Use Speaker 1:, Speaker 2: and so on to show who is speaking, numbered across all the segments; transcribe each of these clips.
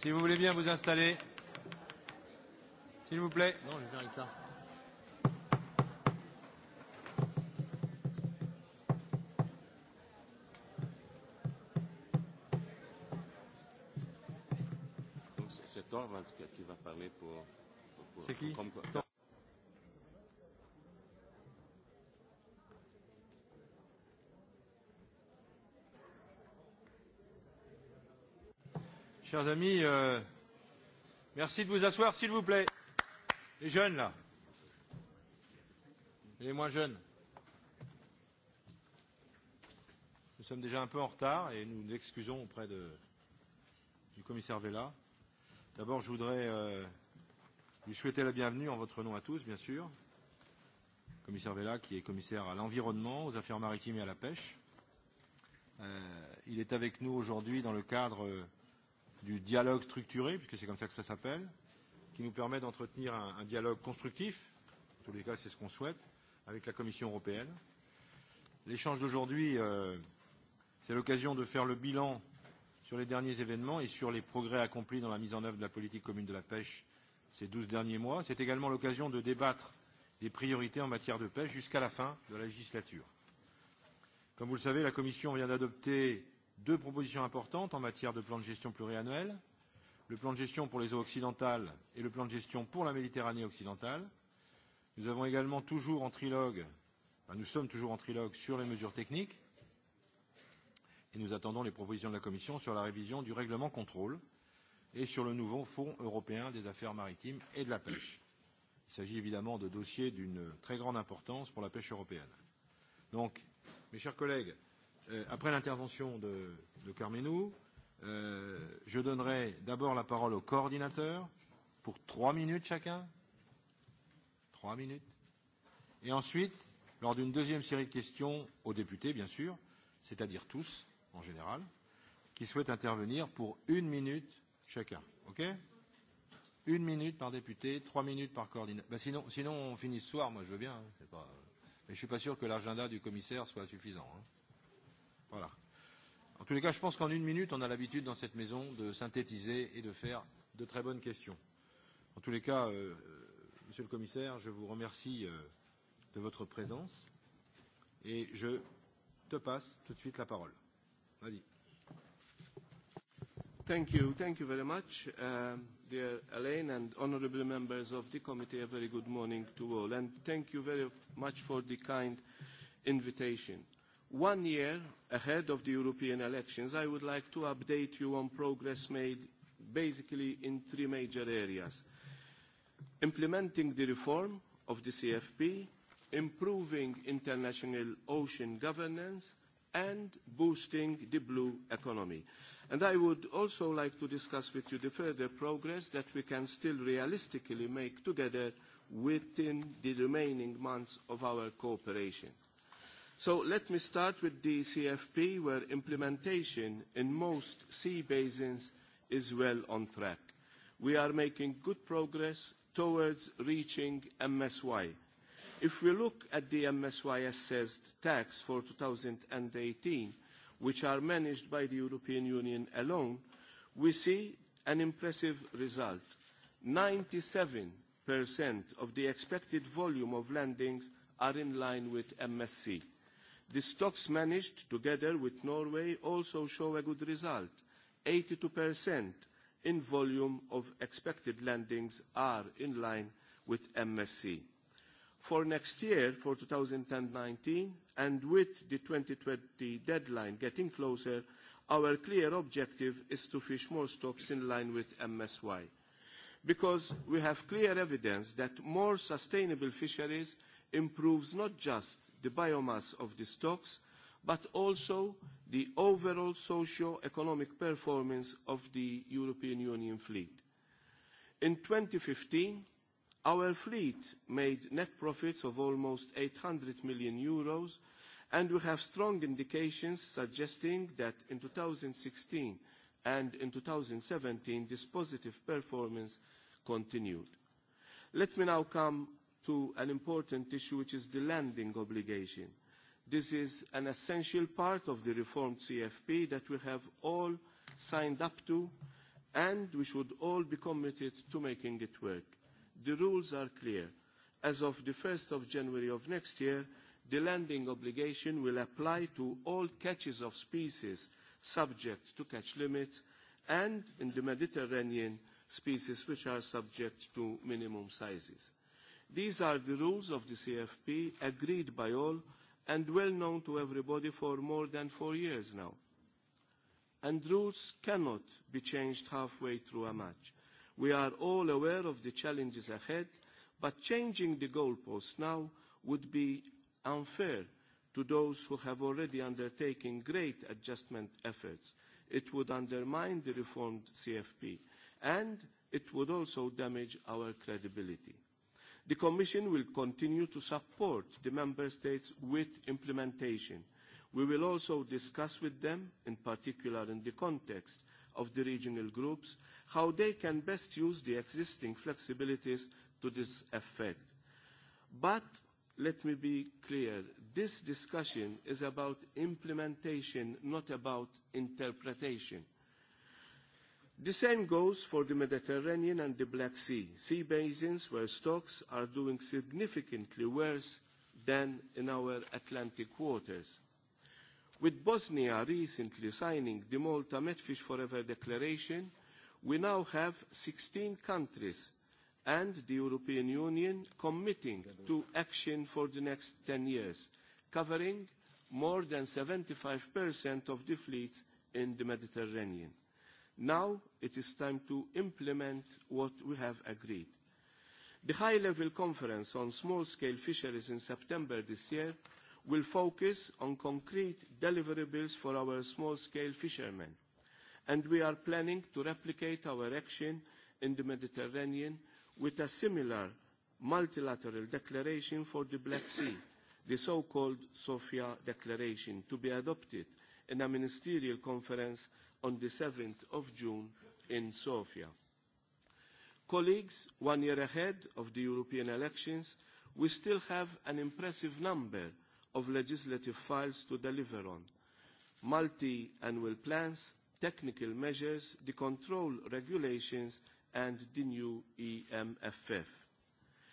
Speaker 1: Si vous voulez bien vous installer. S'il vous plaît. Non, je vais avec ça.
Speaker 2: C'est Torvalds qui va parler
Speaker 1: pour. pour C'est qui pour, Chers amis, euh, merci de vous asseoir, s'il vous plaît. Les jeunes, là. Les moins jeunes. Nous sommes déjà un peu en retard et nous nous excusons auprès de, du commissaire Vella. D'abord, je voudrais euh, lui souhaiter la bienvenue en votre nom à tous, bien sûr. Commissaire Vella, qui est commissaire à l'environnement, aux affaires maritimes et à la pêche. Euh, il est avec nous aujourd'hui dans le cadre euh, du dialogue structuré, puisque c'est comme ça que ça s'appelle, qui nous permet d'entretenir un, un dialogue constructif, en tous les cas c'est ce qu'on souhaite, avec la Commission européenne. L'échange d'aujourd'hui, euh, c'est l'occasion de faire le bilan sur les derniers événements et sur les progrès accomplis dans la mise en œuvre de la politique commune de la pêche ces douze derniers mois. C'est également l'occasion de débattre des priorités en matière de pêche jusqu'à la fin de la législature. Comme vous le savez, la Commission vient d'adopter deux propositions importantes en matière de plan de gestion pluriannuel, le plan de gestion pour les eaux occidentales et le plan de gestion pour la Méditerranée occidentale. Nous avons également toujours en trilogue, enfin, nous sommes toujours en trilogue sur les mesures techniques et nous attendons les propositions de la Commission sur la révision du règlement contrôle et sur le nouveau Fonds européen des affaires maritimes et de la pêche. Il s'agit évidemment de dossiers d'une très grande importance pour la pêche européenne. Donc, mes chers collègues, euh, après l'intervention de, de Carmenou, euh, je donnerai d'abord la parole au coordinateur pour trois minutes chacun. Trois minutes. Et ensuite, lors d'une deuxième série de questions aux députés, bien sûr, c'est-à-dire tous, en général, qui souhaitent intervenir pour une minute chacun. OK Une minute par député, trois minutes par coordinateur. Ben sinon, sinon, on finit ce soir, moi je veux bien. Hein, pas... Mais je ne suis pas sûr que l'agenda du commissaire soit suffisant. Hein. Voilà. En tous les cas, je pense qu'en une minute, on a l'habitude dans cette maison de synthétiser et de faire de très bonnes questions. En tous les cas, euh, euh, Monsieur le Commissaire, je vous remercie euh, de votre présence
Speaker 3: et je te passe tout de suite la parole. Vas-y. Thank you. Thank you very much. Uh, dear Elaine and honorable members of the committee, a very good morning to all. And thank you very much for the kind invitation. One year ahead of the European elections, I would like to update you on progress made basically in three major areas. Implementing the reform of the CFP, improving international ocean governance, and boosting the blue economy. And I would also like to discuss with you the further progress that we can still realistically make together within the remaining months of our cooperation. So let me start with the CFP, where implementation in most sea basins is well on track. We are making good progress towards reaching MSY. If we look at the MSY assessed tax for 2018, which are managed by the European Union alone, we see an impressive result. 97% of the expected volume of landings are in line with MSC. The stocks managed, together with Norway, also show a good result. 82% in volume of expected landings are in line with MSC. For next year, for 2019, and with the 2020 deadline getting closer, our clear objective is to fish more stocks in line with MSY, because we have clear evidence that more sustainable fisheries improves not just the biomass of the stocks, but also the overall socio-economic performance of the European Union fleet. In 2015, our fleet made net profits of almost 800 million euros, and we have strong indications suggesting that in 2016 and in 2017, this positive performance continued. Let me now come to an important issue, which is the landing obligation. This is an essential part of the reformed CFP that we have all signed up to, and we should all be committed to making it work. The rules are clear. As of the 1st of January of next year, the landing obligation will apply to all catches of species subject to catch limits and in the Mediterranean species which are subject to minimum sizes. These are the rules of the CFP agreed by all and well known to everybody for more than four years now. And rules cannot be changed halfway through a match. We are all aware of the challenges ahead, but changing the goalposts now would be unfair to those who have already undertaken great adjustment efforts. It would undermine the reformed CFP, and it would also damage our credibility. The Commission will continue to support the Member States with implementation. We will also discuss with them, in particular in the context of the regional groups, how they can best use the existing flexibilities to this effect. But let me be clear, this discussion is about implementation, not about interpretation. The same goes for the Mediterranean and the Black Sea, sea basins where stocks are doing significantly worse than in our Atlantic waters. With Bosnia recently signing the Malta Medfish Forever Declaration, we now have 16 countries and the European Union committing to action for the next 10 years, covering more than 75% of the fleets in the Mediterranean. Now it is time to implement what we have agreed. The high-level conference on small-scale fisheries in September this year will focus on concrete deliverables for our small-scale fishermen, and we are planning to replicate our action in the Mediterranean with a similar multilateral declaration for the Black Sea, the so-called Sofia Declaration, to be adopted in a ministerial conference on the 7th of June in Sofia. Colleagues, one year ahead of the European elections, we still have an impressive number of legislative files to deliver on. Multi-annual plans, technical measures, the control regulations and the new EMFF.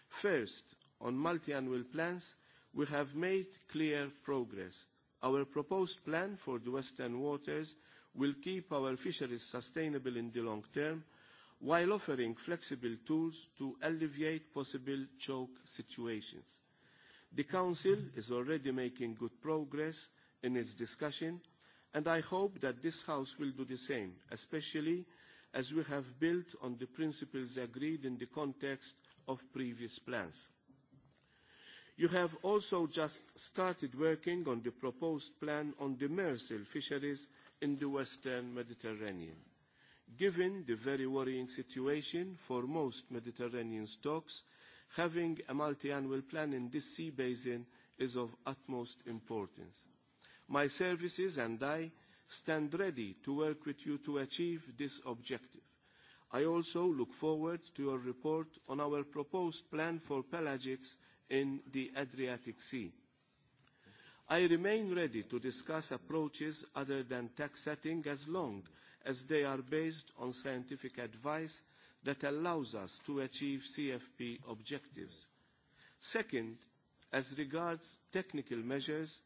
Speaker 3: First, on multi-annual plans, we have made clear progress. Our proposed plan for the Western Waters will keep our fisheries sustainable in the long term while offering flexible tools to alleviate possible choke situations. The Council is already making good progress in its discussion, and I hope that this House will do the same, especially as we have built on the principles agreed in the context of previous plans. You have also just started working on the proposed plan on demersal fisheries in the Western Mediterranean. Given the very worrying situation for most Mediterranean stocks, having a multi-annual plan in this sea basin is of utmost importance. My services and I stand ready to work with you to achieve this objective. I also look forward to your report on our proposed plan for pelagics in the Adriatic Sea. I remain ready to discuss approaches other than tax setting as long as they are based on scientific advice that allows us to achieve CFP objectives. Second, as regards technical measures,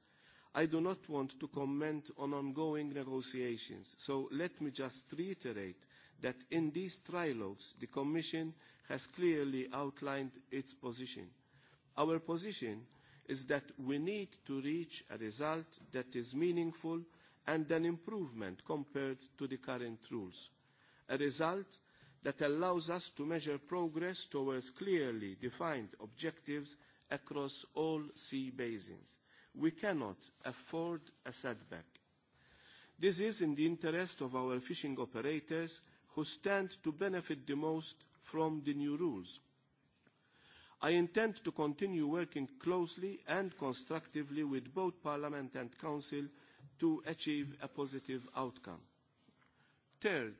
Speaker 3: I do not want to comment on ongoing negotiations, so let me just reiterate that in these trilogues, the Commission has clearly outlined its position. Our position is that we need to reach a result that is meaningful and an improvement compared to the current rules, a result that allows us to measure progress towards clearly defined objectives across all sea basins. We cannot afford a setback. This is in the interest of our fishing operators who stand to benefit the most from the new rules I intend to continue working closely and constructively with both Parliament and Council to achieve a positive outcome. Third,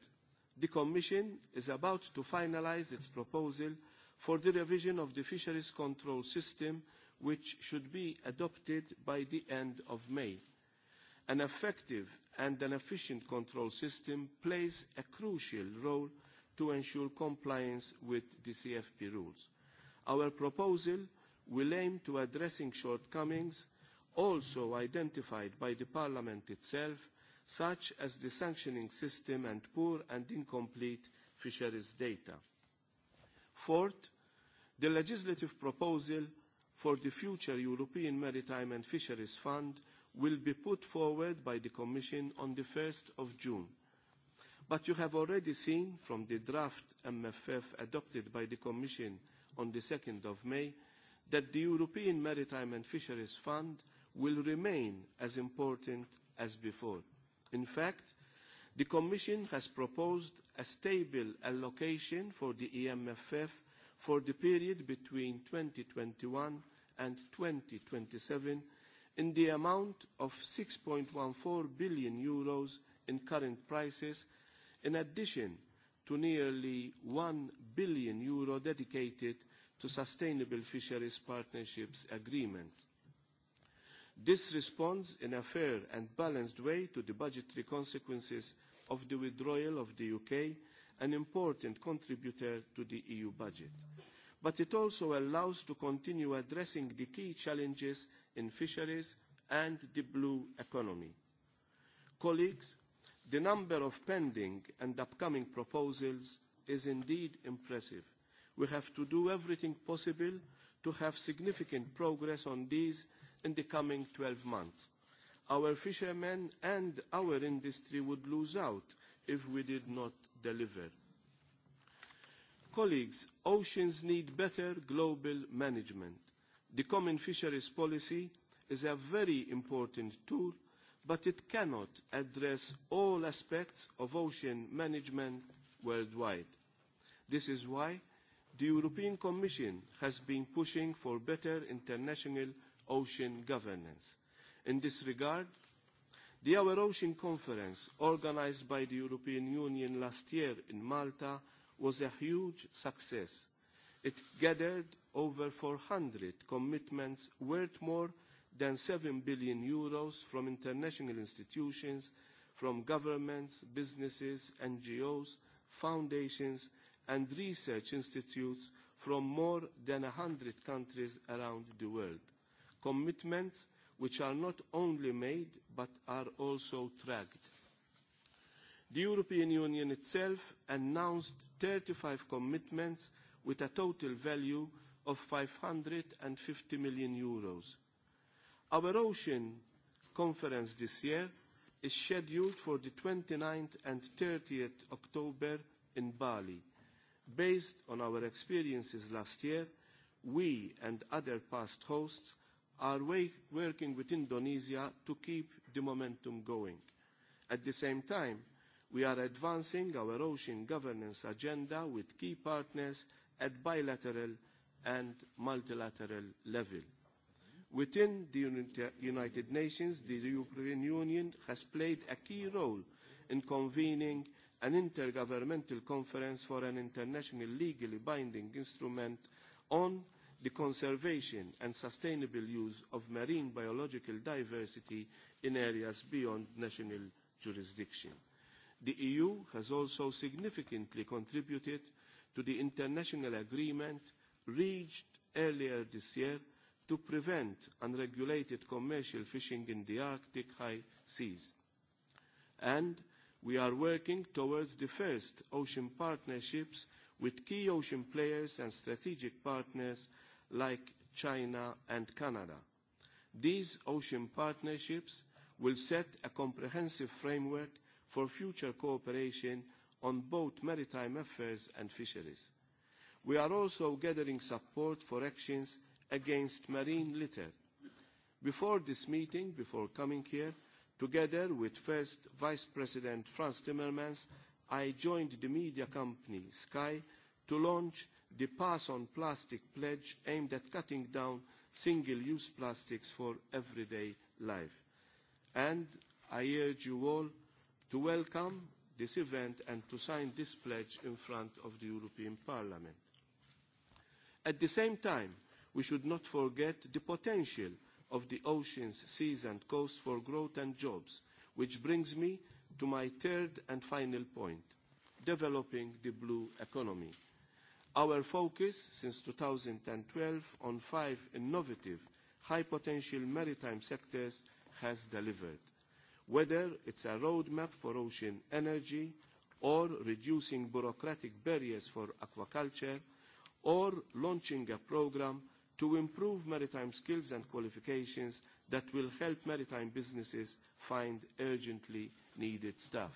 Speaker 3: the Commission is about to finalise its proposal for the revision of the fisheries control system, which should be adopted by the end of May. An effective and an efficient control system plays a crucial role to ensure compliance with the CFP rules. Our proposal will aim to addressing shortcomings also identified by the Parliament itself, such as the sanctioning system and poor and incomplete fisheries data. Fourth, the legislative proposal for the future European Maritime and Fisheries Fund will be put forward by the Commission on one 1st of June. But you have already seen from the draft MFF adopted by the Commission on the 2nd of May that the European Maritime and Fisheries Fund will remain as important as before. In fact, the Commission has proposed a stable allocation for the EMFF for the period between 2021 and 2027 in the amount of 6.14 billion euros in current prices, in addition to nearly 1 billion euro dedicated to Sustainable Fisheries Partnerships agreements. This responds in a fair and balanced way to the budgetary consequences of the withdrawal of the UK, an important contributor to the EU budget. But it also allows to continue addressing the key challenges in fisheries and the blue economy. Colleagues, the number of pending and upcoming proposals is indeed impressive we have to do everything possible to have significant progress on these in the coming 12 months. Our fishermen and our industry would lose out if we did not deliver. Colleagues, oceans need better global management. The common fisheries policy is a very important tool, but it cannot address all aspects of ocean management worldwide. This is why the European Commission has been pushing for better international ocean governance. In this regard, the Our Ocean Conference, organised by the European Union last year in Malta, was a huge success. It gathered over 400 commitments worth more than 7 billion euros from international institutions, from governments, businesses, NGOs, foundations and research institutes from more than 100 countries around the world, commitments which are not only made but are also tracked. The European Union itself announced 35 commitments with a total value of 550 million euros. Our ocean conference this year is scheduled for the 29th and 30th October in Bali Based on our experiences last year, we and other past hosts are working with Indonesia to keep the momentum going. At the same time, we are advancing our ocean governance agenda with key partners at bilateral and multilateral level. Within the United Nations, the European Union has played a key role in convening an intergovernmental conference for an international legally binding instrument on the conservation and sustainable use of marine biological diversity in areas beyond national jurisdiction. The EU has also significantly contributed to the international agreement reached earlier this year to prevent unregulated commercial fishing in the Arctic high seas. And we are working towards the first ocean partnerships with key ocean players and strategic partners like China and Canada. These ocean partnerships will set a comprehensive framework for future cooperation on both maritime affairs and fisheries. We are also gathering support for actions against marine litter. Before this meeting, before coming here, Together with first Vice President Frans Timmermans, I joined the media company Sky to launch the Pass on Plastic pledge aimed at cutting down single-use plastics for everyday life. And I urge you all to welcome this event and to sign this pledge in front of the European Parliament. At the same time, we should not forget the potential of the oceans, seas and coasts for growth and jobs, which brings me to my third and final point, developing the blue economy. Our focus since twelve on five innovative, high-potential maritime sectors has delivered. Whether it's a roadmap for ocean energy, or reducing bureaucratic barriers for aquaculture, or launching a programme to improve maritime skills and qualifications that will help maritime businesses find urgently needed staff.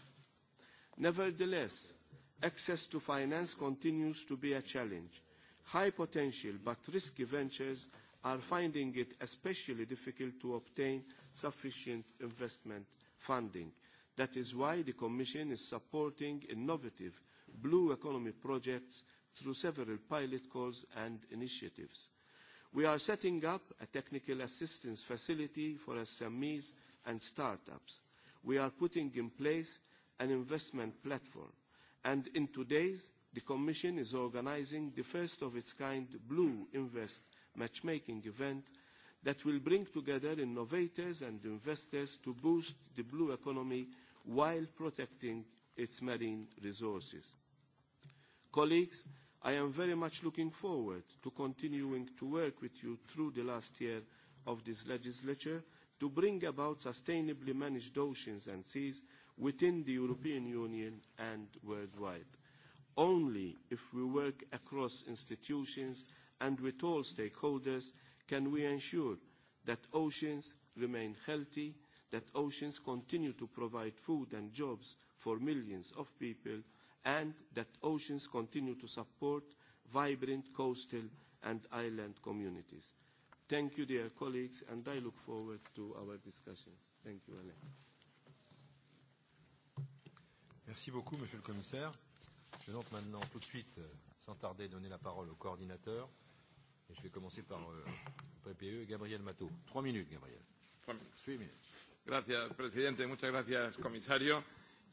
Speaker 3: Nevertheless, access to finance continues to be a challenge. High potential but risky ventures are finding it especially difficult to obtain sufficient investment funding. That is why the Commission is supporting innovative blue economy projects through several pilot calls and initiatives. We are setting up a technical assistance facility for SMEs and startups. We are putting in place an investment platform. And in two days, the Commission is organising the first of its kind Blue Invest matchmaking event that will bring together innovators and investors to boost the blue economy while protecting its marine resources. Colleagues, I am very much looking forward to continuing to work with you through the last year of this legislature to bring about sustainably managed oceans and seas within the European Union and worldwide. Only if we work across institutions and with all stakeholders can we ensure that oceans remain healthy, that oceans continue to provide food and jobs for millions of people, and that oceans continue to support vibrant coastal and island communities. Thank you, dear colleagues, and I look forward to our discussions. Thank you, Alain.
Speaker 1: Merci beaucoup, Monsieur le Commissaire. Je vais donc maintenant tout de suite, euh, sans tarder, donner la parole au coordinateur. Et je vais commencer par euh, le PPE, Gabriel Matteau. Trois minutes, Gabriel. Trois minutes. Three minutes.
Speaker 4: Gracias, presidente. Muchas gracias, comisario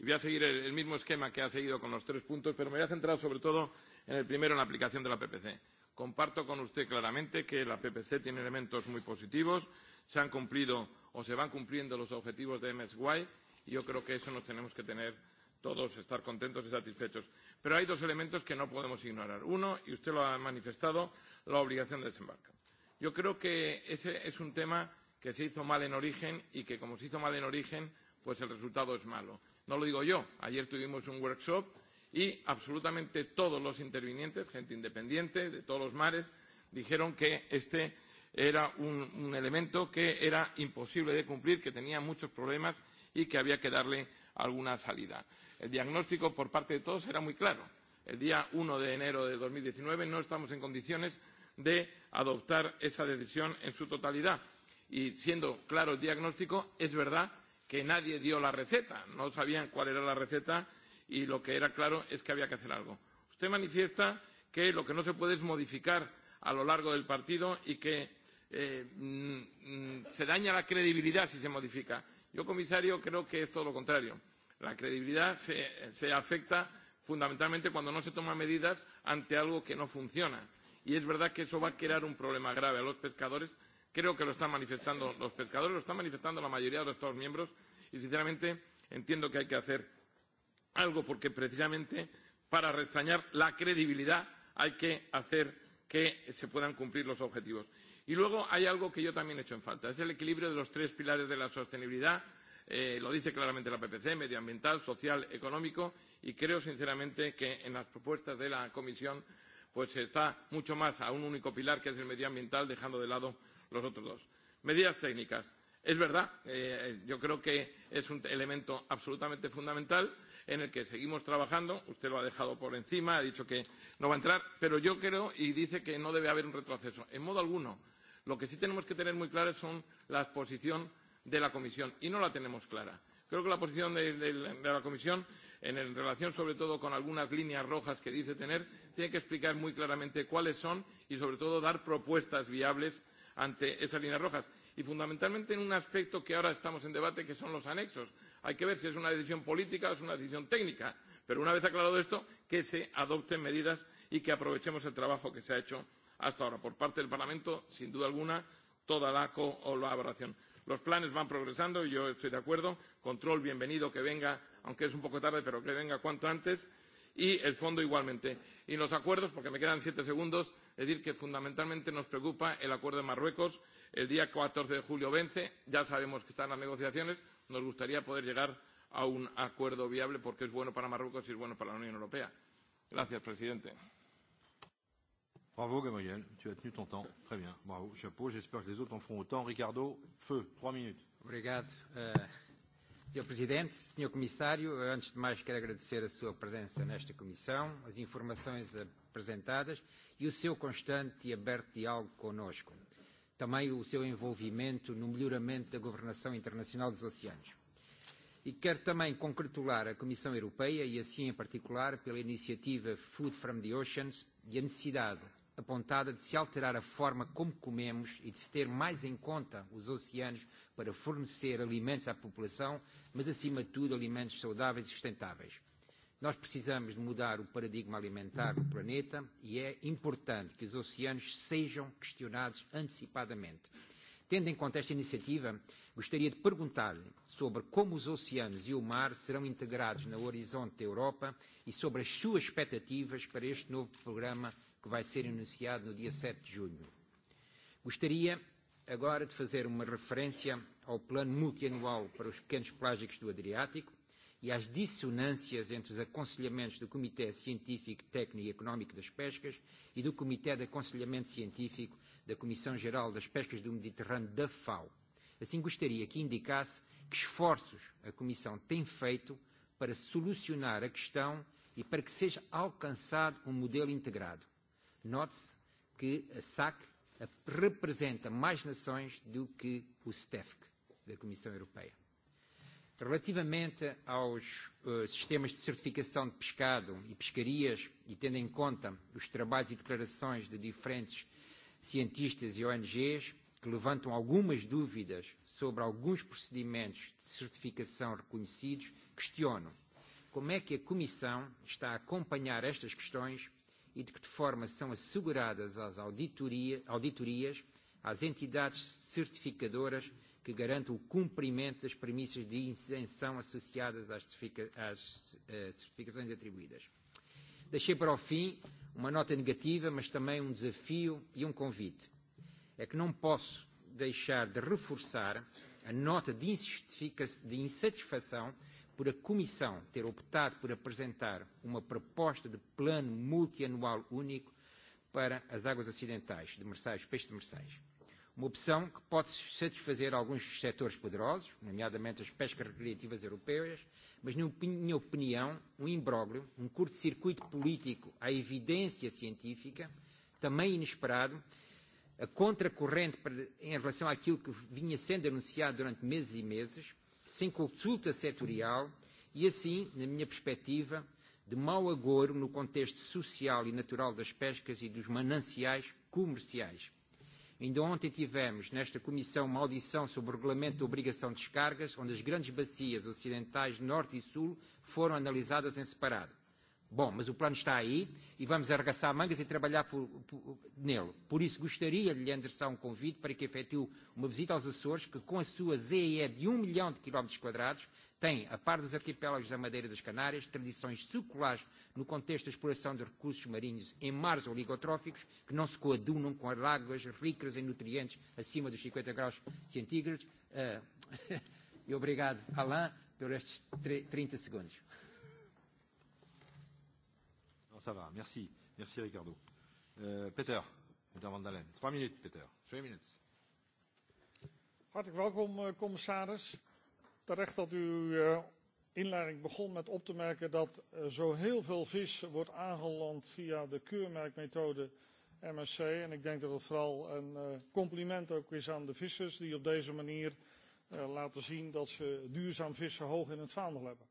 Speaker 4: y voy a seguir el, el mismo esquema que ha seguido con los tres puntos, pero me voy a centrar sobre todo en el primero, en la aplicación de la PPC. Comparto con usted claramente que la PPC tiene elementos muy positivos, se han cumplido o se van cumpliendo los objetivos de MSY y yo creo que eso nos tenemos que tener todos estar contentos y satisfechos. Pero hay dos elementos que no podemos ignorar. Uno, y usted lo ha manifestado, la obligación de desembarque. Yo creo que ese es un tema que se hizo mal en origen y que como se hizo mal en origen, pues el resultado es malo. No lo digo yo. Ayer tuvimos un workshop y absolutamente todos los intervinientes, gente independiente de todos los mares, dijeron que este era un, un elemento que era imposible de cumplir, que tenía muchos problemas y que había que darle alguna salida. El diagnóstico por parte de todos era muy claro. El día 1 de enero de 2019 no estamos en condiciones de adoptar esa decisión en su totalidad. Y siendo claro el diagnóstico, es verdad que nadie dio la receta, no sabían cuál era la receta y lo que era claro es que había que hacer algo. Usted manifiesta que lo que no se puede es modificar a lo largo del partido y que eh, mm, mm, se daña la credibilidad si se modifica. Yo, comisario, creo que es todo lo contrario. La credibilidad se, se afecta fundamentalmente cuando no se toman medidas ante algo que no funciona. Y es verdad que eso va a crear un problema grave a los pescadores Creo que lo están manifestando los pescadores, lo están manifestando la mayoría de los Estados miembros y, sinceramente, entiendo que hay que hacer algo porque, precisamente, para restañar la credibilidad hay que hacer que se puedan cumplir los objetivos. Y luego hay algo que yo también he hecho en falta, es el equilibrio de los tres pilares de la sostenibilidad. Eh, lo dice claramente la PPC, medioambiental, social, económico, y creo sinceramente que en las propuestas de la Comisión pues está mucho más a un único pilar que es el medioambiental, dejando de lado los otros dos. Medidas técnicas. Es verdad, eh, yo creo que es un elemento absolutamente fundamental en el que seguimos trabajando. Usted lo ha dejado por encima, ha dicho que no va a entrar, pero yo creo y dice que no debe haber un retroceso. En modo alguno. Lo que sí tenemos que tener muy claro son la posición de la Comisión y no la tenemos clara. Creo que la posición de, de, de la Comisión, en el, relación sobre todo con algunas líneas rojas que dice tener, tiene que explicar muy claramente cuáles son y sobre todo dar propuestas viables ante esas líneas rojas. Y fundamentalmente en un aspecto que ahora estamos en debate, que son los anexos. Hay que ver si es una decisión política o es una decisión técnica. Pero una vez aclarado esto, que se adopten medidas y que aprovechemos el trabajo que se ha hecho hasta ahora por parte del Parlamento, sin duda alguna, toda la colaboración. Los planes van progresando, y yo estoy de acuerdo. Control, bienvenido que venga, aunque es un poco tarde, pero que venga cuanto antes y el fondo igualmente. Y los acuerdos, porque me quedan siete segundos, es decir, que fundamentalmente nos preocupa el acuerdo de Marruecos. El día 14 de julio vence, ya sabemos que están las negociaciones, nos gustaría poder llegar a un acuerdo viable porque es bueno para Marruecos y es bueno para la Unión Europea. Gracias, presidente.
Speaker 1: Bravo Gabriel, tu as tenu ton temps. Très bien, bravo, chapeau. J'espère que les autres en feront autant. Ricardo, feu, trois minutes.
Speaker 5: Obrigado. Uh...
Speaker 1: Sr. Presidente, Sr. Comissário, antes de mais quero
Speaker 5: agradecer a sua presença nesta Comissão, as informações apresentadas e o seu constante e aberto diálogo conosco. Também o seu envolvimento no melhoramento da governação internacional dos oceanos. E quero também congratular a Comissão Europeia e assim em particular pela iniciativa Food from the Oceans e a necessidade apontada de se alterar a forma como comemos e de se ter mais em conta os oceanos para fornecer alimentos à população, mas acima de tudo alimentos saudáveis e sustentáveis. Nós precisamos de mudar o paradigma alimentar do planeta e é importante que os oceanos sejam questionados antecipadamente. Tendo em conta esta iniciativa, gostaria de perguntar-lhe sobre como os oceanos e o mar serão integrados na horizonte da Europa e sobre as suas expectativas para este novo programa que vai ser anunciado no dia 7 de junho. Gostaria agora de fazer uma referência ao plano multianual para os pequenos plágicos do Adriático e às dissonâncias entre os aconselhamentos do Comitê Científico, Técnico e Económico das Pescas e do Comitê de Aconselhamento Científico da Comissão Geral das Pescas do Mediterrâneo da FAO. Assim gostaria que indicasse que esforços a Comissão tem feito para solucionar a questão e para que seja alcançado um modelo integrado. Note-se que a SAC representa mais nações do que o STEFC da Comissão Europeia. Relativamente aos uh, sistemas de certificação de pescado e pescarias, e tendo em conta os trabalhos e declarações de diferentes cientistas e ONGs, que levantam algumas dúvidas sobre alguns procedimentos de certificação reconhecidos, questiono como é que a Comissão está a acompanhar estas questões e de que forma são asseguradas as auditoria, auditorias às entidades certificadoras que garantam o cumprimento das premissas de isenção associadas às, certifica, às uh, certificações atribuídas. Deixei para o fim uma nota negativa, mas também um desafio e um convite. É que não posso deixar de reforçar a nota de insatisfação por a Comissão ter optado por apresentar uma proposta de plano multianual único para as águas ocidentais, de Merçais, peixe de Merçais. Uma opção que pode satisfazer alguns dos setores poderosos, nomeadamente as pescas recreativas europeias, mas, na minha opinião, um imbróglio, um curto-circuito político à evidência científica, também inesperado, a contracorrente em relação àquilo que vinha sendo anunciado durante meses e meses, sem consulta setorial e assim, na minha perspectiva, de mau agouro no contexto social e natural das pescas e dos mananciais comerciais. Ainda ontem tivemos nesta comissão uma audição sobre o regulamento de obrigação de descargas, onde as grandes bacias ocidentais norte e sul foram analisadas em separado. Bom, mas o plano está aí e vamos arregaçar mangas e trabalhar por, por, nele. Por isso, gostaria de lhe endereçar um convite para que efetue uma visita aos Açores, que com a sua ZEE de 1 um milhão de quilómetros quadrados, tem, a par dos arquipélagos da Madeira e das Canárias, tradições seculares no contexto da exploração de recursos marinhos em mares oligotróficos, que não se coadunam com as águas ricas em nutrientes acima dos 50 graus centígrados. Uh, e obrigado, Alain, por estes 30 segundos
Speaker 1: ça va. Merci. Merci, Ricardo. Euh, Peter, Peter van Dalen. Trois minutes, Peter. Twee minutes.
Speaker 6: Hartelijk welkom, eh, commissaris. Terecht dat u eh, inleiding begon met op te merken dat eh, zo heel veel vis wordt aangeland via de keurmerkmethode MSC. En ik denk dat het vooral een compliment ook is aan de vissers die op deze manier laten zien dat ze duurzaam vissen hoog in het vaandel hebben.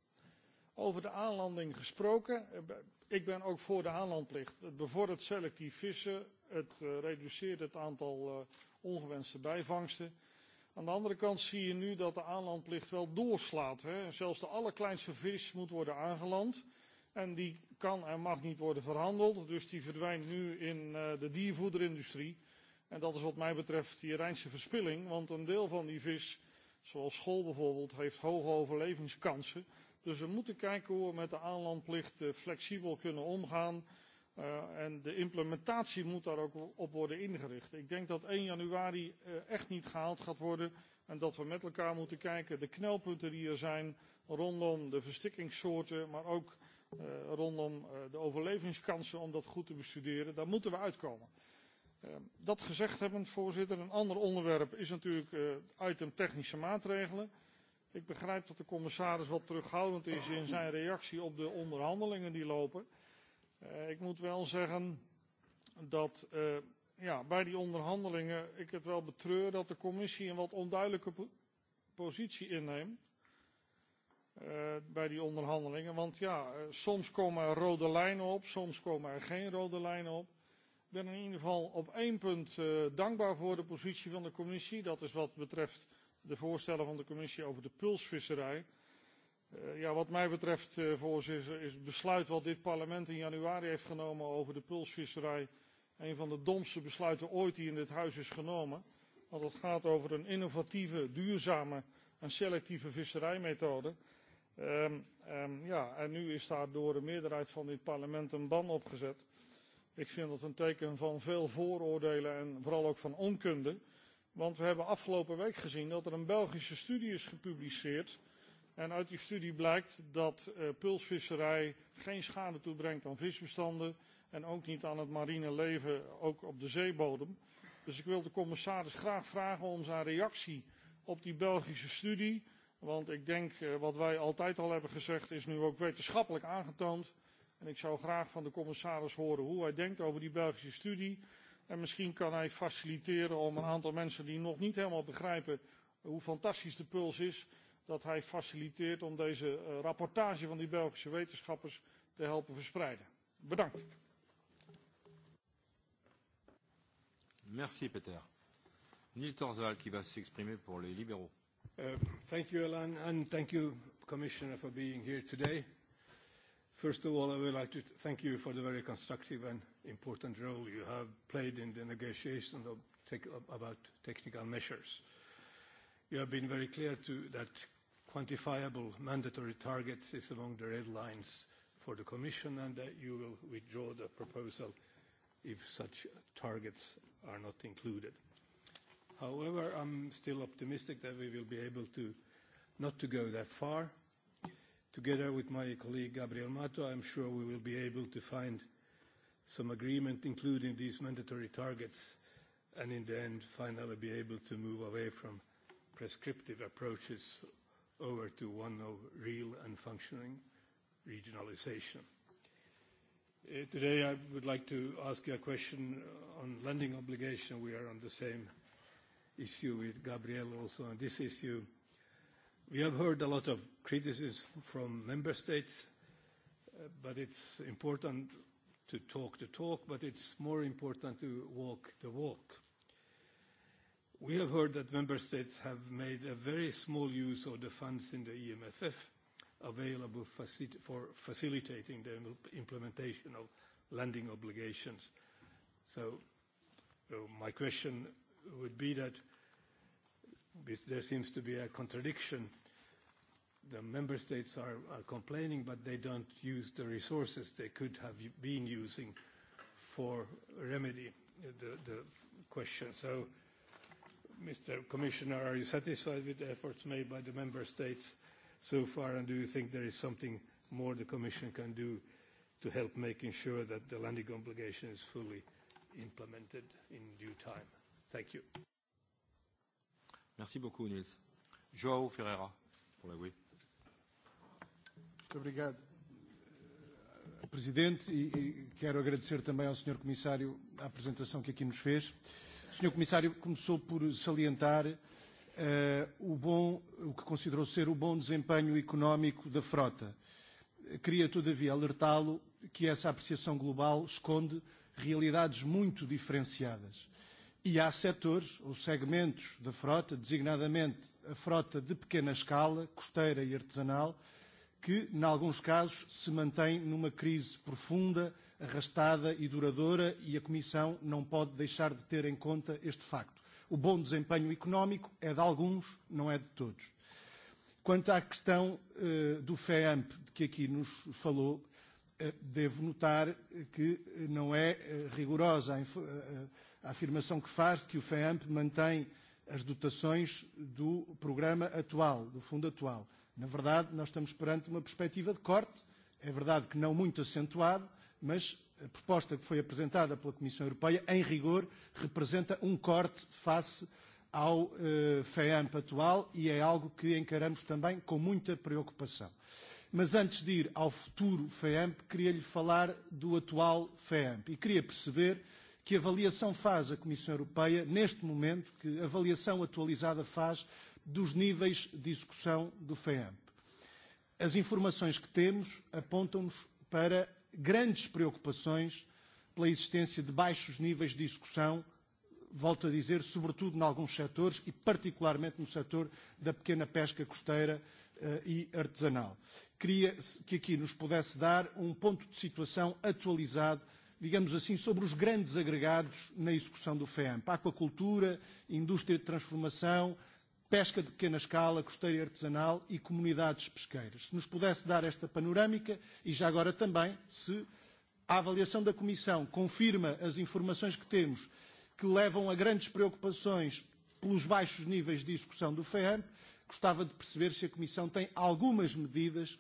Speaker 6: Over de aanlanding gesproken. Eh, ik ben ook voor de aanlandplicht. Het bevordert selectief vissen. Het eh, reduceert het aantal eh, ongewenste bijvangsten. Aan de andere kant zie je nu dat de aanlandplicht wel doorslaat. Hè. Zelfs de allerkleinste vis moet worden aangeland. En die kan en mag niet worden verhandeld. Dus die verdwijnt nu in de diervoederindustrie. En dat is wat mij betreft die Rijnse verspilling. Want een deel van die vis, zoals school bijvoorbeeld, heeft hoge overlevingskansen. Dus we moeten kijken hoe we met de aanlandplicht eh, flexibel kunnen omgaan. Eh, en de implementatie moet daar ook op worden ingericht. Ik denk dat 1 januari eh, echt niet gehaald gaat worden. En dat we met elkaar moeten kijken, de knelpunten die er zijn rondom de verstikkingssoorten, maar ook rondom de overlevingskansen om dat goed te bestuderen, daar moeten we uitkomen. dat gezegd hebbend, voorzitter, een ander onderwerp is natuurlijk uh, item technische maatregelen. Ik begrijp dat de commissaris wat terughoudend is in zijn reactie op de onderhandelingen die lopen. Eh, ik moet wel zeggen dat uh, ja, bij die onderhandelingen ik het wel betreur dat de commissie een wat onduidelijke positie inneemt. Uh, bij die onderhandelingen. Want ja, uh, soms komen er rode lijnen op, soms komen er geen rode lijnen op. Ik ben in ieder geval op één punt uh, dankbaar voor de positie van de commissie. Dat is wat betreft de voorstellen van de commissie over de pulsvisserij. Uh, ja, wat mij betreft, uh, eh, voorzitter, is het besluit wat dit parlement in januari heeft genomen over de pulsvisserij een van de domste besluiten ooit die in dit huis is genomen. Want het gaat over een innovatieve, duurzame en selectieve visserijmethode. Um, um, ja, en nu is daar door de meerderheid van dit parlement een ban opgezet. Ik vind dat een teken van veel vooroordelen en vooral ook van onkunde want we hebben afgelopen week gezien dat er een belgische studie is gepubliceerd en uit die studie blijkt dat uh, pulsvisserij geen schade toebrengt aan visbestanden en ook niet aan het mariene leven, ook op de zeebodem. Dus ik wil de commissaris graag vragen om zijn reactie op die Belgische studie. Want ik denk, uh, wat wij altijd al hebben gezegd, is nu ook wetenschappelijk aangetoond. En ik zou graag van de commissaris horen hoe hij denkt over die Belgische studie En misschien kan hij faciliteren om een aantal mensen die nog niet helemaal begrijpen hoe fantastisch de puls is, dat hij faciliteert om deze eh, rapportage van die Belgische wetenschappers te helpen verspreiden. Bedankt.
Speaker 1: Merci Peter. Neil Torzal qui va s'exprimer pour les libéraux.
Speaker 7: Uh, thank you Alain and thank you Commissioner for being here today. First of all, I would like to thank you for the very constructive and important role you have played in the negotiations of tech, about technical measures. You have been very clear to that quantifiable mandatory targets is among the red lines for the Commission and that you will withdraw the proposal if such targets are not included. However, I'm still optimistic that we will be able to not to go that far Together with my colleague Gabriel Mato, I'm sure we will be able to find some agreement, including these mandatory targets, and in the end, finally be able to move away from prescriptive approaches over to one of real and functioning regionalization. Uh, today, I would like to ask you a question on lending obligation. We are on the same issue with Gabriel also on this issue. We have heard a lot of criticism from member states, uh, but it's important to talk the talk, but it's more important to walk the walk. We have heard that member states have made a very small use of the funds in the EMFF available for facilitating the implementation of landing obligations. So, so my question would be that there seems to be a contradiction the member states are, are complaining, but they don't use the resources they could have been using for remedy the, the question. So, Mr. Commissioner, are you satisfied with the efforts made by the member states so far, and do you think there is something more the Commission can do to help making sure that the landing obligation is fully implemented in due time? Thank you.
Speaker 1: Merci beaucoup, Nils. João Ferreira, pour la oui.
Speaker 8: Muito obrigado, Presidente, e, e, quero agradecer também ao Sr. Comissário a apresentação que aqui nos fez. O Sr. Comissário começou por salientar uh, o, bom, o que considerou ser o bom desempenho económico da frota. Queria, todavia, alertá-lo que essa apreciação global esconde realidades muito diferenciadas. E há setores ou segmentos da frota, designadamente a frota de pequena escala, costeira e artesanal, que, em alguns casos, se mantém numa crise profunda, arrastada e duradoura e a Comissão não pode deixar de ter em conta este facto. O bom desempenho económico é de alguns, não é de todos. Quanto à questão uh, do FEAMP, de que aqui nos falou, uh, devo notar que não é uh, rigorosa a, uh, a afirmação que faz de que o FEAMP mantém as dotações do programa atual, do fundo atual. Na verdade, nós estamos perante uma perspectiva de corte, é verdade que não muito acentuado, mas a proposta que foi apresentada pela Comissão Europeia, em rigor, representa um corte face ao uh, eh, FEAMP atual e é algo que encaramos também com muita preocupação. Mas antes de ir ao futuro FEAMP, queria-lhe falar do atual FEAMP e queria perceber que avaliação faz a Comissão Europeia neste momento, que avaliação atualizada faz dos níveis de execução do FEAMP. As informações que temos apontam-nos para grandes preocupações pela existência de baixos níveis de execução, volto a dizer, sobretudo em alguns setores e particularmente no setor da pequena pesca costeira eh, e artesanal. Queria que aqui nos pudesse dar um ponto de situação atualizado digamos assim, sobre os grandes agregados na execução do FEAMP. Aquacultura, indústria de transformação, pesca de pequena escala, costeira artesanal e comunidades pesqueiras. Se nos pudesse dar esta panorâmica e já agora também se a avaliação da Comissão confirma as informações que temos que levam a grandes preocupações pelos baixos níveis de execução do FEAMP, gostava de perceber se a Comissão tem algumas medidas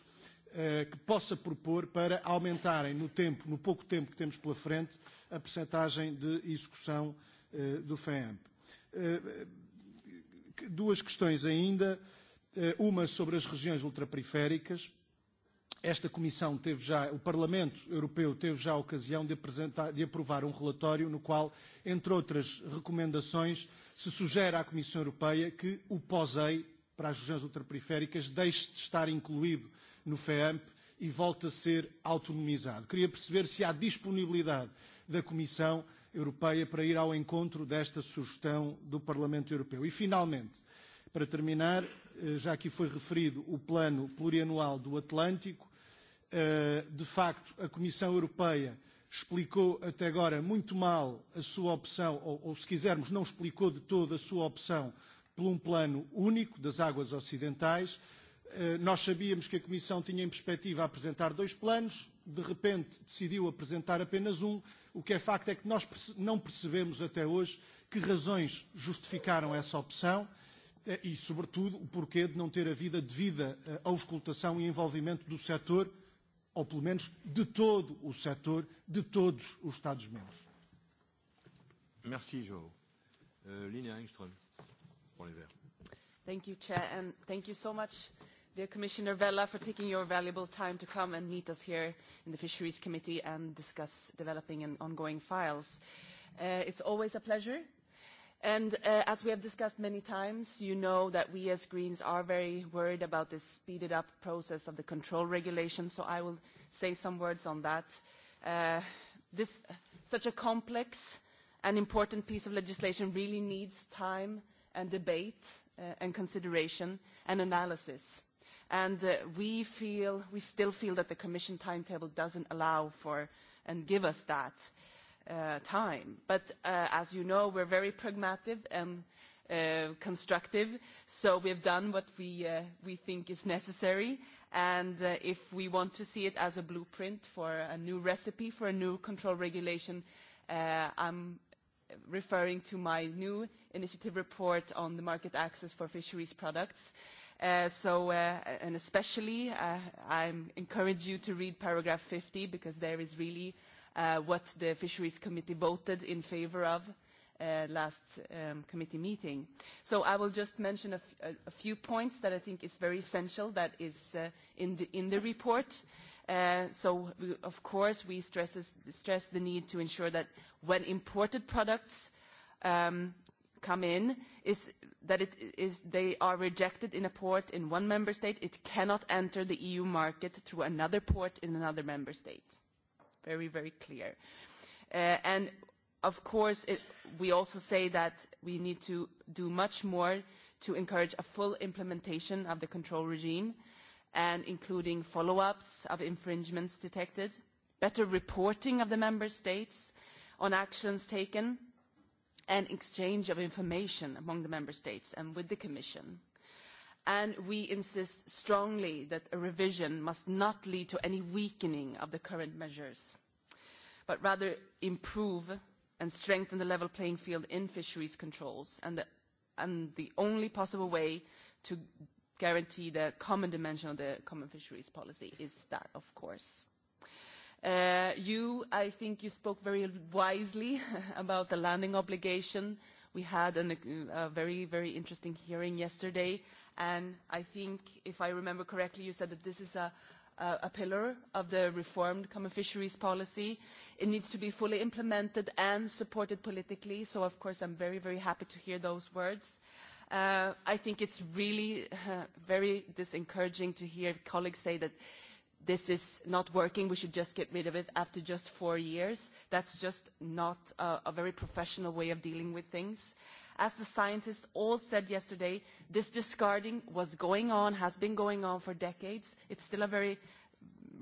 Speaker 8: eh, que possa propor para aumentarem no tempo, no pouco tempo que temos pela frente, a percentagem de execução eh, do FEAMP. Eh, duas questões ainda, eh, uma sobre as regiões ultraperiféricas. Esta Comissão teve já, o Parlamento Europeu teve já a ocasião de, apresentar, de aprovar um relatório no qual, entre outras recomendações, se sugere à Comissão Europeia que o POSEI para as regiões ultraperiféricas deixe de estar incluído no FEAMP e volte a ser autonomizado. Queria perceber se há disponibilidade da Comissão Europeia para ir ao encontro desta sugestão do Parlamento Europeu. E, finalmente, para terminar, eh, já aqui foi referido o plano plurianual do Atlântico. Eh, de facto, a Comissão Europeia explicou até agora muito mal a sua opção, ou, ou se quisermos, não explicou de toda a sua opção por um plano único das águas ocidentais. Eh, nós sabíamos que a Comissão tinha em perspectiva apresentar dois planos, de repente decidiu apresentar apenas um, O que é facto é que nós não percebemos até hoje que razões justificaram essa opção eh, e, sobretudo, o porquê de não ter havido devida eh, auscultação e envolvimento do setor, ou pelo menos de todo o setor, de todos os Estados-membros.
Speaker 1: Merci, João. Uh, eh, Lina Engström, pour
Speaker 9: Thank you, Chair, and thank you so much dear Commissioner Vella, for taking your valuable time to come and meet us here in the Fisheries Committee and discuss developing and ongoing files. Uh, it's always a pleasure. And uh, as we have discussed many times, you know that we as Greens are very worried about this speeded up process of the control regulation, so I will say some words on that. Uh, this, such a complex and important piece of legislation really needs time and debate uh, and consideration and analysis and uh, we feel we still feel that the commission timetable doesn't allow for and give us that uh, time but uh, as you know we're very pragmatic and uh, constructive so we have done what we uh, we think is necessary and uh, if we want to see it as a blueprint for a new recipe for a new control regulation uh, I'm referring to my new initiative report on the market access for fisheries products uh, Uh, so, uh, and especially, uh, I encourage you to read paragraph 50 because there is really uh, what the Fisheries Committee voted in favor of uh, last um, committee meeting. So I will just mention a, a few points that I think is very essential that is uh, in, the, in the report. Uh, so, we, of course, we stresses, stress the need to ensure that when imported products um, come in is that it is they are rejected in a port in one member state it cannot enter the eu market through another port in another member state very very clear uh, and of course it, we also say that we need to do much more to encourage a full implementation of the control regime and including follow-ups of infringements detected better reporting of the member states on actions taken and exchange of information among the member states and with the commission and we insist strongly that a revision must not lead to any weakening of the current measures but rather improve and strengthen the level playing field in fisheries controls and the, and the only possible way to guarantee the common dimension of the common fisheries policy is that of course Uh, you, I think you spoke very wisely about the landing obligation. We had an, a uh, very, very interesting hearing yesterday, and I think, if I remember correctly, you said that this is a, a, a pillar of the reformed common fisheries policy. It needs to be fully implemented and supported politically, so of course I'm very, very happy to hear those words. Uh, I think it's really uh, very disencouraging to hear colleagues say that uh, this is not working, we should just get rid of it after just four years. That's just not a, a very professional way of dealing with things. As the scientists all said yesterday, this discarding was going on, has been going on for decades. It's still a very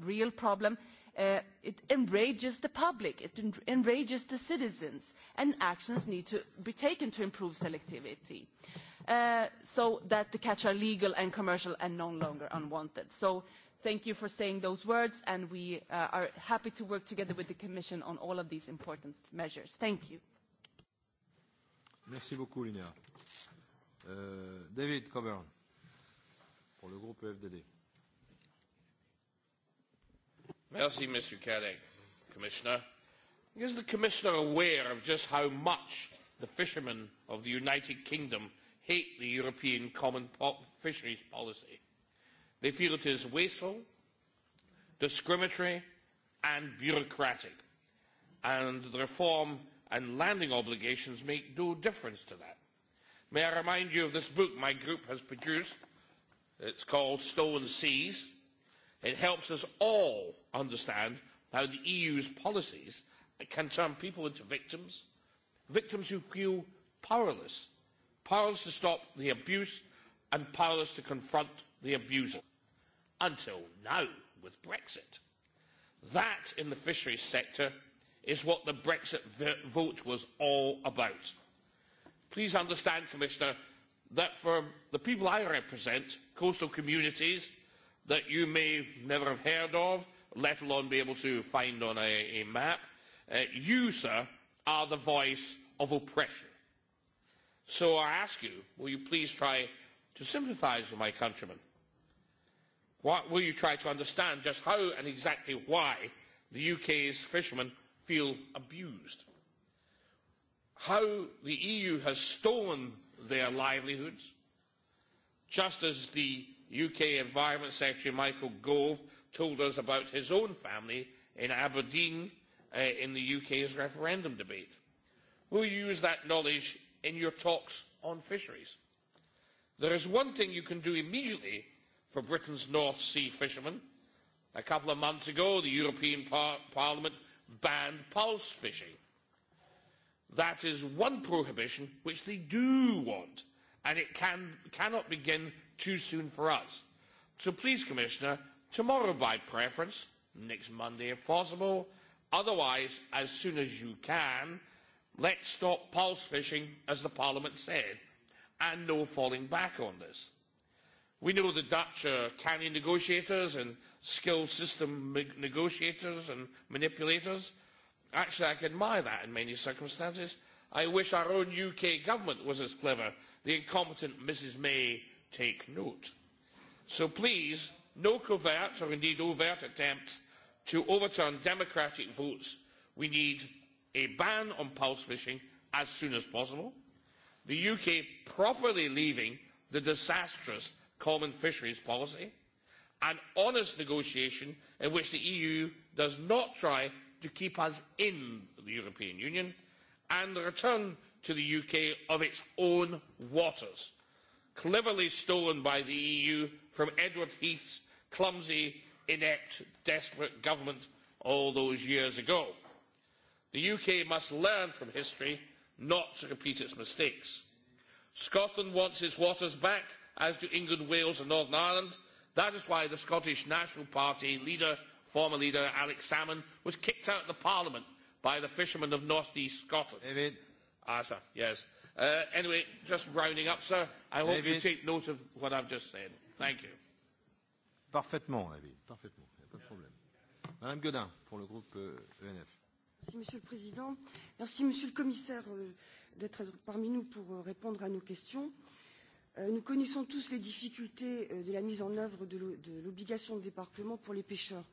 Speaker 9: real problem. Uh, it enrages the public, it en enrages the citizens, and actions need to be taken to improve selectivity uh, so that the catch are legal and commercial and no longer unwanted. So thank you for saying those words, and we uh, are happy to work together with the Commission on all of these important measures. Thank you.
Speaker 1: Merci beaucoup, Linéa. Uh, David Coburn, pour le groupe FDD. Merci,
Speaker 10: Mr. Kelly, Commissioner. Is the Commissioner aware of just how much the fishermen of the United Kingdom hate the European Common Pop Fisheries Policy? They feel it is wasteful, discriminatory, and bureaucratic. And the reform and landing obligations make no difference to that. May I remind you of this book my group has produced? It's called Stolen Seas. It helps us all understand how the EU's policies can turn people into victims, victims who feel powerless, powerless to stop the abuse and powerless to confront the abuser until now with Brexit. That, in the fisheries sector, is what the Brexit vote was all about. Please understand, Commissioner, that for the people I represent, coastal communities that you may never have heard of, let alone be able to find on a, a map, uh, you, sir, are the voice of oppression. So I ask you, will you please try to sympathise with my countrymen? What, will you try to understand just how and exactly why the UK's fishermen feel abused? How the EU has stolen their livelihoods, just as the UK Environment Secretary Michael Gove told us about his own family in Aberdeen uh, in the UK's referendum debate. Will you use that knowledge in your talks on fisheries? There is one thing you can do immediately for Britain's North Sea fishermen. A couple of months ago, the European par- Parliament banned pulse fishing. That is one prohibition which they do want, and it can, cannot begin too soon for us. So please, Commissioner, tomorrow by preference, next Monday if possible, otherwise as soon as you can, let's stop pulse fishing as the Parliament said, and no falling back on this. We know the Dutch are canny negotiators and skilled system negotiators and manipulators. Actually, I can admire that in many circumstances. I wish our own UK government was as clever. The incompetent Mrs May take note. So please, no covert or indeed overt attempt to overturn democratic votes. We need a ban on pulse fishing as soon as possible. The UK properly leaving the disastrous common fisheries policy and honest negotiation in which the EU does not try to keep us in the European Union and the return to the UK of its own waters, cleverly stolen by the EU from Edward Heath's clumsy, inept, desperate government all those years ago. The UK must learn from history not to repeat its mistakes. Scotland wants its waters back as do England, Wales and Northern Ireland. That is why the Scottish National Party leader, former leader Alex Salmond, was kicked out of Parliament by the fishermen of North East Scotland. David. Ah, sir, yes. Uh, anyway, just rounding up, sir, I hope David. you take note of what I've just
Speaker 1: said. Thank you. Parfaitement, David, parfaitement. Il n'y a pas de problème. Madame Godin, pour le groupe euh, ENF.
Speaker 11: Merci, Monsieur le Président. Merci, Monsieur le Commissaire, euh, d'être parmi nous pour euh, répondre à nos questions. Euh, Euh, nous connaissons tous les difficultés euh, de la mise en œuvre de l'obligation de débarquement pour les pêcheurs.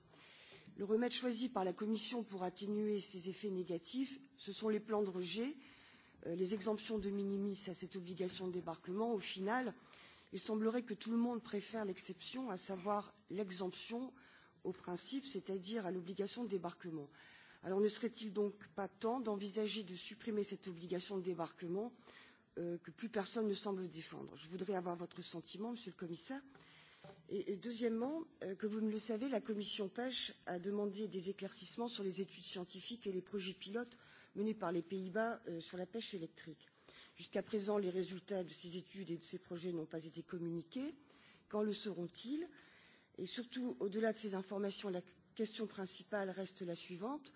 Speaker 11: le remède choisi par la commission pour atténuer ces effets négatifs ce sont les plans de rejet euh, les exemptions de minimis à cette obligation de débarquement. au final il semblerait que tout le monde préfère l'exception à savoir l'exemption au principe c'est à dire à à l'obligation de débarquement. alors ne serait il donc pas temps d'envisager de supprimer cette obligation de débarquement et euh, que plus personne ne semble défendre. Je voudrais avoir votre sentiment, Monsieur le Commissaire. Et, et deuxièmement, euh, que vous ne le savez, la Commission pêche a demandé des éclaircissements sur les études scientifiques et les projets pilotes menés par les Pays-Bas euh, sur la pêche électrique. Jusqu'à présent, les résultats de ces études et de ces projets n'ont pas été communiqués. Quand le seront-ils Et surtout, au-delà de ces informations, la question principale reste la suivante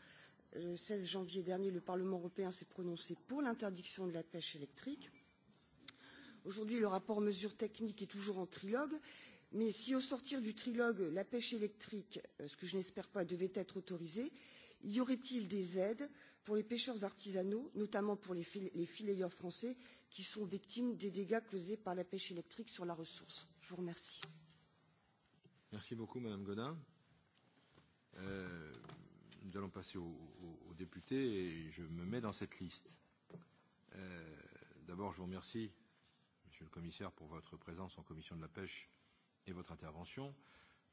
Speaker 11: le 16 janvier dernier, le Parlement européen s'est prononcé pour l'interdiction de la pêche électrique. Aujourd'hui, le rapport mesures techniques est toujours en trilogue, mais si au sortir du trilogue, la pêche électrique, euh, ce que je n'espère pas, devait être autorisée, y aurait-il des aides pour les pêcheurs artisanaux, notamment pour les, fil les filayeurs français qui sont victimes des dégâts causés par la pêche électrique sur la ressource Je vous remercie.
Speaker 1: Merci beaucoup, Madame Godin. Euh, nous allons passer aux, aux, aux députés et je me mets dans cette liste. Euh, D'abord, je vous remercie, Monsieur le Commissaire, pour votre présence en commission de la pêche et votre intervention.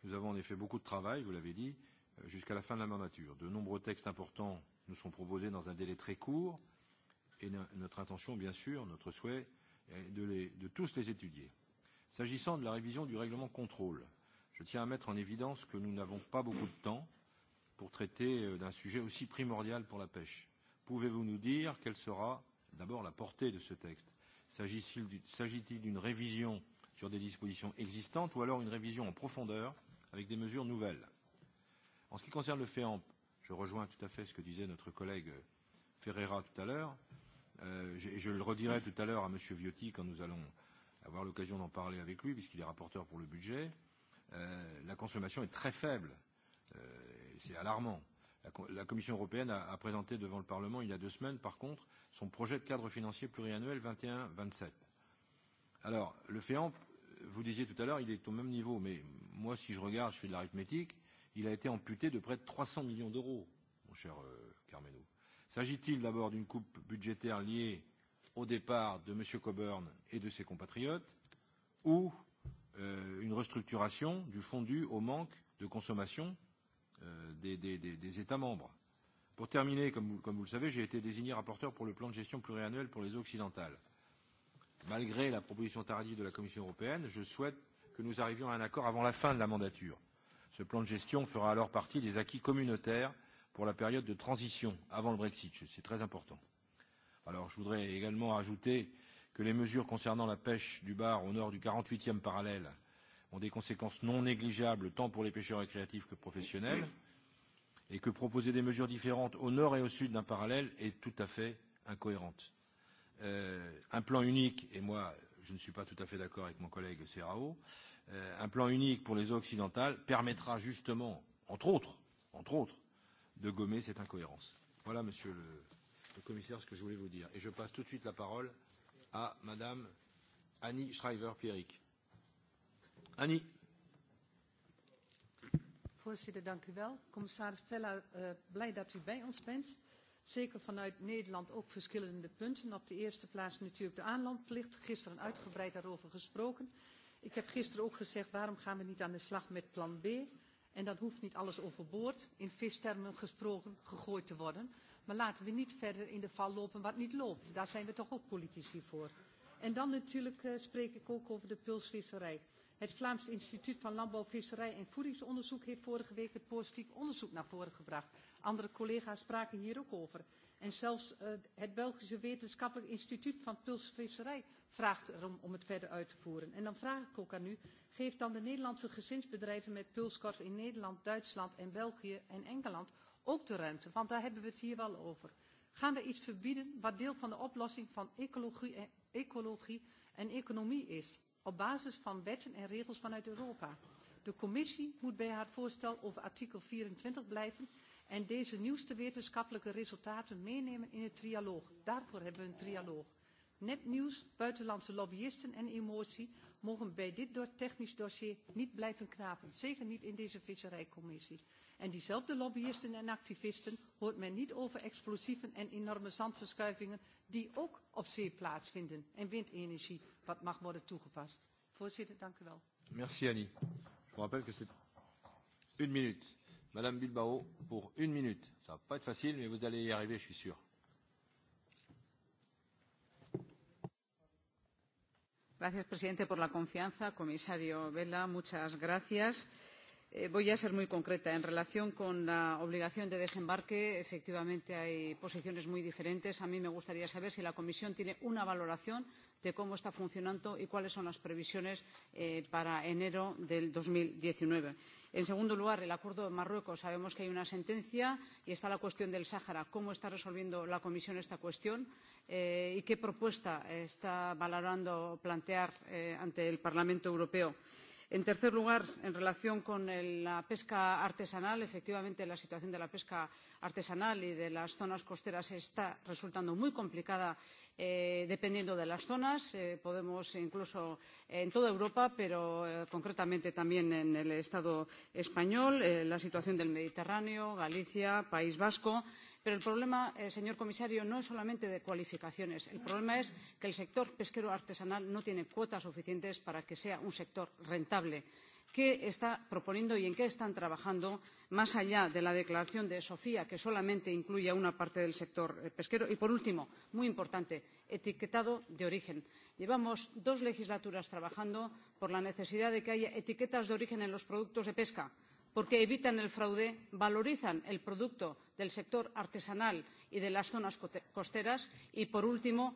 Speaker 1: Nous avons en effet beaucoup de travail, vous l'avez dit, euh, jusqu'à la fin de la mandature. De nombreux textes importants nous sont proposés dans un délai très court et notre intention, bien sûr, notre souhait est de, les, de tous les étudier. S'agissant de la révision du règlement contrôle, je tiens à mettre en évidence que nous n'avons pas beaucoup de temps pour traiter euh, d'un sujet aussi primordial pour la pêche. Pouvez-vous nous dire quelle sera d'abord la portée de ce texte S'agit-il d'une révision sur des dispositions existantes ou alors une révision en profondeur avec des mesures nouvelles En ce qui concerne le FEAMP, je rejoins tout à fait ce que disait notre collègue Ferreira tout à l'heure. Euh, je, je le redirai tout à l'heure à M. Viotti quand nous allons avoir l'occasion d'en parler avec lui, puisqu'il est rapporteur pour le budget. Euh, la consommation est très faible. Euh, c'est alarmant. La, la Commission européenne a, a présenté devant le Parlement il y a deux semaines, par contre, son projet de cadre financier pluriannuel 21-27. Alors, le FEAMP, vous disiez tout à l'heure, il est au même niveau, mais moi, si je regarde, je fais de l'arithmétique, il a été amputé de près de 300 millions d'euros, mon cher euh, Carmelo. S'agit-il d'abord d'une coupe budgétaire liée au départ de M. Coburn et de ses compatriotes, ou euh, une restructuration du fonds dû au manque de consommation Euh, des, des, des, des États membres. Pour terminer, comme vous, comme vous le savez, j'ai été désigné rapporteur pour le plan de gestion pluriannuel pour les eaux occidentales. Malgré la proposition tardive de la Commission européenne, je souhaite que nous arrivions à un accord avant la fin de la mandature. Ce plan de gestion fera alors partie des acquis communautaires pour la période de transition avant le Brexit. C'est très important. Alors, je voudrais également ajouter que les mesures concernant la pêche du bar au nord du 48e parallèle ont des conséquences non négligeables tant pour les pêcheurs récréatifs que professionnels et que proposer des mesures différentes au nord et au sud d'un parallèle est tout à fait incohérente. Euh, un plan unique, et moi je ne suis pas tout à fait d'accord avec mon collègue Serrao, euh, un plan unique pour les eaux occidentales permettra justement, entre autres, entre autres, de gommer cette incohérence. Voilà, monsieur le, le commissaire, ce que je voulais vous dire. Et je passe tout de suite la parole à madame Annie Schreiber-Pierrick. Annie.
Speaker 12: Voorzitter, dank u wel. Commissaris Vella, uh, eh, blij dat u bij ons bent. Zeker vanuit Nederland ook verschillende punten. Op de eerste plaats natuurlijk de aanlandplicht. Gisteren uitgebreid daarover gesproken. Ik heb gisteren ook gezegd, waarom gaan we niet aan de slag met plan B? En dan hoeft niet alles overboord, in vistermen gesproken, gegooid te worden. Maar laten we niet verder in de val lopen wat niet loopt. Daar zijn we toch ook politici voor. En dan natuurlijk uh, spreek ik ook over de pulsvisserij. Het Vlaams Instituut van Landbouw, Visserij en Voedingsonderzoek heeft vorige week het positief onderzoek naar voren gebracht. Andere collega's spraken hier ook over. En zelfs uh, het Belgische Wetenschappelijk Instituut van Pulsvisserij vraagt erom om het verder uit te voeren. En dan vraag ik ook aan u, geeft dan de Nederlandse gezinsbedrijven met pulskorf in Nederland, Duitsland en België en Engeland ook de ruimte? Want daar hebben we het hier wel over. Gaan we iets verbieden wat deel van de oplossing van ecologie en, ecologie en economie is? op basis van wetten en regels vanuit Europa. De commissie moet bij haar voorstel over artikel 24 blijven en deze nieuwste wetenschappelijke resultaten meenemen in het trialoog. Daarvoor hebben we een trialoog. Nepnieuws, buitenlandse lobbyisten en emotie mogen bij dit technisch dossier niet blijven knapen. Zeker niet in deze visserijcommissie. En diezelfde lobbyisten en activisten hoort men niet over explosieven en enorme zandverschuivingen die ook op zee plaatsvinden en windenergie wat mag worden toegepast. Voorzitter, dank u wel.
Speaker 1: Merci Annie. Je vous rappelle que c'est une minute. Madame Bilbao, pour une minute. Ça va pas être facile, mais vous allez y arriver, je suis sûr.
Speaker 13: Gracias, presidente, por la confianza. Comisario vella muchas gracias. Eh, voy a ser muy concreta. En relación con la obligación de desembarque, efectivamente hay posiciones muy diferentes. A mí me gustaría saber si la Comisión tiene una valoración sobre de cómo está funcionando y cuáles son las previsiones eh, para enero de dos mil diecinueve en segundo lugar el acuerdo de marruecos sabemos que hay una sentencia y está la cuestión del sáhara cómo está resolviendo la comisión esta cuestión eh, y qué propuesta está valorando plantear eh, ante el parlamento europeo? en en tercer lugar en relación con el, la pesca artesanal efectivamente la situación de la pesca artesanal y de las zonas costeras está resultando muy complicada eh, dependiendo de las zonas eh, podemos incluso eh, en toda europa pero eh, concretamente también en el estado español eh, la situación del mediterráneo galicia país vasco etc pero el problema eh, señor comisario no es solamente de cualificaciones el problema es que el sector pesquero artesanal no tiene cuotas suficientes para que sea un sector rentable. qué está proponiendo y en qué están trabajando más allá de la declaración de sofía que solamente incluye a una parte del sector eh, pesquero? y por último muy importante etiquetado de origen. llevamos dos legislaturas trabajando por la necesidad de que haya etiquetas de origen en los productos de pesca porque evitan el fraude valorizan el producto del sector artesanal y de las zonas costeras y por último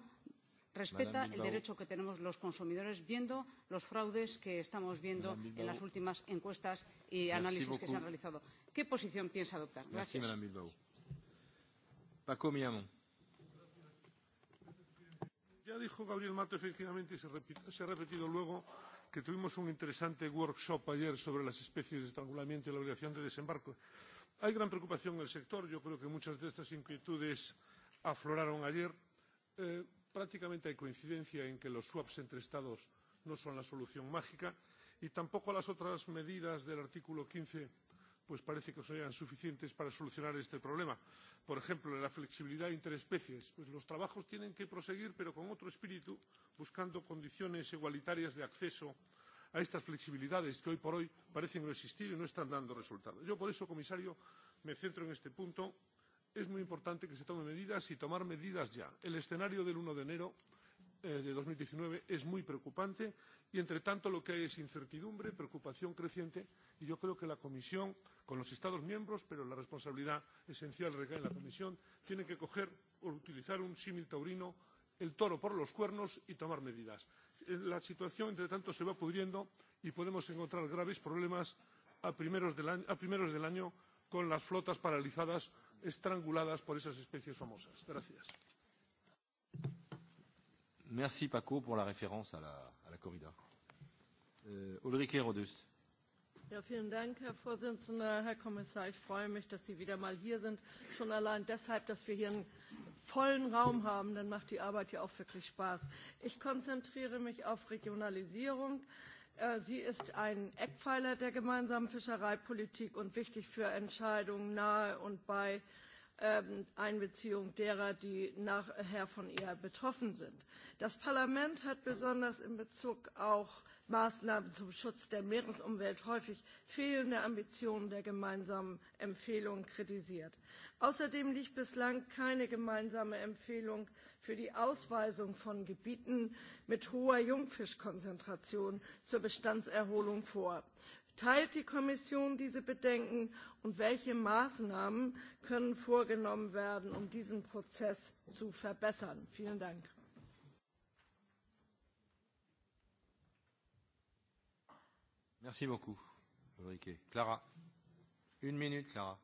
Speaker 13: respetan el derecho que tenemos los consumidores viendo los fraudes que estamos viendo en las últimas encuestas y análisis que se han realizado. qué posición piensa adoptar? Gracias.
Speaker 1: Merci,
Speaker 14: ya dijo gabriel mato efectivamente y se, se ha repetido luego que tuvimos un interesante workshop ayer sobre las especies de estrangulamiento y la obligación de desembarco. Hay gran preocupación en el sector. Yo creo que muchas de estas inquietudes afloraron ayer. Eh, prácticamente hay coincidencia en que los swaps entre Estados no son la solución mágica y tampoco las otras medidas del artículo 15 pues parece que sean suficientes para solucionar este problema. Por ejemplo, la flexibilidad interespecies. Pues los trabajos tienen que proseguir, pero con otro espíritu, buscando condiciones igualitarias de acceso a estas flexibilidades que hoy por hoy parecen no existir y no están dando resultados. Yo por eso, comisario, me centro en este punto. Es muy importante que se tomen medidas y tomar medidas ya. El escenario del 1 de enero Eh, de dos mil diecinueve es muy preocupante y entre tanto lo que hay es incertidumbre preocupación creciente y yo creo que la comisión con los estados miembros pero la responsabilidad esencial recae en la comisión tiene que coger por utilizar un símil taurino el toro por los cuernos y tomar medidas. Eh, la situación entre tanto se va pudriendo y podemos encontrar graves problemas a primeros del año, con las flotas paralizadas estranguladas por esas especies famosas. gracias.
Speaker 1: Merci Paco pour la référence à la, à la corrida. Euh, Ulrike Rodust.
Speaker 15: Ja, vielen Dank, Herr Vorsitzender, Herr Kommissar. Ich freue mich, dass Sie wieder mal hier sind. Schon allein deshalb, dass wir hier einen vollen Raum haben, dann macht die Arbeit ja auch wirklich Spaß. Ich konzentriere mich auf Regionalisierung. Äh, sie ist ein Eckpfeiler der gemeinsamen Fischereipolitik und wichtig für Entscheidungen nahe und bei äh, Ähm, Einbeziehung derer, die nachher von ihr betroffen sind. Das Parlament hat besonders in Bezug auf Maßnahmen zum Schutz der Meeresumwelt häufig fehlende Ambitionen der gemeinsamen Empfehlungen kritisiert. Außerdem liegt bislang keine gemeinsame Empfehlung für die Ausweisung von Gebieten mit hoher Jungfischkonzentration zur Bestandserholung vor. Teilt die Kommission diese Bedenken und welche Maßnahmen können vorgenommen werden, um diesen Prozess zu verbessern? Vielen Dank.
Speaker 1: Merci beaucoup, Ulrike. Clara. Une minute, Clara.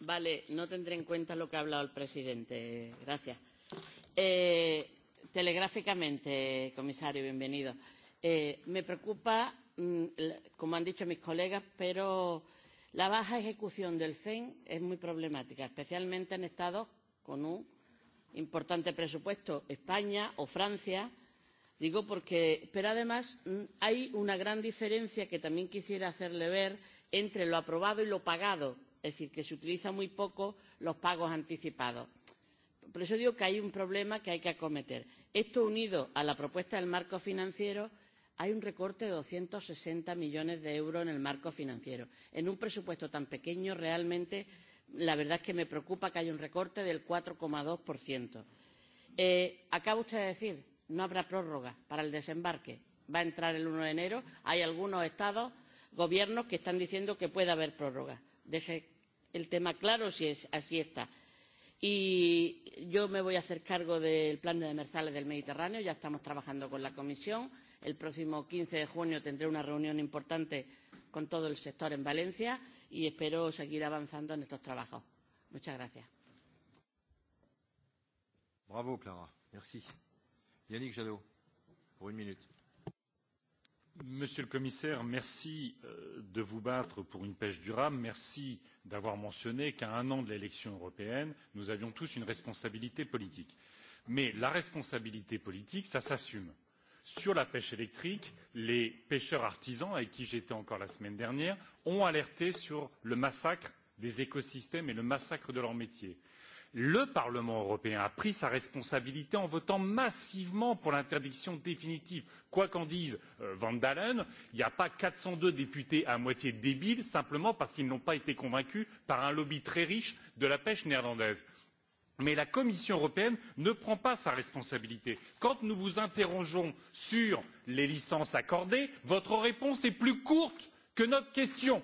Speaker 16: Vale, no tendré en cuenta lo que ha hablado el presidente. Gracias. Eh, telegráficamente, comisario, bienvenido. Eh, Eh, me preocupa, mm, como han dicho mis colegas, pero la baja ejecución del FEN es muy problemática, especialmente en estados con un importante presupuesto, España o Francia, digo porque pero además mm, hay una gran diferencia que también quisiera hacerle ver entre lo aprobado y lo pagado es decir que se utiliza muy poco los pagos anticipados. por eso digo que hay un problema que hay que acometer. esto unido a la propuesta del marco financiero hay un recorte de doscientos sesenta millones de euros en el marco financiero. en un presupuesto tan pequeño realmente la verdad es que me preocupa que haya un recorte del cuatro dos eh, acaba usted de decir no habrá prórroga para el desembarque va a entrar el uno de enero hay algunos estados gobiernos que están diciendo que puede haber prórroga deje el tema claro si es, así está y yo me voy a hacer cargo del plan de demersales del mediterráneo ya estamos trabajando con la comisión el próximo 15 de junio tendré una reunión importante con todo el sector en Valencia y espero seguir avanzando en estos trabajos. Muchas gracias.
Speaker 1: Bravo, Clara. Merci. Yannick Jadot, pour une minute.
Speaker 2: Monsieur le commissaire, merci euh, de vous battre pour une pêche durable. Merci d'avoir mentionné qu'à un an de l'élection européenne, nous avions tous une responsabilité politique. Mais la responsabilité politique, ça s'assume sur la pêche électrique les pêcheurs artisans avec qui j'étais encore la semaine dernière ont alerté sur le massacre des écosystèmes et le massacre de leur métier. le parlement européen a pris sa responsabilité en votant massivement pour l'interdiction définitive. quoi qu'en dise euh, van dalen il n'y a pas 402 députés à moitié débiles simplement parce qu'ils n'ont pas été convaincus par un lobby très riche de la pêche néerlandaise mais la commission européenne ne prend pas ses responsabilités. quand nous vous interrogeons sur les licences accordées votre réponse est plus courte que notre question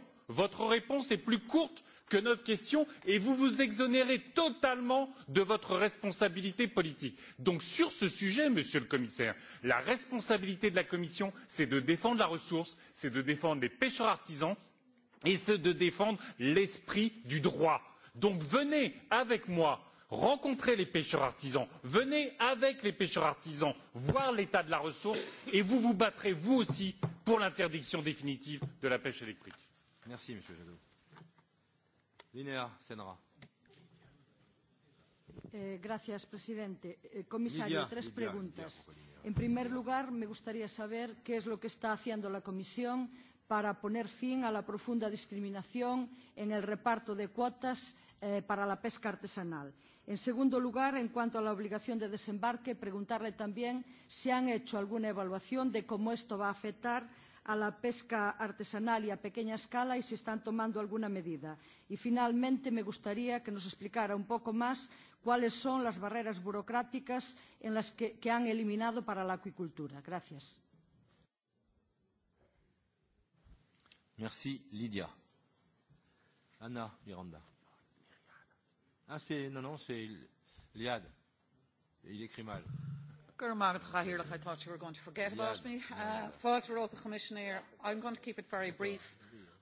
Speaker 2: et vous vous exonérez totalement de votre responsabilité politique. donc sur ce sujet monsieur le commissaire la responsabilité de la commission c'est de défendre la ressource c'est de défendre les pêcheurs artisans et c'est de défendre l'esprit du droit. donc venez avec moi rencontrez les pêcheurs artisans venez avec les pêcheurs artisans voir l'état de la ressource et vous vous battrez vous aussi pour l'interdiction définitive de la pêche électrique.
Speaker 17: Eh, gracias, presidente. Eh, comisario, Lidia, tres Lidia, preguntas. Lidia, en primer lugar, me gustaría saber qué es lo que está haciendo la Comisión para poner fin a la profunda discriminación en el reparto de cuotas Eh, para la pesca artesanal. En segundo lugar, en cuanto a la obligación de desembarque, preguntarle también si han hecho alguna evaluación de cómo esto va a afectar a la pesca artesanal y a pequeña escala y si están tomando alguna medida. Y finalmente, me gustaría que nos explicara un poco más cuáles son las barreras burocráticas en las que, que han eliminado para la acuicultura. Gracias.
Speaker 1: Merci, Lidia. Anna Miranda. Ah, c'est... Non, non, c'est Liad. Il écrit mal.
Speaker 18: Gurmagad Chahirlach, I thought you were going to forget about me. Uh, Father Oath, Commissioner, I'm going to keep it very brief.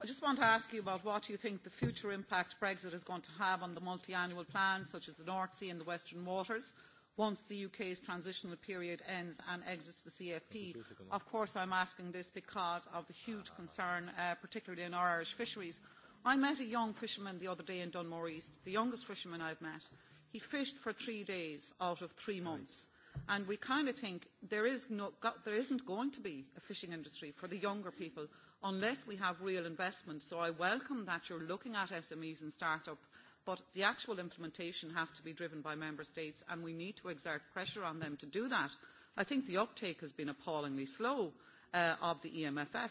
Speaker 18: I just want to ask you about what you think the future impact Brexit is going to have on the multi-annual plans, such as the North Sea and the Western Waters, once the UK's transitional period ends and exits the CFP. Of course, I'm asking this because of the huge concern, uh, particularly in our Irish fisheries, I met a young fisherman the other day in Dunmore East, the youngest fisherman I've met. He fished for three days out of three months. And we kind of think there, is no, there isn't going to be a fishing industry for the younger people unless we have real investment. So I welcome that you're looking at SMEs and start-up, but the actual implementation has to be driven by member states and we need to exert pressure on them to do that. I think the uptake has been appallingly slow uh, of the EMFF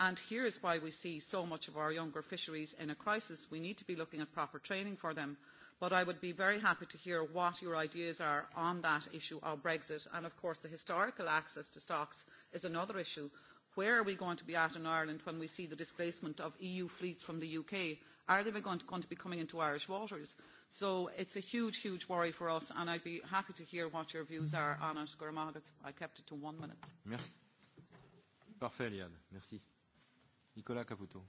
Speaker 18: and here is why we see so much of our younger fisheries in a crisis. we need to be looking at proper training for them but i would be very happy to hear what your ideas are on that issue of brexit and of course the historical access to stocks is another issue. where are we going to be at in ireland when we see the displacement of eu fleets from the uk? are they going to, going to be coming into irish waters? so it's a huge huge worry for us and i'd be happy to hear what your views are on it. i kept it to one minute.
Speaker 1: Merci. Parfait, Liane. Merci. Nicola Caputo.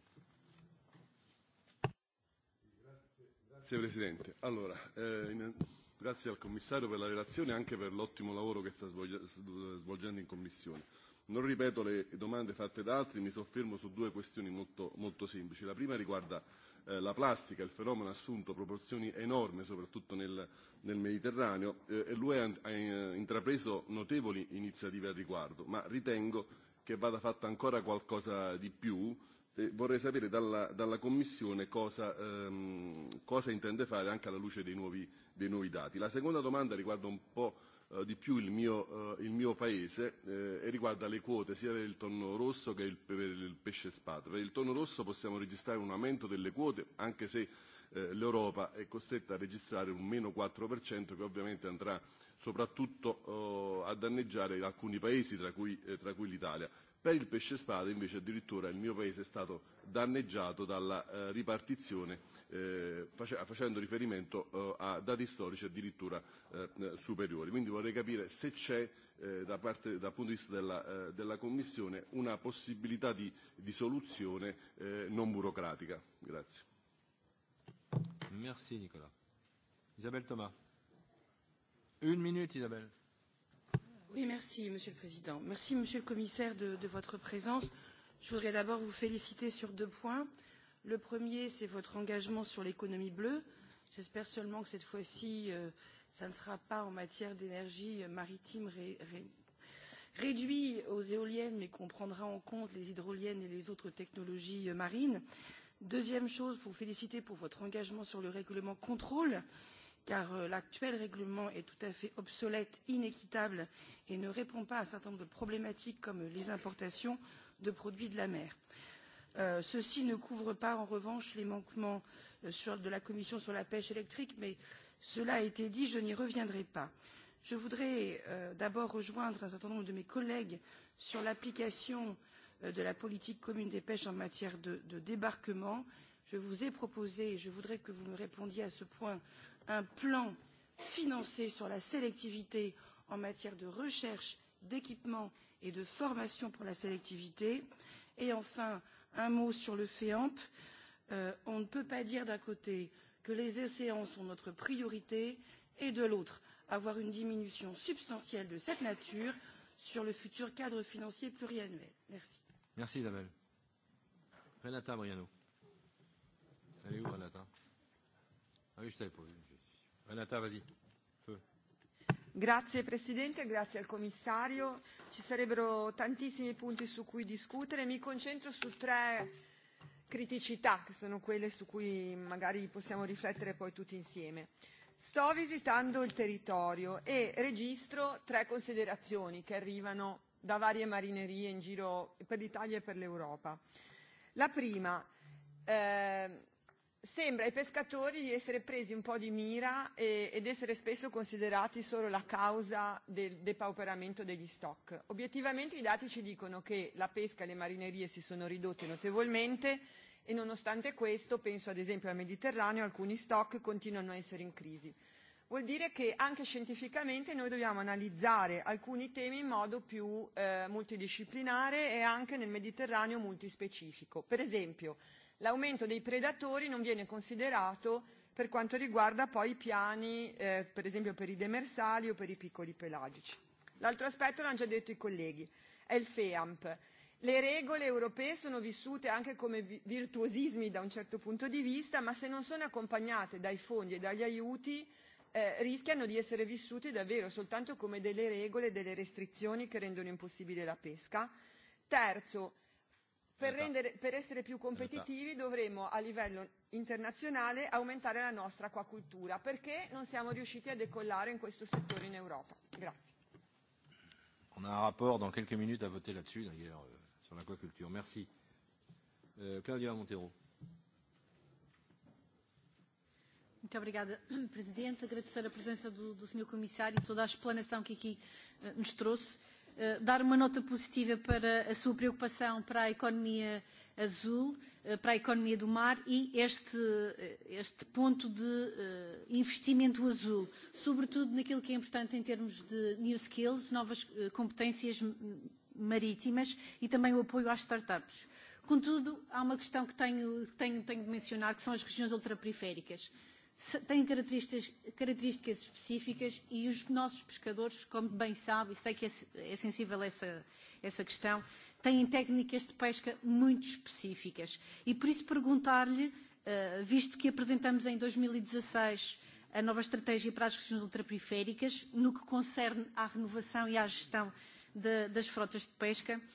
Speaker 19: Grazie Presidente. Allora, eh, in... Grazie al Commissario per la relazione e anche per l'ottimo lavoro che sta svolgendo in Commissione. Non ripeto le domande fatte da altri, mi soffermo su due questioni molto, molto semplici. La prima riguarda eh, la plastica, il fenomeno ha assunto proporzioni enormi soprattutto nel, nel Mediterraneo eh, e l'UE ha, ha eh, intrapreso notevoli iniziative al riguardo, ma ritengo che vada fatta ancora qualcosa di più. E vorrei sapere dalla, dalla Commissione cosa, ehm, cosa intende fare anche alla luce dei nuovi, dei nuovi dati. La seconda domanda riguarda un po' eh, di più il mio, eh, il mio paese eh, e riguarda le quote sia per il tonno rosso che il, per il pesce spada. Per il tonno rosso possiamo registrare un aumento delle quote anche se eh, l'Europa è costretta a registrare un meno 4% che ovviamente andrà soprattutto eh, a danneggiare alcuni paesi, tra cui, eh, tra cui l'Italia. Per il pesce spada invece addirittura il mio paese è stato danneggiato dalla eh, ripartizione eh, face, facendo riferimento eh, a dati storici addirittura eh, eh, superiori. Quindi vorrei capire se c'è eh, da parte, dal punto di vista della, eh, della Commissione una possibilità di, di soluzione eh, non burocratica. Grazie.
Speaker 1: Merci Nicola. Isabel Thomas. Monsieur le
Speaker 20: Président. Merci, Monsieur le Commissaire, de, votre présence. Je voudrais d'abord vous féliciter sur deux points. Le premier, c'est votre engagement sur l'économie bleue. J'espère seulement que cette fois-ci, ce euh, ne sera pas en matière d'énergie maritime ré, réduit aux éoliennes, mais qu'on prendra en compte les hydroliennes et les autres technologies euh, marines. Deuxième chose, pour féliciter pour votre engagement sur le règlement contrôle. Euh, car euh, l'actuel règlement est tout à fait obsolète, inéquitable et ne répond pas à un certain nombre de problématiques comme les importations de produits de la mer. Euh, ceci ne couvre pas en revanche les manquements euh, de la Commission sur la pêche électrique, mais cela a été dit, je n'y reviendrai pas. Je voudrais d'abord rejoindre un certain nombre de mes collègues sur l'application de la politique commune de la pêche en matière de, débarquement. Je vous ai proposé, et je voudrais que vous me répondiez à ce point, un plan financé sur la sélectivité en matière de recherche d'équipements et de formation pour la sélectivité et enfin un mot sur le feamp euh, on ne peut pas dire d'un côté que les océans sont notre priorité et de l'autre avoir une diminution substantielle de cette nature sur le futur cadre financier pluriannuel. Merci.
Speaker 1: Merci Isabelle. Renata Briano. Elle est où Renata Ah oui, je t'avais pas vu.
Speaker 21: Grazie Presidente, grazie al Commissario. Ci sarebbero tantissimi punti su cui discutere. Mi concentro su tre criticità che sono quelle su cui magari possiamo riflettere poi tutti insieme. Sto visitando il territorio e registro tre considerazioni che arrivano da varie marinerie in giro per l'Italia e per l'Europa. La prima, eh, sembra ai pescatori di essere presi un po' di mira e, ed essere spesso considerati solo la causa del depauperamento degli stock. Obiettivamente i dati ci dicono che la pesca e le marinerie si sono ridotte notevolmente e nonostante questo, penso ad esempio al Mediterraneo, alcuni stock continuano a essere in crisi. Vuol dire che anche scientificamente noi dobbiamo analizzare alcuni temi in modo più eh, multidisciplinare e anche nel Mediterraneo multispecifico. Per esempio, l'aumento dei predatori non viene considerato per quanto riguarda poi i piani eh, per esempio per i demersali o per i piccoli pelagici. L'altro aspetto l'hanno già detto i colleghi, è il FEAMP. Le regole europee sono vissute anche come virtuosismi da un certo punto di vista, ma se non sono accompagnate dai fondi e dagli aiuti eh, rischiano di essere vissute davvero soltanto come delle regole e delle restrizioni che rendono impossibile la pesca. Terzo, Per, rendere, per essere più competitivi dovremmo a livello internazionale aumentare la nostra acquacoltura perché non siamo riusciti a decollare in questo settore in Europa. Grazie.
Speaker 1: On a un rapport dans quelques minutes à voter là-dessus d'ailleurs euh, sur l'aquaculture. Merci. Euh, Claudia Montero.
Speaker 22: Muito obrigada, Presidente. Agradecer a presença do, do Sr. Comissário e toda a explanação que aqui uh, nos trouxe Eh, dar uma nota positiva para a sua preocupação para a economia azul, eh, para a economia do mar e este, eh, este ponto de investimento azul, sobretudo naquilo que é importante em termos de new skills, novas competências marítimas e também o apoio às startups. Contudo, há uma questão que tenho, tenho, tenho de mencionar, que são as regiões ultraperiféricas têm características, características específicas e os nossos pescadores, como bem sabe, e sei que é, é sensível a essa, essa questão, têm técnicas de pesca muito específicas. E por isso perguntar-lhe, uh, visto que apresentamos em 2016 e a nova estratégia para as regiões ultraperiféricas, no que concerne à renovação e à gestão de, das frotas de pesca, uh,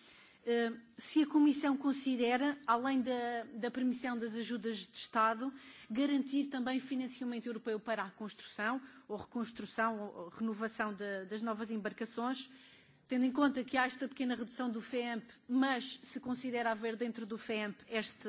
Speaker 22: Ehm, se a Comissão considera, além da, da permissão das ajudas de Estado, garantir também financiamento europeu para a construção ou reconstrução ou renovação de, das novas embarcações, tendo em conta que há esta pequena redução do FEAMP, mas se considera haver dentro do FEAMP este,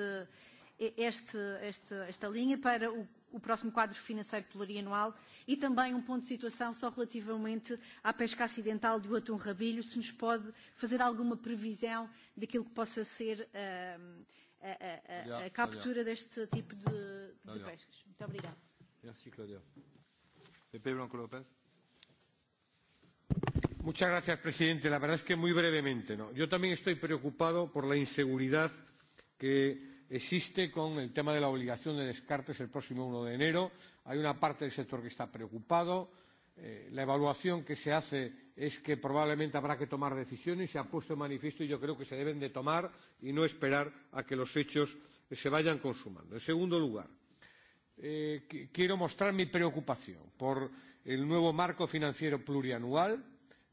Speaker 22: e, este, este, esta linha para o o próximo quadro financeiro plurianual e também um ponto de situação só relativamente à pesca acidental do atum rabilho, se nos pode fazer alguma previsão daquilo que possa ser uh, a, a, a, a captura deste tipo de, de pescas. Muito obrigada.
Speaker 1: Merci, Claudia. Pepe Blanco López.
Speaker 23: Muchas gracias, presidente. La verdad es que muy brevemente. ¿no? Yo también estoy preocupado por la inseguridad que existe con el tema de la obligación de descartes el próximo 1 de enero. Hay una parte del sector que está preocupado. Eh, la evaluación que se hace es que probablemente habrá que tomar decisiones. Se ha puesto en manifiesto y yo creo que se deben de tomar y no esperar a que los hechos se vayan consumando. En segundo lugar, eh, qu quiero mostrar mi preocupación por el nuevo marco financiero plurianual,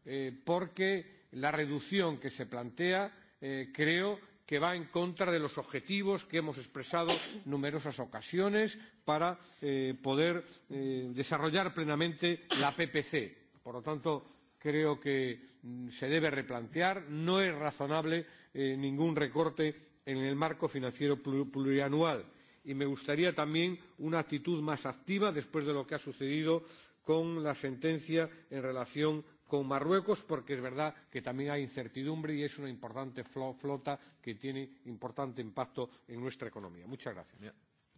Speaker 23: eh, porque la reducción que se plantea eh, creo que va en contra de los objetivos que hemos expresado en numerosas ocasiones para eh, poder eh, desarrollar plenamente la PPC. Por lo tanto, creo que mm, se debe replantear. No es razonable eh, ningún recorte en el marco financiero plurianual. Y me gustaría también una actitud más activa después de lo que ha sucedido con la sentencia en relación con Marruecos, porque es verdad que también hay incertidumbre y es una importante flota que tiene importante impacto en nuestra economía. Muchas gracias.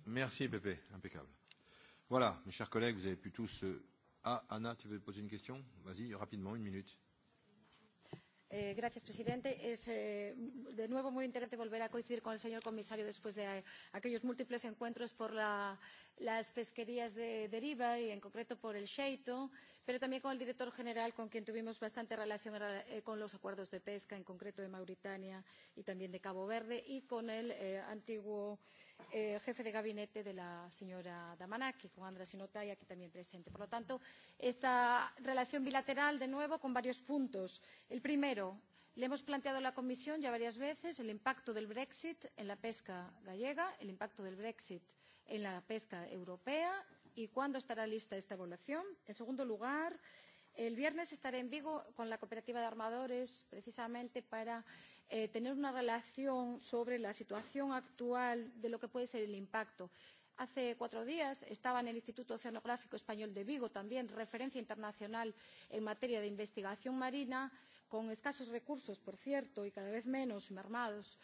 Speaker 23: Merci,
Speaker 1: Pepe. Impecable. Voilà, mes chers collègues, vous avez pu tous. Euh, ah, Ana, tu veux poser une question Vas-y, rapidement, une minute.
Speaker 17: Eh, gracias, presidente es eh, de nuevo muy interesante volver a coincidir con el señor comisario después de aquellos múltiples encuentros por la las pesquerías de deriva y en concreto por el xeito pero también con el director general con quien tuvimos bastante relación eh, con los acuerdos de pesca en concreto de mauritania y también de cabo verde y con el eh, antiguo eh, jefe de gabinete de la señora damanaki con andras sinotay aquí también presente. por lo tanto esta relación bilateral de nuevo con varios puntos. el primero le hemos planteado a la comisión ya varias veces el impacto del brexit en la pesca gallega el impacto del brexit en la pesca europea y cuándo estará lista esta evaluación? en segundo lugar el viernes estaré en vigo con la cooperativa de armadores precisamente para eh, tener una relación sobre la situación actual de lo que puede ser el impacto. hace cuatro días estaba en el instituto oceanográfico español de vigo también referencia internacional en materia de investigación marina con escasos recursos por cierto y cada vez menos mermados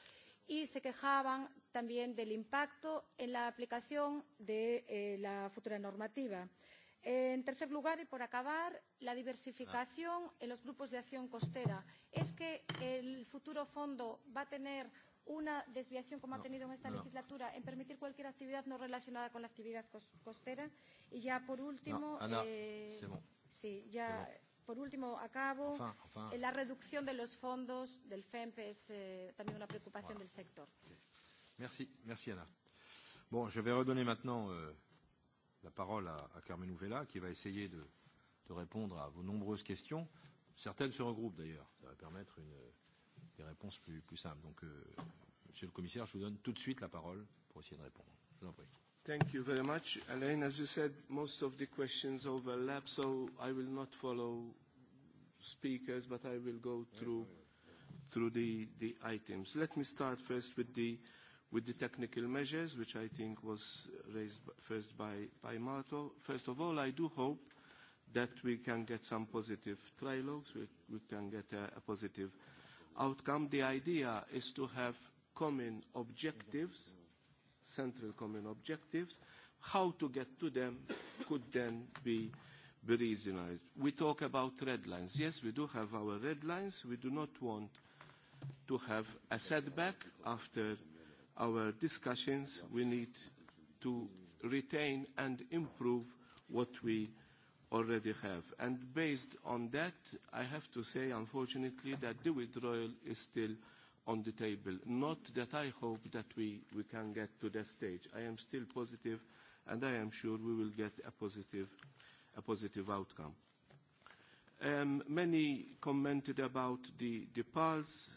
Speaker 17: y se quejaban también del impacto en la aplicación de eh, la futura normativa. En tercer lugar, y por acabar, la diversificación en los grupos de acción costera. ¿Es que el futuro fondo va a tener una desviación como no, ha tenido en esta no. legislatura en permitir cualquier actividad no relacionada con la actividad costera? Y ya por último, no, Ana, eh, bon. sí, ya bon. por último acabo, enfin, enfin. Eh, la reducción de los fondos del FEMP es eh, también una preocupación voilà. del sector. Sí.
Speaker 1: Merci, merci Anna. Bon, je vais redonner maintenant euh, la parole à, à Carmen Ouvella, qui va essayer de, de répondre à vos nombreuses questions. Certaines se regroupent d'ailleurs, ça va permettre une, euh, des réponses plus, plus simples. Donc, euh, Monsieur le Commissaire, je vous donne tout de suite la parole pour essayer de répondre. Je vous en prie.
Speaker 3: Thank you very much, Alain. As you said, most of the questions overlap, so I will not follow speakers, but I will go through through the, the items. Let me start first with the uh, with the technical measures, which I think was raised first by, by Marto. First of all, I do hope that we can get some positive trilogues, we, we can get a, a positive outcome. The idea is to have common objectives, central common objectives. How to get to them could then be, be reasonized. We talk about red lines. Yes, we do have our red lines. We do not want to have a setback after our discussions, we need to retain and improve what we already have. And based on that, I have to say, unfortunately, that the withdrawal is still on the table. Not that I hope that we, we can get to that stage. I am still positive, and I am sure we will get a positive, a positive outcome. Um, many commented about the, the pulse,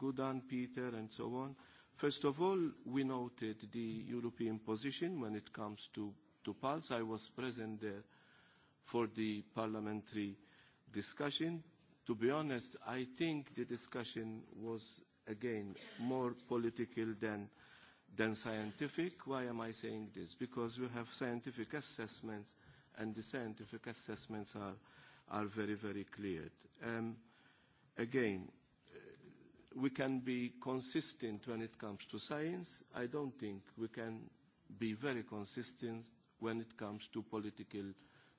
Speaker 3: Gudan, Peter, and so on. First of all, we noted the European position when it comes to, to Pulse. I was present there for the parliamentary discussion. To be honest, I think the discussion was, again, more political than, than scientific. Why am I saying this? Because we have scientific assessments, and the scientific assessments are, are very, very clear. Um, again, we can be consistent when it comes to science. I don't think we can be very consistent when it comes to political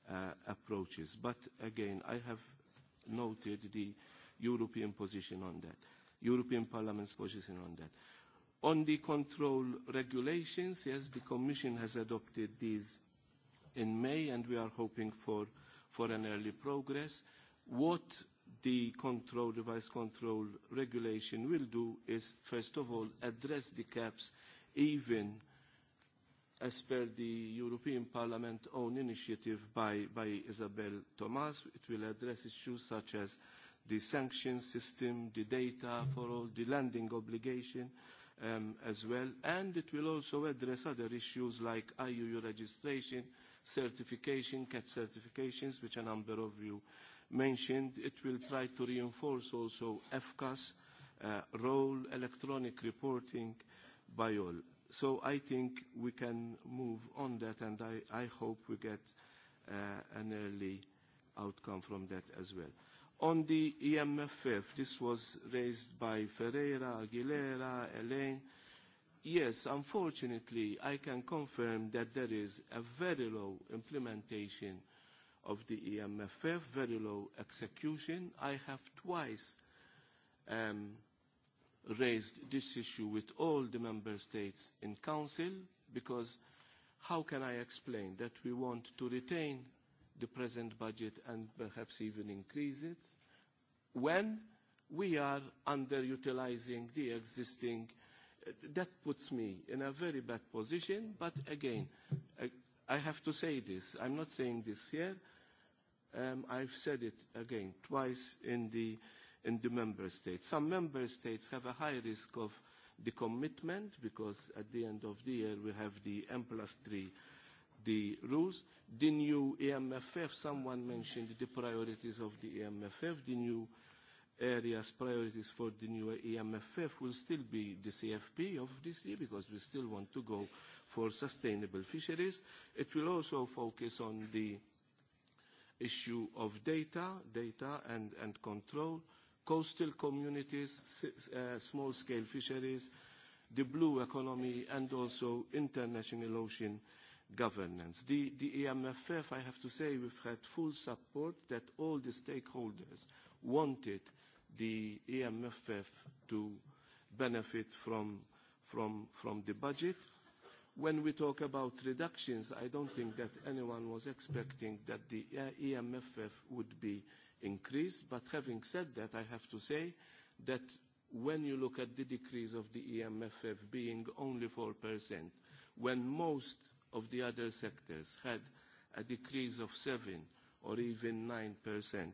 Speaker 3: uh, approaches. But again, I have noted the European position on that, European Parliament's position on that. On the control regulations, yes, the Commission has adopted these in May, and we are hoping for, for an early progress. What the control, device control regulation will do is, first of all, address the caps even as per the European Parliament own initiative by, by Isabel Thomas. It will address issues such as the sanction system, the data for all, the landing obligation um, as well, and it will also address other issues like IUU registration, certification, CAT certifications, which a number of you mentioned, it will try to reinforce also FCAS uh, role, electronic reporting by all. So I think we can move on that, and I, I hope we get uh, an early outcome from that as well. On the EMFF, this was raised by Ferreira, Aguilera, Elaine. Yes, unfortunately, I can confirm that there is a very low implementation uh, of the EMFF, very low execution. I have twice um, raised this issue with all the member states in council because how can I explain that we want to retain the present budget and perhaps even increase it when we are underutilizing the existing that puts me in a very bad position but again I, I have to say this I'm not saying this here Um, I've said it again twice in the, in the member states. Some member states have a high risk of decommitment because at the end of the year we have the M plus 3 the rules. The new EMFF, someone mentioned the priorities of the EMFF, the new areas priorities for the new EMFF will still be the CFP of this year because we still want to go for sustainable fisheries. It will also focus on the issue of data, data and, and control, coastal communities, uh, small-scale fisheries, the blue economy, and also international ocean governance. The, the EMFF, I have to say, we've had full support that all the stakeholders wanted the EMFF to benefit from, from, from the budget. When we talk about reductions, I don't think that anyone was expecting that the EMFF would be increased. But having said that, I have to say that when you look at the decrease of the EMFF being only 4%, when most of the other sectors had a decrease of 7 or even 9%.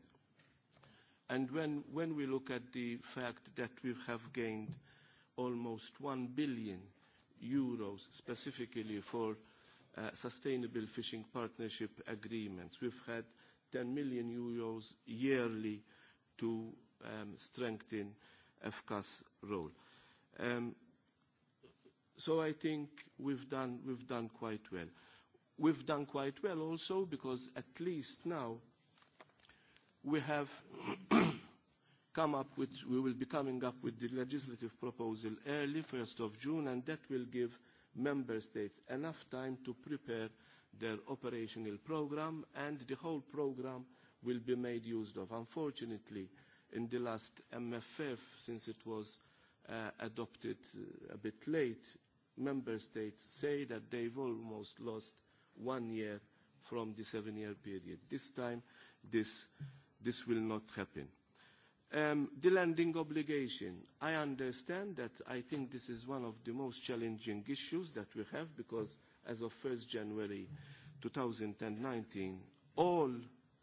Speaker 3: And when, when we look at the fact that we have gained almost 1 billion euros specifically for uh, sustainable fishing partnership agreements. We've had 10 million euros yearly to um, strengthen FCA's role. Um, so I think we've done, we've done quite well. We've done quite well also because at least now we have come up with, we will be coming up with the legislative proposal early, 1st of June, and that will give member states enough time to prepare their operational program, and the whole program will be made use of. Unfortunately, in the last MFF, since it was uh, adopted uh, a bit late, member states say that they've almost lost one year from the seven-year period. This time, this, this will not happen. Um, the lending obligation. I understand that I think this is one of the most challenging issues that we have because as of 1st January 2019, all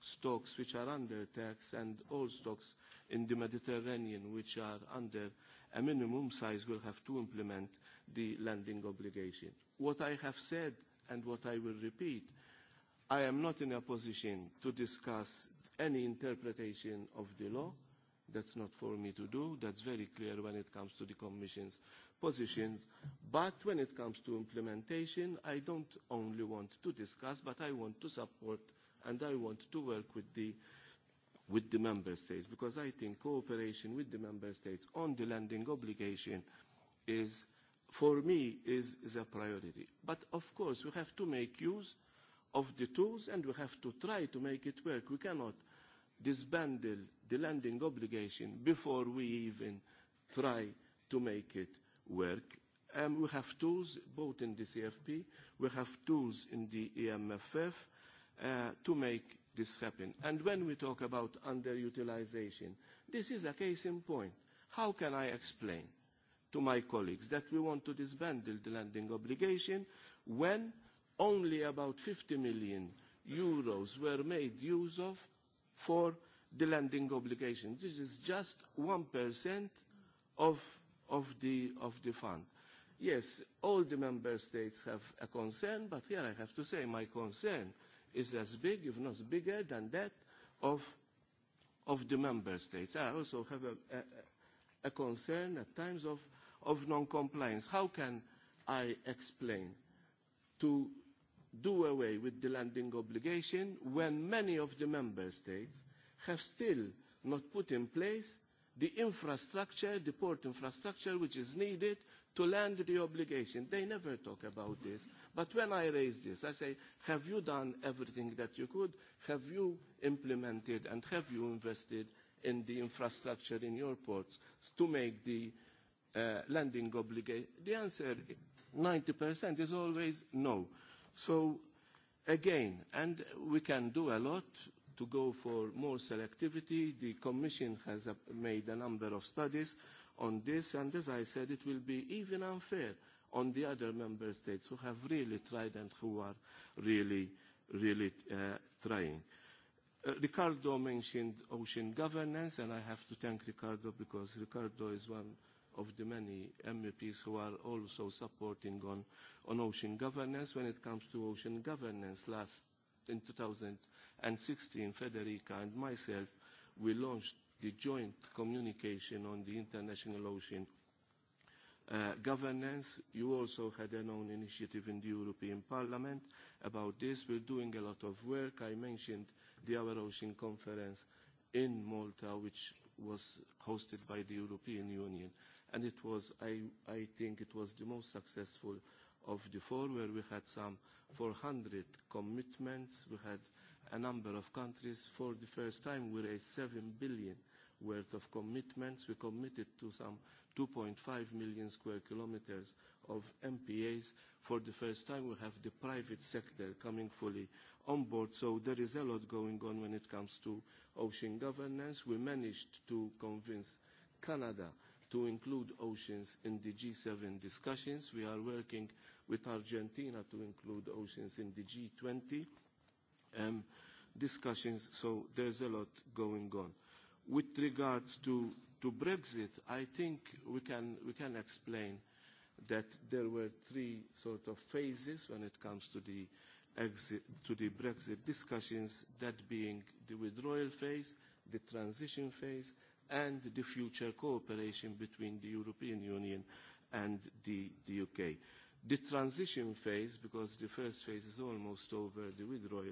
Speaker 3: stocks which are under tax and all stocks in the Mediterranean which are under a minimum size will have to implement the lending obligation. What I have said and what I will repeat, I am not in a position to discuss any interpretation of the law That's not for me to do. That's very clear when it comes to the Commission's positions. But when it comes to implementation, I don't only want to discuss, but I want to support and I want to work with the with the member states because I think cooperation with the member states on the lending obligation is for me is, is a priority. But of course we have to make use of the tools and we have to try to make it work. We cannot disbandle the landing obligation before we even try to make it work. Um, we have tools both in the CFP, we have tools in the EMFF uh, to make this happen. And when we talk about underutilization, this is a case in point. How can I explain to my colleagues that we want to disband the landing obligation when only about 50 million euros were made use of for the lending obligation. This is just 1% of, of, the, of the fund. Yes, all the member states have a concern, but here I have to say my concern is as big, if not bigger, than that of, of the member states. I also have a, a, a concern at times of, of non-compliance. How can I explain to do away with the landing obligation when many of the member states – have still not put in place the infrastructure, the port infrastructure, which is needed to land the obligation. They never talk about this. But when I raise this, I say, have you done everything that you could? Have you implemented and have you invested in the infrastructure in your ports to make the uh, landing obligation? The answer, 90%, is always no. So again, and we can do a lot to go for more selectivity. The Commission has uh, made a number of studies on this, and as I said, it will be even unfair on the other member states who have really tried and who are really, really uh, trying. Uh, Ricardo mentioned ocean governance, and I have to thank Ricardo because Ricardo is one of the many MEPs who are also supporting on, on ocean governance. When it comes to ocean governance, last in 2000, and 16, Federica and myself, we launched the joint communication on the International Ocean uh, governance. You also had an own initiative in the European Parliament about this. We're doing a lot of work. I mentioned the Our Ocean Conference in Malta, which was hosted by the European Union. And it was, I, I think it was the most successful of the four, where we had some 400 commitments. We had a number of countries for the first time we raised seven billion worth of commitments. We committed to some 2.5 million square kilometers of MPAs. For the first time, we have the private sector coming fully on board. So there is a lot going on when it comes to ocean governance. We managed to convince Canada to include oceans in the G7 discussions. We are working with Argentina to include oceans in the G20 um, discussions, so there's a lot going on. With regards to, to Brexit, I think we can, we can explain that there were three sort of phases when it comes to the exit to the Brexit discussions, that being the withdrawal phase, the transition phase, and the future cooperation between the European Union and the, the UK. The transition phase, because the first phase is almost over, the withdrawal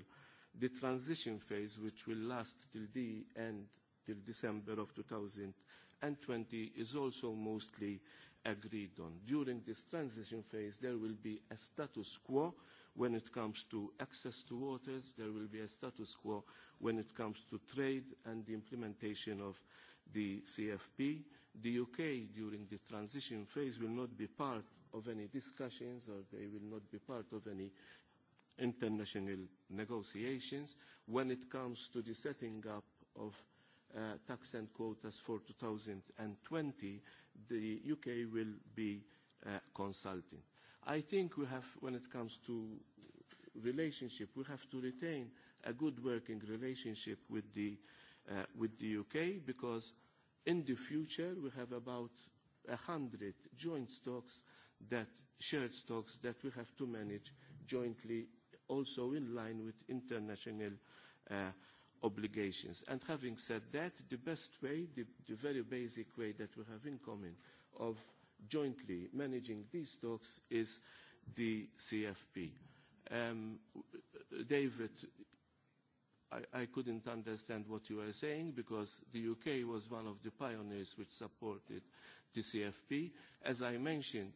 Speaker 3: the transition phase, which will last till the end, till December of 2020, is also mostly agreed on. During this transition phase, there will be a status quo when it comes to access to waters, there will be a status quo when it comes to trade and the implementation of the CFP. The UK, during the transition phase, will not be part of any discussions or they will not be part of any international negotiations when it comes to the setting up of uh, tax and quotas for 2020, the UK will be uh, consulting. I think we have, when it comes to relationship, we have to retain a good working relationship with the, uh, with the UK because in the future we have about a hundred joint stocks that shared stocks that we have to manage jointly also in line with international uh, obligations. And having said that, the best way, the, the very basic way that we have in common of jointly managing these stocks is the CFP. Um, David, I, I couldn't understand what you were saying because the UK was one of the pioneers which supported the CFP. As I mentioned,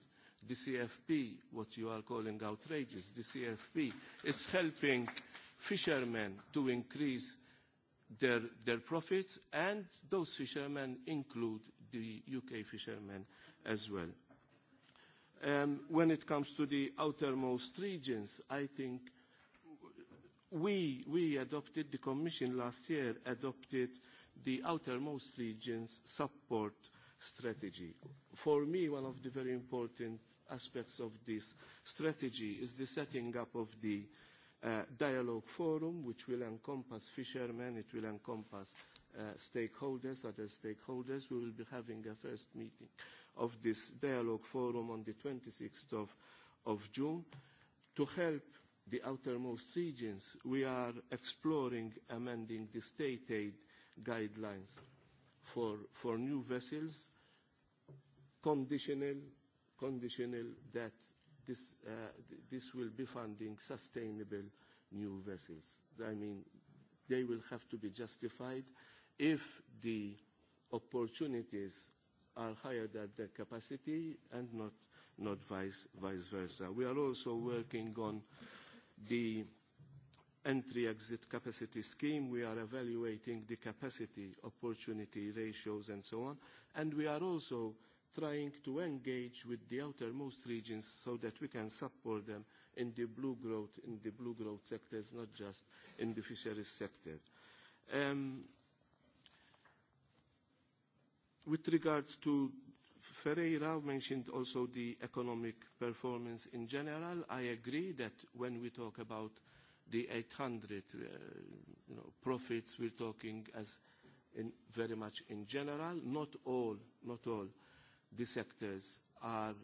Speaker 3: the CFP, what you are calling outrageous, the CFP is helping fishermen to increase their, their profits, and those fishermen include the UK fishermen as well. Um, when it comes to the outermost regions, I think we, we adopted, the Commission last year adopted the outermost regions support strategy. For me, one of the very important aspects of this strategy is the setting up of the uh, dialogue forum, which will encompass fishermen, it will encompass uh, stakeholders, other stakeholders. We will be having a first meeting of this dialogue forum on the 26th of, of June. To help the outermost regions, we are exploring amending the state aid guidelines for, for new vessels, conditional conditional that this, uh, th this will be funding sustainable new vessels. I mean, they will have to be justified if the opportunities are higher than the capacity and not, not vice, vice versa. We are also working on the entry-exit capacity scheme. We are evaluating the capacity opportunity ratios and so on. And we are also trying to engage with the outermost regions so that we can support them in the blue growth, in the blue growth sectors, not just in the fisheries sector. Um, with regards to Ferreira mentioned also the economic performance in general. I agree that when we talk about the 800 uh, you know, profits, we're talking as in very much in general. Not all, not all the sectors are uh,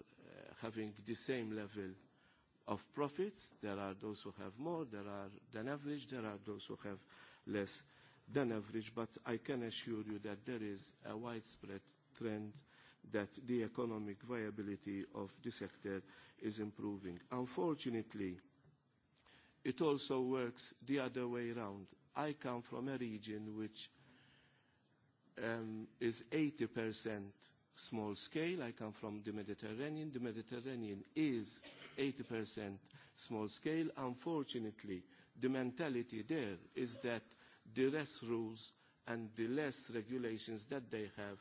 Speaker 3: having the same level of profits. There are those who have more there are than average, there are those who have less than average, but I can assure you that there is a widespread trend that the economic viability of the sector is improving. Unfortunately, it also works the other way around. I come from a region which um, is 80% small scale. I come from the Mediterranean. The Mediterranean is 80% small scale. Unfortunately, the mentality there is that the less rules and the less regulations that they have,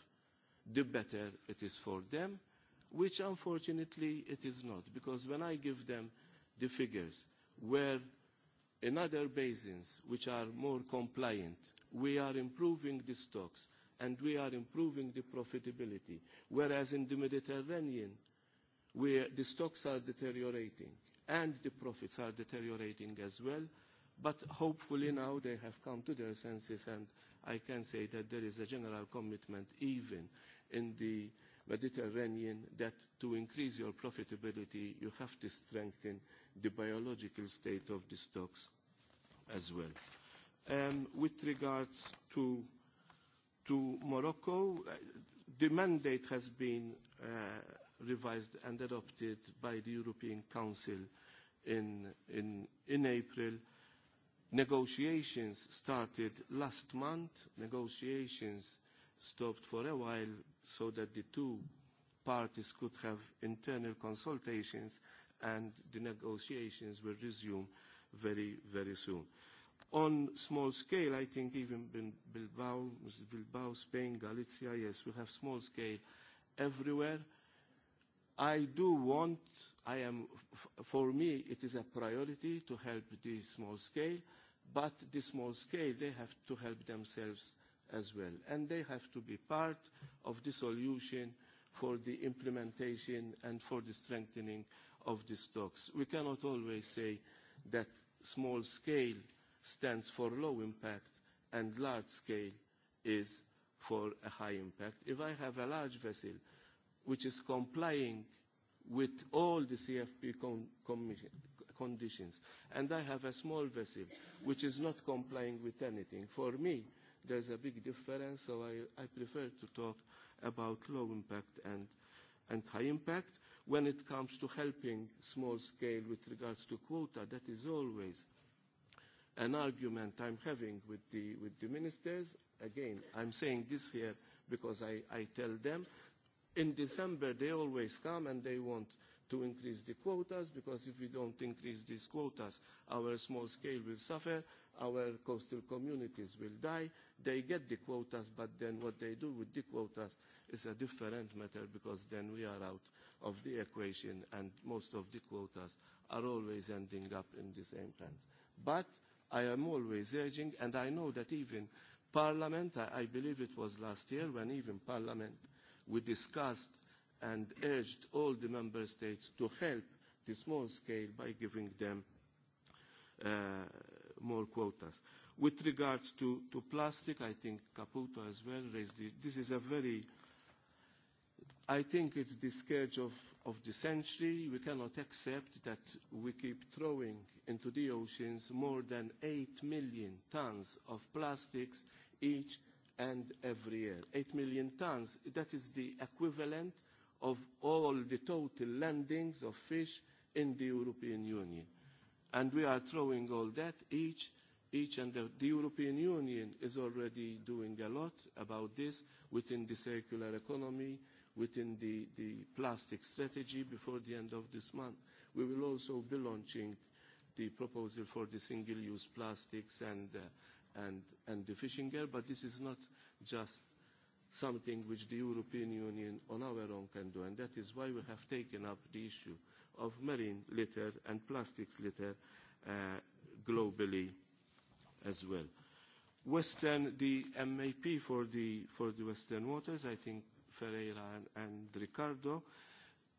Speaker 3: the better it is for them, which unfortunately it is not. Because when I give them the figures where in other basins which are more compliant, we are improving the stocks, and we are improving the profitability. Whereas in the Mediterranean, where the stocks are deteriorating and the profits are deteriorating as well, but hopefully now they have come to their senses and I can say that there is a general commitment even in the Mediterranean that to increase your profitability you have to strengthen the biological state of the stocks as well. Um, with regards to to Morocco, the mandate has been uh, revised and adopted by the European Council in, in, in April. Negotiations started last month. Negotiations stopped for a while so that the two parties could have internal consultations and the negotiations will resume very, very soon on small scale, I think even Bilbao, Bilbao, Spain, Galicia, yes, we have small scale everywhere. I do want, I am, for me, it is a priority to help the small scale, but the small scale, they have to help themselves as well. And they have to be part of the solution for the implementation and for the strengthening of the stocks. We cannot always say that small scale stands for low impact and large scale is for a high impact. If I have a large vessel which is complying with all the CFP con conditions and I have a small vessel which is not complying with anything, for me there's a big difference, so I, I prefer to talk about low impact and, and high impact. When it comes to helping small scale with regards to quota, that is always an argument I'm having with the, with the ministers. Again, I'm saying this here because I, I tell them in December they always come and they want to increase the quotas because if we don't increase these quotas, our small scale will suffer, our coastal communities will die. They get the quotas, but then what they do with the quotas is a different matter because then we are out of the equation and most of the quotas are always ending up in the same hands. But I am always urging, and I know that even Parliament, I, I believe it was last year when even Parliament, we discussed and urged all the member states to help the small scale by giving them uh, more quotas. With regards to, to plastic, I think Caputo as well raised it. This is a very uh, I think it's the scourge of, the century. We cannot accept that we keep throwing into the oceans more than 8 million tons of plastics each and every year. 8 million tons, that is the equivalent of all the total landings of fish in the European Union. And we are throwing all that each each and the European Union is already doing a lot about this within the circular economy within the, the plastic strategy before the end of this month. We will also be launching the proposal for the single-use plastics and, uh, and, and the fishing gear, but this is not just something which the European Union on our own can do, and that is why we have taken up the issue of marine litter and plastics litter uh, globally as well. Western, the MAP for the, for the Western waters, I think Ferreira and, and Ricardo.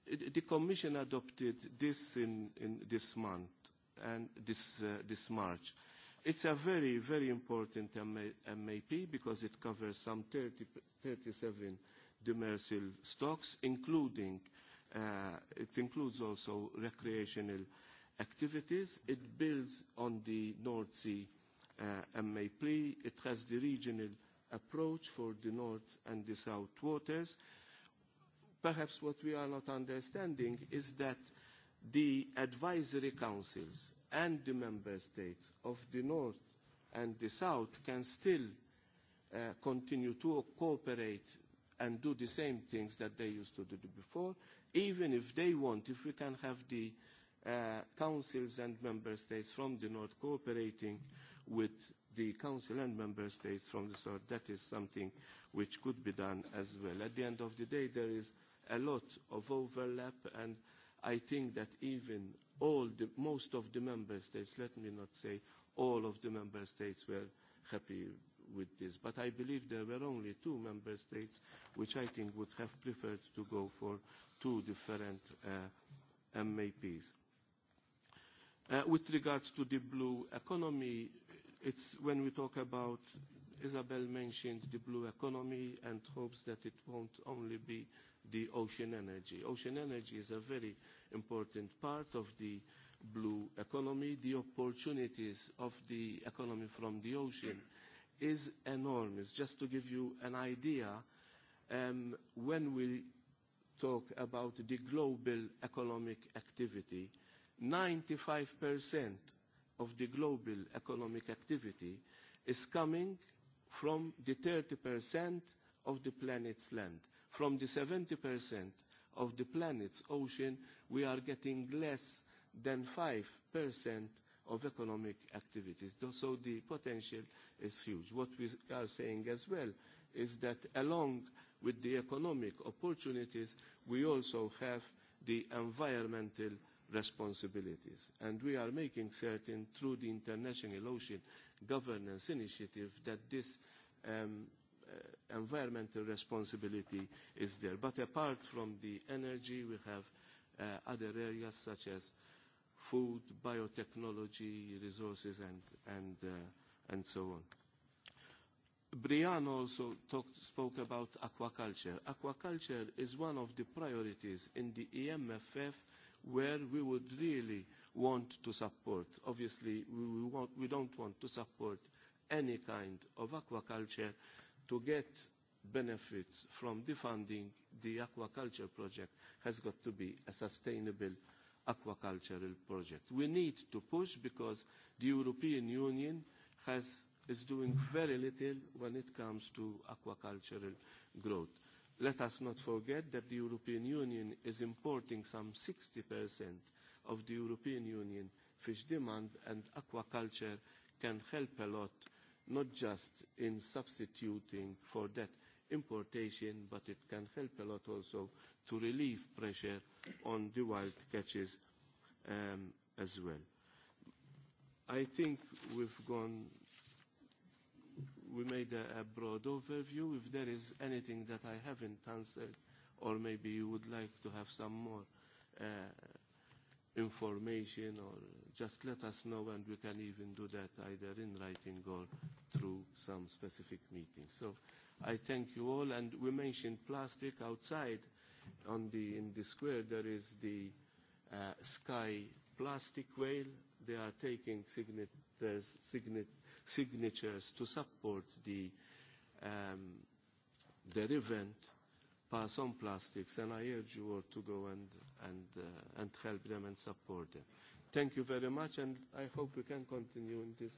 Speaker 3: It, the Commission adopted this in, in this month and this, uh, this March. It's a very, very important MAP because it covers some 30, 37 demersal stocks, including uh, it includes also recreational activities. It builds on the North Sea uh, MAP. It has the regional approach for the North and the South waters. Perhaps what we are not understanding is that the advisory councils and the member states of the North and the South can still uh, continue to cooperate and do the same things that they used to do before, even if they want, if we can have the uh, councils and member states from the North cooperating with the Council and Member States from the start. That is something which could be done as well. At the end of the day, there is a lot of overlap, and I think that even all the, most of the Member States, let me not say all of the Member States were happy with this. But I believe there were only two Member States which I think would have preferred to go for two different uh, MAPs. Uh, with regards to the blue economy, It's when we talk about, Isabel mentioned the blue economy and hopes that it won't only be the ocean energy. Ocean energy is a very important part of the blue economy. The opportunities of the economy from the ocean is enormous. Just to give you an idea, um, when we talk about the global economic activity, 95% of the global economic activity is coming from the 30% of the planet's land. From the 70% of the planet's ocean, we are getting less than 5% of economic activities. So the potential is huge. What we are saying as well is that along with the economic opportunities, we also have the environmental responsibilities. And we are making certain through the International Ocean Governance Initiative that this um, uh, environmental responsibility is there. But apart from the energy, we have uh, other areas such as food, biotechnology, resources, and, and, uh, and so on. Brian also talked, spoke about aquaculture. Aquaculture is one of the priorities in the EMFF where we would really want to support. Obviously, we, want, we don't want to support any kind of aquaculture to get benefits from the funding. The aquaculture project has got to be a sustainable aquacultural project. We need to push because the European Union has, is doing very little when it comes to aquacultural growth. Let us not forget that the European Union is importing some 60% of the European Union fish demand and aquaculture can help a lot, not just in substituting for that importation, but it can help a lot also to relieve pressure on the wild catches um, as well. I think we've gone we made a, a broad overview. If there is anything that I haven't answered, or maybe you would like to have some more uh, information, or just let us know, and we can even do that either in writing or through some specific meetings. So I thank you all, and we mentioned plastic outside on the, in the square. There is the uh, Sky Plastic Whale. They are taking signatures, signatures signatures to support the um, derivant pass on plastics and I urge you all to go and, and, uh, and help them and support them. Thank you very much and I hope we can continue in this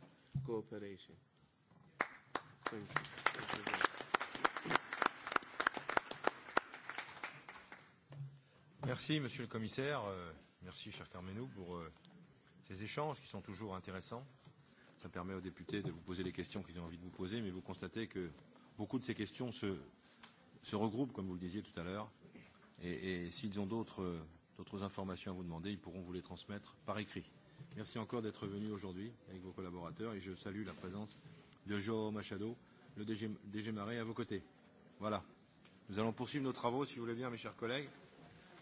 Speaker 3: cooperation. Thank you. Thank you very much.
Speaker 1: Merci, Monsieur le Commissaire. Euh, merci, cher Carmenou, pour euh, ces échanges qui sont toujours intéressants. Ça permet aux députés de vous poser les questions qu'ils ont envie de vous poser, mais vous constatez que beaucoup de ces questions se, se regroupent, comme vous le disiez tout à l'heure, et, et s'ils ont d'autres informations à vous demander, ils pourront vous les transmettre par écrit. Merci encore d'être venu aujourd'hui avec vos collaborateurs et je salue la présence de Joao Machado, le DG, DG Marais, à vos côtés. Voilà. Nous allons poursuivre nos travaux, si vous voulez bien, mes chers collègues.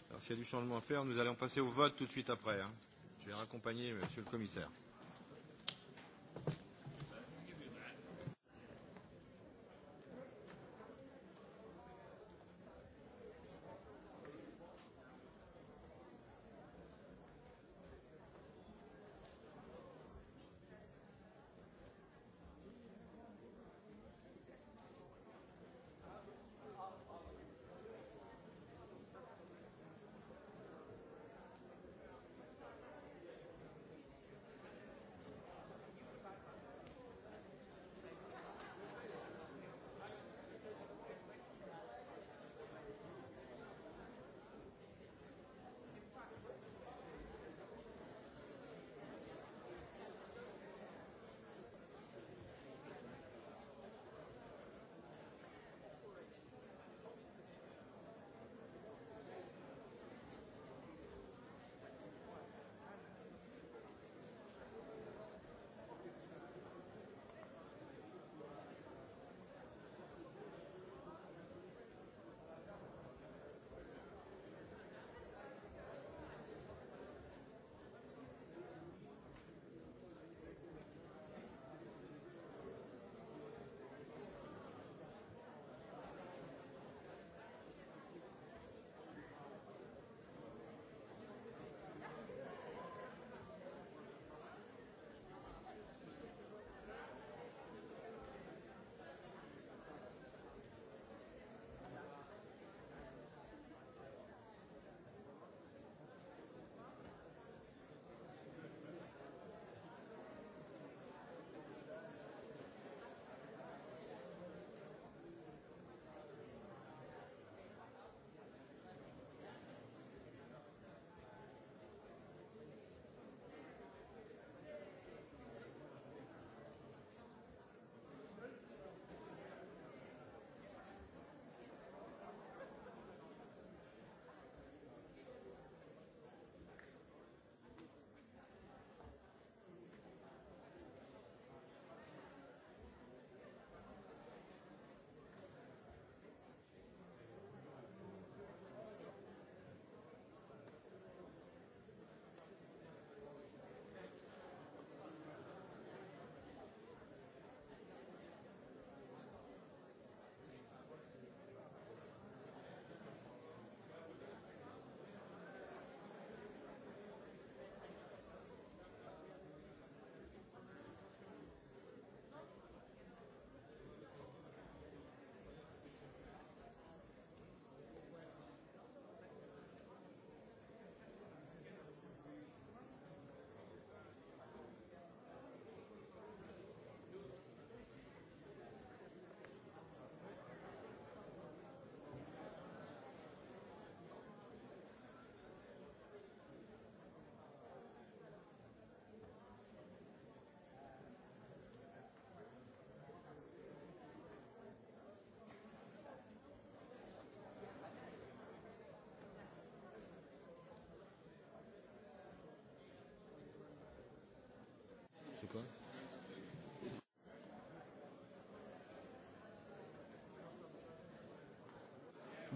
Speaker 1: Alors, s'il y a du changement à faire, nous allons passer au vote tout de suite après. Hein. Je vais raccompagner euh, Monsieur le Commissaire.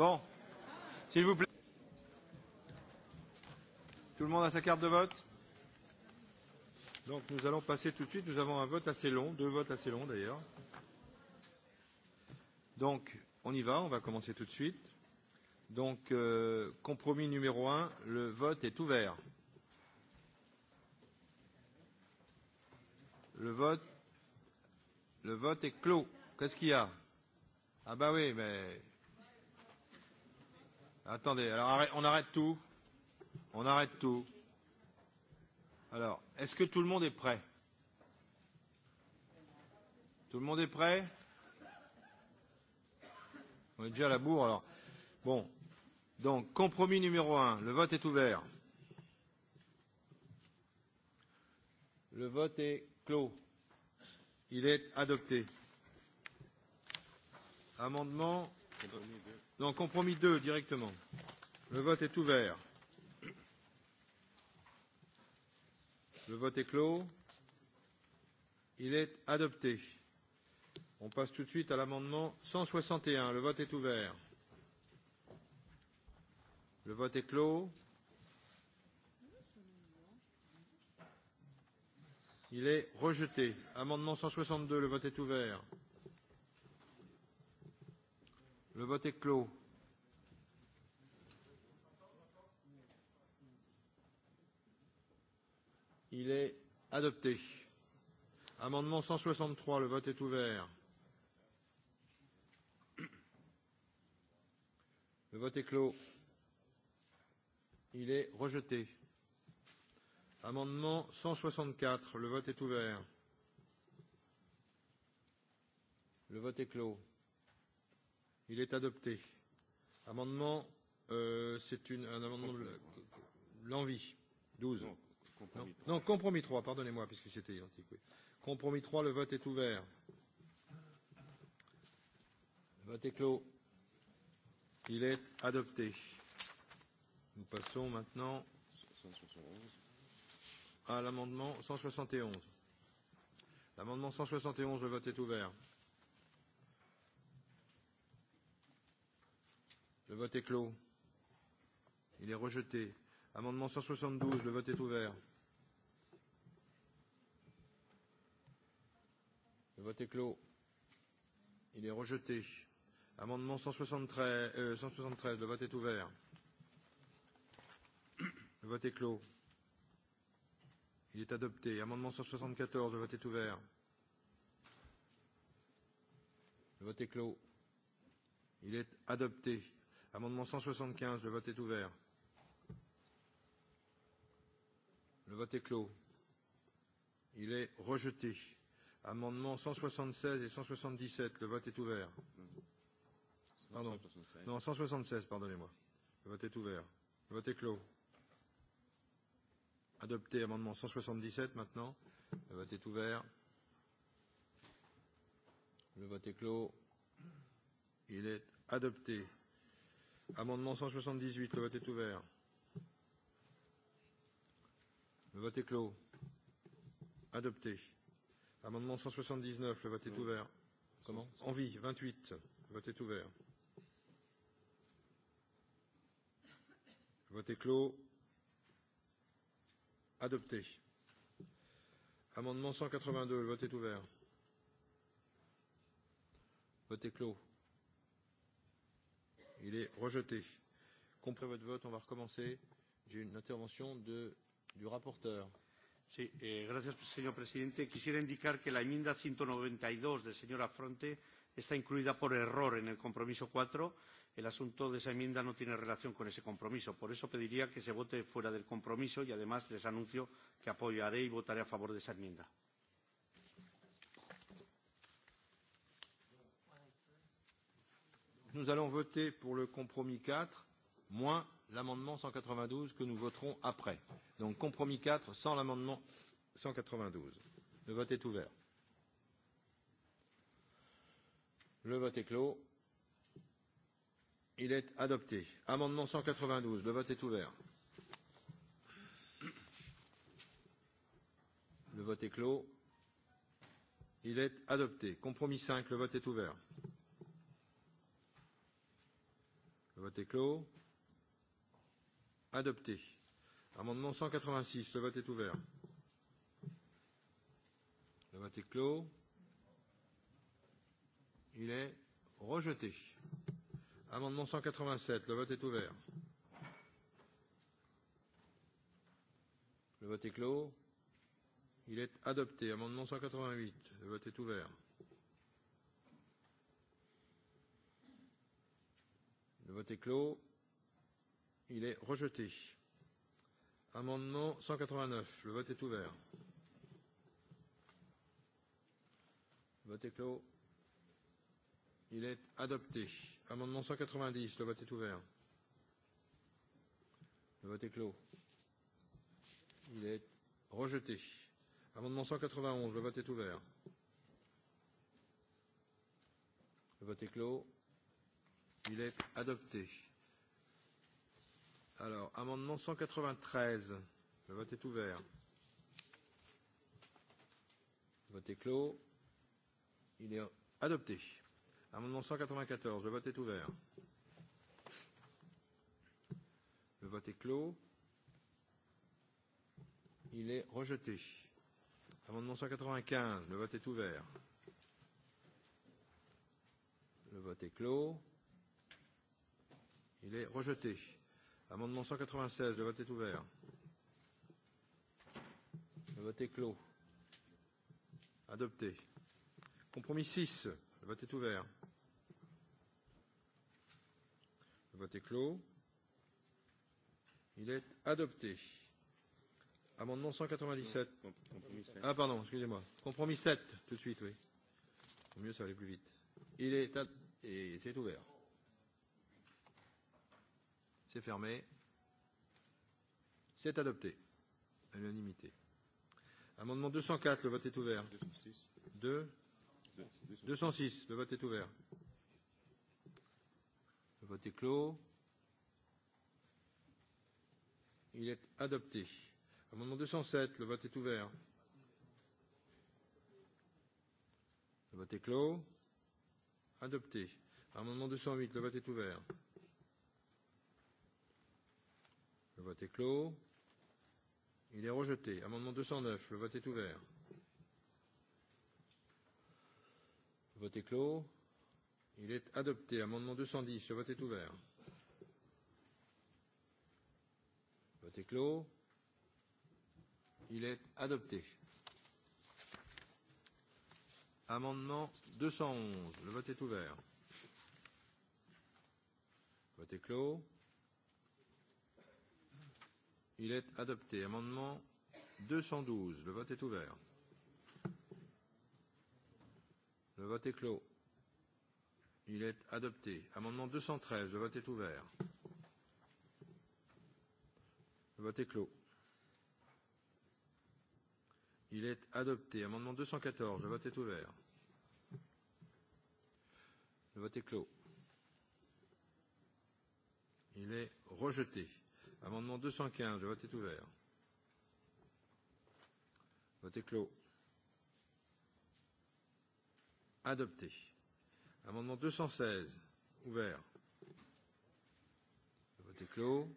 Speaker 1: Bon. S'il vous plaît. Tout le monde a sa carte de vote Donc nous allons passer tout de suite. Nous avons un vote assez long, deux votes assez longs d'ailleurs. Donc on y va, on va commencer tout de suite. Donc euh, compromis numéro un, le vote est ouvert. Le vote, le vote est clos. Qu'est-ce qu'il y a Ah bah oui, mais Attendez, alors arrête, on arrête tout. On arrête tout. Alors, est-ce que tout le monde est prêt Tout le monde est prêt On est déjà à la bourre alors. Bon, donc compromis numéro 1, le vote est ouvert. Le vote est clos. Il est adopté. Amendement.
Speaker 14: Compromis 2.
Speaker 1: Donc compromis 2 directement. Le vote est ouvert. Le vote est clos. Il est adopté. On passe tout de suite à l'amendement 161. Le vote est ouvert. Le vote est clos. Il est rejeté. Amendement 162. Le vote est ouvert. Le vote est clos. Il est adopté. Amendement 163, le vote est ouvert. Le vote est clos. Il est rejeté. Amendement 164, le vote est ouvert. Le vote est clos. Il est adopté. Amendement, euh, c'est une, un amendement de l'envie. 12. Non, compromis 3. Non, compromis 3, pardonnez-moi, puisque c'était identique. Oui. Compromis 3, le vote est ouvert. Le vote est clos. Il est adopté. Nous passons maintenant à l'amendement 171. L'amendement 171, le vote est ouvert. Le vote est clos. Il est rejeté. Amendement 172, le vote est ouvert. Le vote est clos. Il est rejeté. Amendement 173, euh, 173 le vote est ouvert. Le vote est clos. Il est adopté. Amendement 174, le vote est ouvert. Le vote est clos. Il est adopté. Amendement 175, le vote est ouvert. Le vote est clos. Il est rejeté. Amendements 176 et 177, le vote est ouvert.
Speaker 23: Pardon. Non,
Speaker 1: 176, pardonnez-moi. Le vote est ouvert. Le vote est clos. Adopté amendement 177 maintenant. Le vote est ouvert. Le vote est clos. Il est adopté. Amendement 178, le vote est ouvert. Le vote est clos. Adopté. Amendement 179, le vote est ouvert. Comment Envie, 28, le vote est ouvert. Le vote est clos. Adopté. Amendement 182, le vote est ouvert. Vote est clos. Il est rejeté. Comprenez votre vote, on va recommencer.
Speaker 23: J'ai une intervention de, du rapporteur. Sí, eh, gracias, señor presidente. Quisiera indicar que la enmienda 192 del señor Afronte está incluida por error en el compromiso 4. El asunto de esa enmienda no tiene relación con ese compromiso. Por eso pediría que se vote fuera del compromiso y además les anuncio que apoyaré y votaré a favor de esa enmienda.
Speaker 1: nous allons voter pour le compromis 4, moins l'amendement 192 que nous voterons après. Donc compromis 4 sans l'amendement 192. Le vote est ouvert. Le vote est clos. Il est adopté. Amendement 192. Le vote est ouvert. Le vote est clos. Il est adopté. Compromis 5. Le vote est ouvert. vote est clos. Adopté. Amendement 186. Le vote est ouvert. Le vote est clos. Il est rejeté. Amendement 187. Le vote est ouvert. Le vote est clos. Il est adopté. Amendement 188. Le vote est ouvert. Le vote est clos. Il est rejeté. Amendement 189. Le vote est ouvert. Le vote est clos. Il est adopté. Amendement 190. Le vote est ouvert. Le vote est clos. Il est rejeté. Amendement 191. Le vote est ouvert. Le vote est clos. Il est adopté. Alors, amendement 193. Le vote est ouvert. Le vote est clos. Il est adopté. Amendement 194. Le vote est ouvert. Le vote est clos. Il est rejeté. Amendement 195. Le vote est ouvert. Le vote est clos. Il est rejeté. Amendement 196, le vote est ouvert. Le vote est clos. Adopté. Compromis 6, le vote est ouvert. Le vote est clos. Il est adopté. Amendement 197. Ah pardon, excusez-moi. Compromis 7, tout de suite, oui. Au mieux, ça va aller plus vite. Il est, et c'est ouvert. C'est fermé. C'est adopté. À l'unanimité. Amendement 204, le vote est ouvert. 206. 2. 206, le vote est ouvert. Le vote est clos. Il est adopté. Amendement 207, le vote est ouvert. Le vote est clos. Adopté. Amendement 208, le vote est ouvert. Le vote est clos. Il est rejeté. Amendement 209. Le vote est ouvert. Le vote est clos. Il est adopté. Amendement 210. Le vote est ouvert. Le vote est clos. Il est adopté. Amendement 211. Le vote est ouvert. Le vote est clos. Il est adopté. Amendement 212. Le vote est ouvert. Le vote est clos. Il est adopté. Amendement 213. Le vote est ouvert. Le vote est clos. Il est adopté. Amendement 214. Le vote est ouvert. Le vote est clos. Il est rejeté. Amendement 215, le vote est ouvert. Vote est clos. Adopté. Amendement 216, ouvert. Le vote est clos.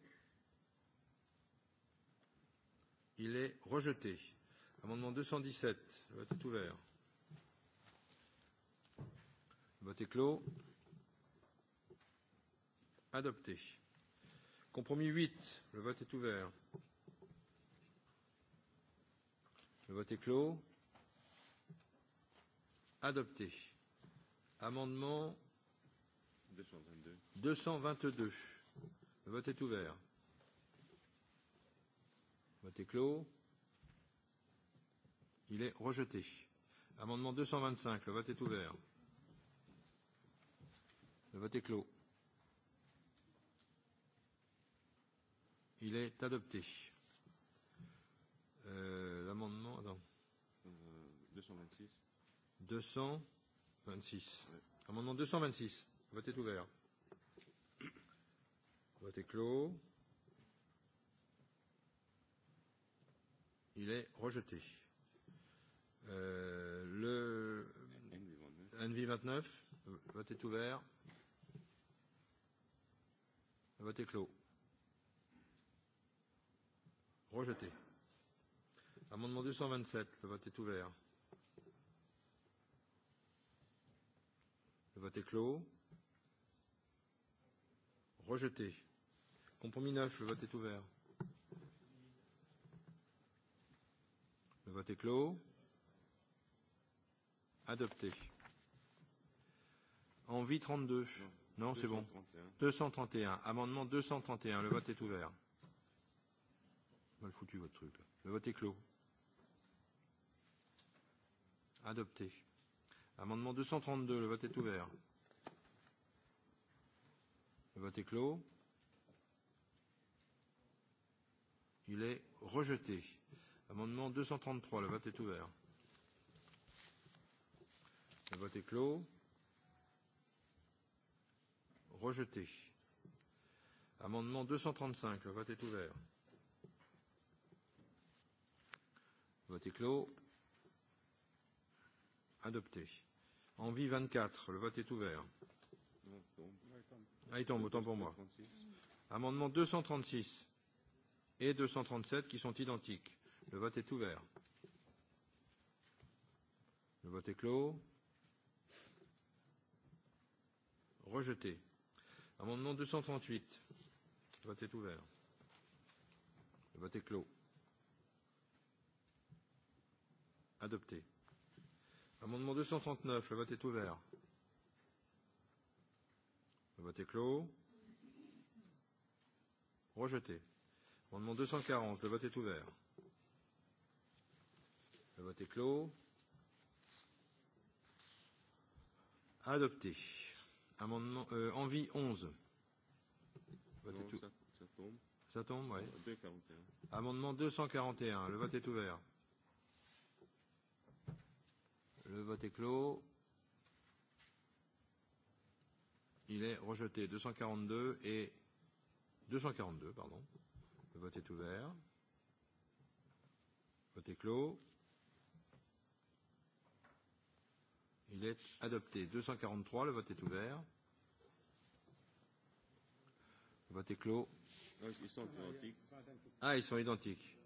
Speaker 1: Il est rejeté. Amendement 217, le vote est ouvert. Le vote est clos. Adopté. Compromis 8. Le vote est ouvert. Le vote est clos. Adopté. Amendement
Speaker 6: 222.
Speaker 1: 222. Le vote est ouvert. Le vote est clos. Il est rejeté. Amendement 225. Le vote est ouvert. Le vote est clos. Il est adopté. Euh, L'amendement, attends. Euh, 226. 226. Ouais. Amendement 226. Le vote est ouvert. Le vote est clos. Il est rejeté. Euh, le NV 29, le vote est ouvert. Le vote est clos. Rejeté. Amendement 227, le vote est ouvert. Le vote est clos. Rejeté. Compromis 9, le vote est ouvert. Le vote est clos. Adopté. Envie 32. Non, non c'est bon. 231. Amendement 231. Le vote est ouvert mal foutu votre truc. Le vote est clos. Adopté. Amendement 232, le vote est ouvert. Le vote est clos. Il est rejeté. Amendement 233, le vote est ouvert. Le vote est clos. Rejeté. Amendement 235, le vote est ouvert. Vote est clos. Adopté. Envie 24. Le vote est ouvert. Ah, il tombe, autant pour moi. Amendement 236 et 237 qui sont identiques. Le vote est ouvert. Le vote est clos. Rejeté. Amendement 238. Le vote est ouvert. Le vote est clos. Adopté. Amendement 239, le vote est ouvert. Le vote est clos. Rejeté. Amendement 240, le vote est ouvert. Le vote est clos. Adopté. Amendement euh, envie 11. Vote non, est ça, ça tombe. Ça tombe, oui. Amendement 241, le vote est ouvert. Le vote est clos. Il est rejeté. 242 et 242, pardon. Le vote est ouvert. Le vote est clos. Il est adopté. 243, le vote est ouvert. Le vote est clos. Non, ah,
Speaker 3: ils sont identiques.
Speaker 1: Ah, ils sont identiques.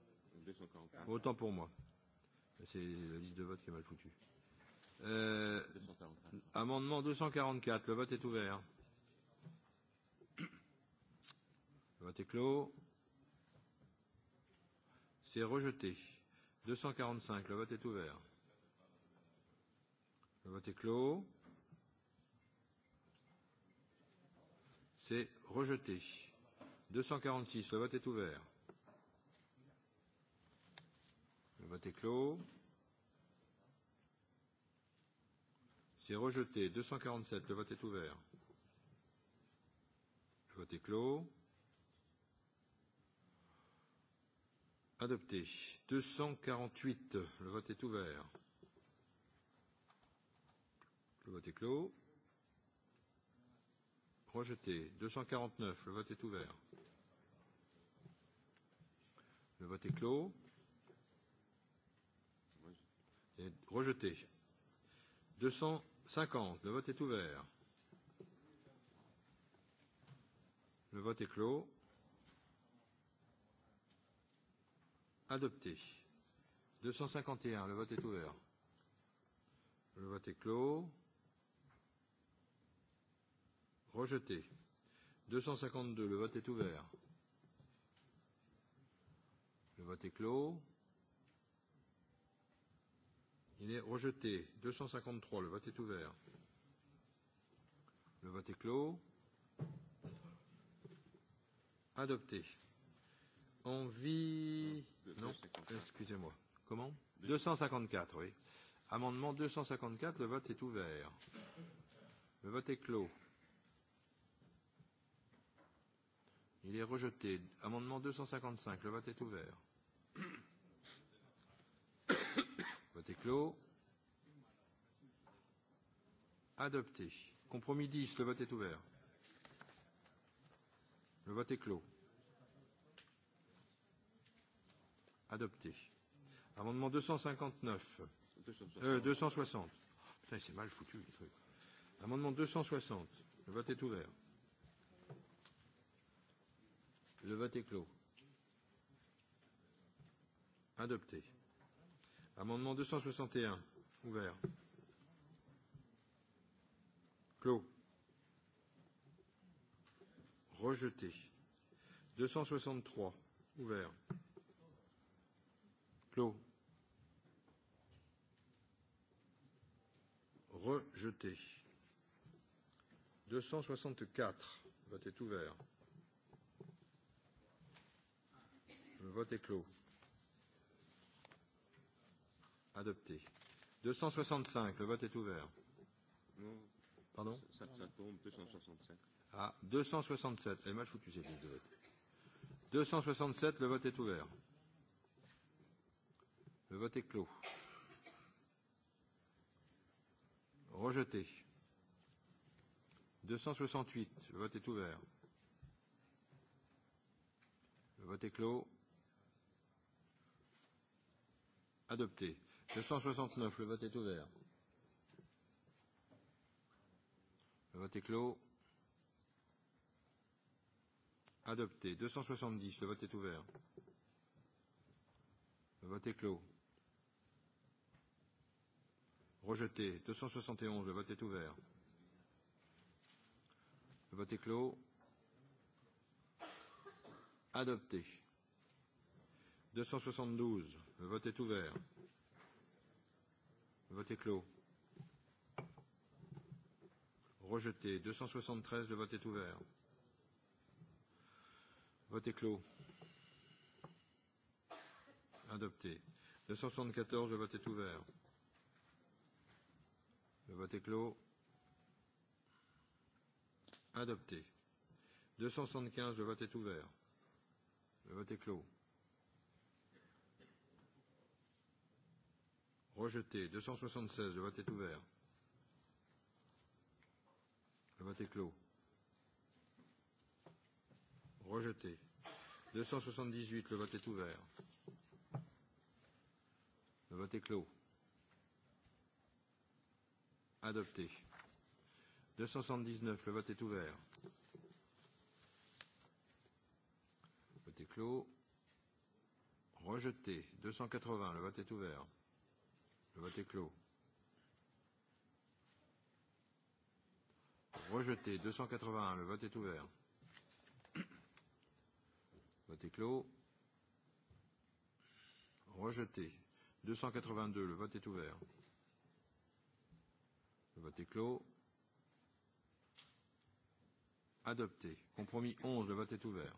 Speaker 1: Autant pour moi. C'est la liste de vote qui est mal foutue. 244. Euh, amendement 244, le vote est ouvert. Le vote est clos. C'est rejeté. 245, le vote est ouvert. Le vote est clos. C'est rejeté. 246, le vote est ouvert. Le vote est clos. C'est rejeté. 247, le vote est ouvert. Le vote est clos. Adopté. 248, le vote est ouvert. Le vote est clos. Rejeté. 249, le vote est ouvert. Le vote est clos. Et rejeté. 200 50. Le vote est ouvert. Le vote est clos. Adopté. 251. Le vote est ouvert. Le vote est clos. Rejeté. 252. Le vote est ouvert. Le vote est clos. Il est rejeté. 253, le vote est ouvert. Le vote est clos. Adopté. On vit... Non, excusez-moi. Comment 254, oui. Amendement 254, le vote est ouvert. Le vote est clos. Il est rejeté. Amendement 255, le vote est ouvert vote est clos. Adopté. Compromis 10. Le vote est ouvert. Le vote est clos. Adopté. Amendement 259. 260. Euh, 260. Putain, c'est mal foutu le truc. Amendement 260. Le vote est ouvert. Le vote est clos. Adopté. Amendement 261, ouvert. Clos. Rejeté. 263, ouvert. Clos. Rejeté. 264, vote est ouvert. Le vote est clos. Adopté. 265, le vote est ouvert. Non. Pardon ça, ça tombe, 267. Ah, 267. Elle est mal foutue cette liste de vote. 267, le vote est ouvert. Le vote est clos. Rejeté. 268, le vote est ouvert. Le vote est clos. Adopté. 269, le vote est ouvert. Le vote est clos. Adopté. 270, le vote est ouvert. Le vote est clos. Rejeté. 271, le vote est ouvert. Le vote est clos. Adopté. 272, le vote est ouvert. Vote est clos. Rejeté. 273, le vote est ouvert. Vote est clos. Adopté. 274, le vote est ouvert. Le vote est clos. Adopté. 275, le vote est ouvert. Le vote est clos. Rejeté. 276. Le vote est ouvert. Le vote est clos. Rejeté. 278. Le vote est ouvert. Le vote est clos. Adopté. 279. Le vote est ouvert. Le vote est clos. Rejeté. 280. Le vote est ouvert vote est clos. Rejeté. 281. Le vote est ouvert. Vote est clos. Rejeté. 282. Le vote est ouvert. Le vote est clos. Adopté. Compromis 11. Le vote est ouvert.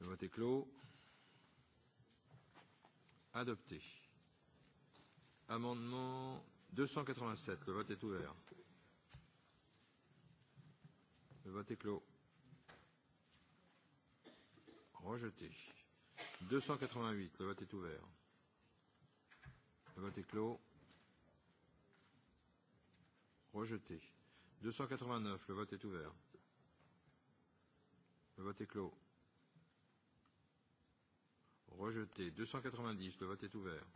Speaker 1: Le vote est clos. Adopté. Amendement 287. Le vote est ouvert. Le vote est clos. Rejeté. 288. Le vote est ouvert. Le vote est clos. Rejeté. 289. Le vote est ouvert. Le vote est clos. Rejeté. 290. Le vote est ouvert.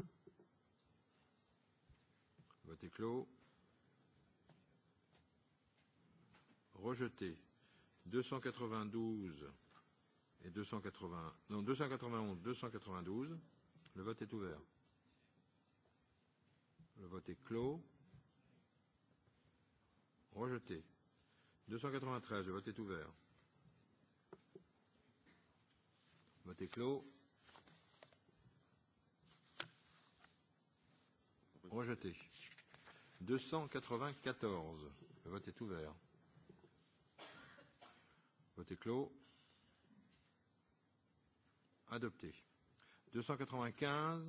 Speaker 1: Le vote est clos. Rejeté. 292 et 280. Non, 291, 292. Le vote est ouvert. Le vote est clos. Rejeté. 293. Le vote est ouvert. Le vote est clos. Rejeté. 294. Le vote est ouvert. Le vote est clos. Adopté. 295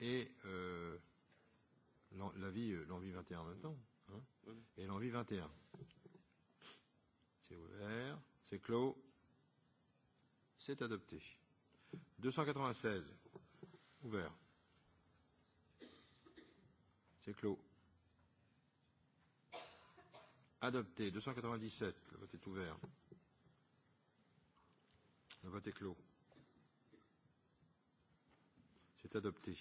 Speaker 1: et euh, euh l'envie 21 en même temps. Hein Et l'envie 21. C'est ouvert. C'est clos. C'est adopté. 296. Ouvert. C'est clos. Adopté. 297. Le vote est ouvert. Le vote est clos. C'est adopté.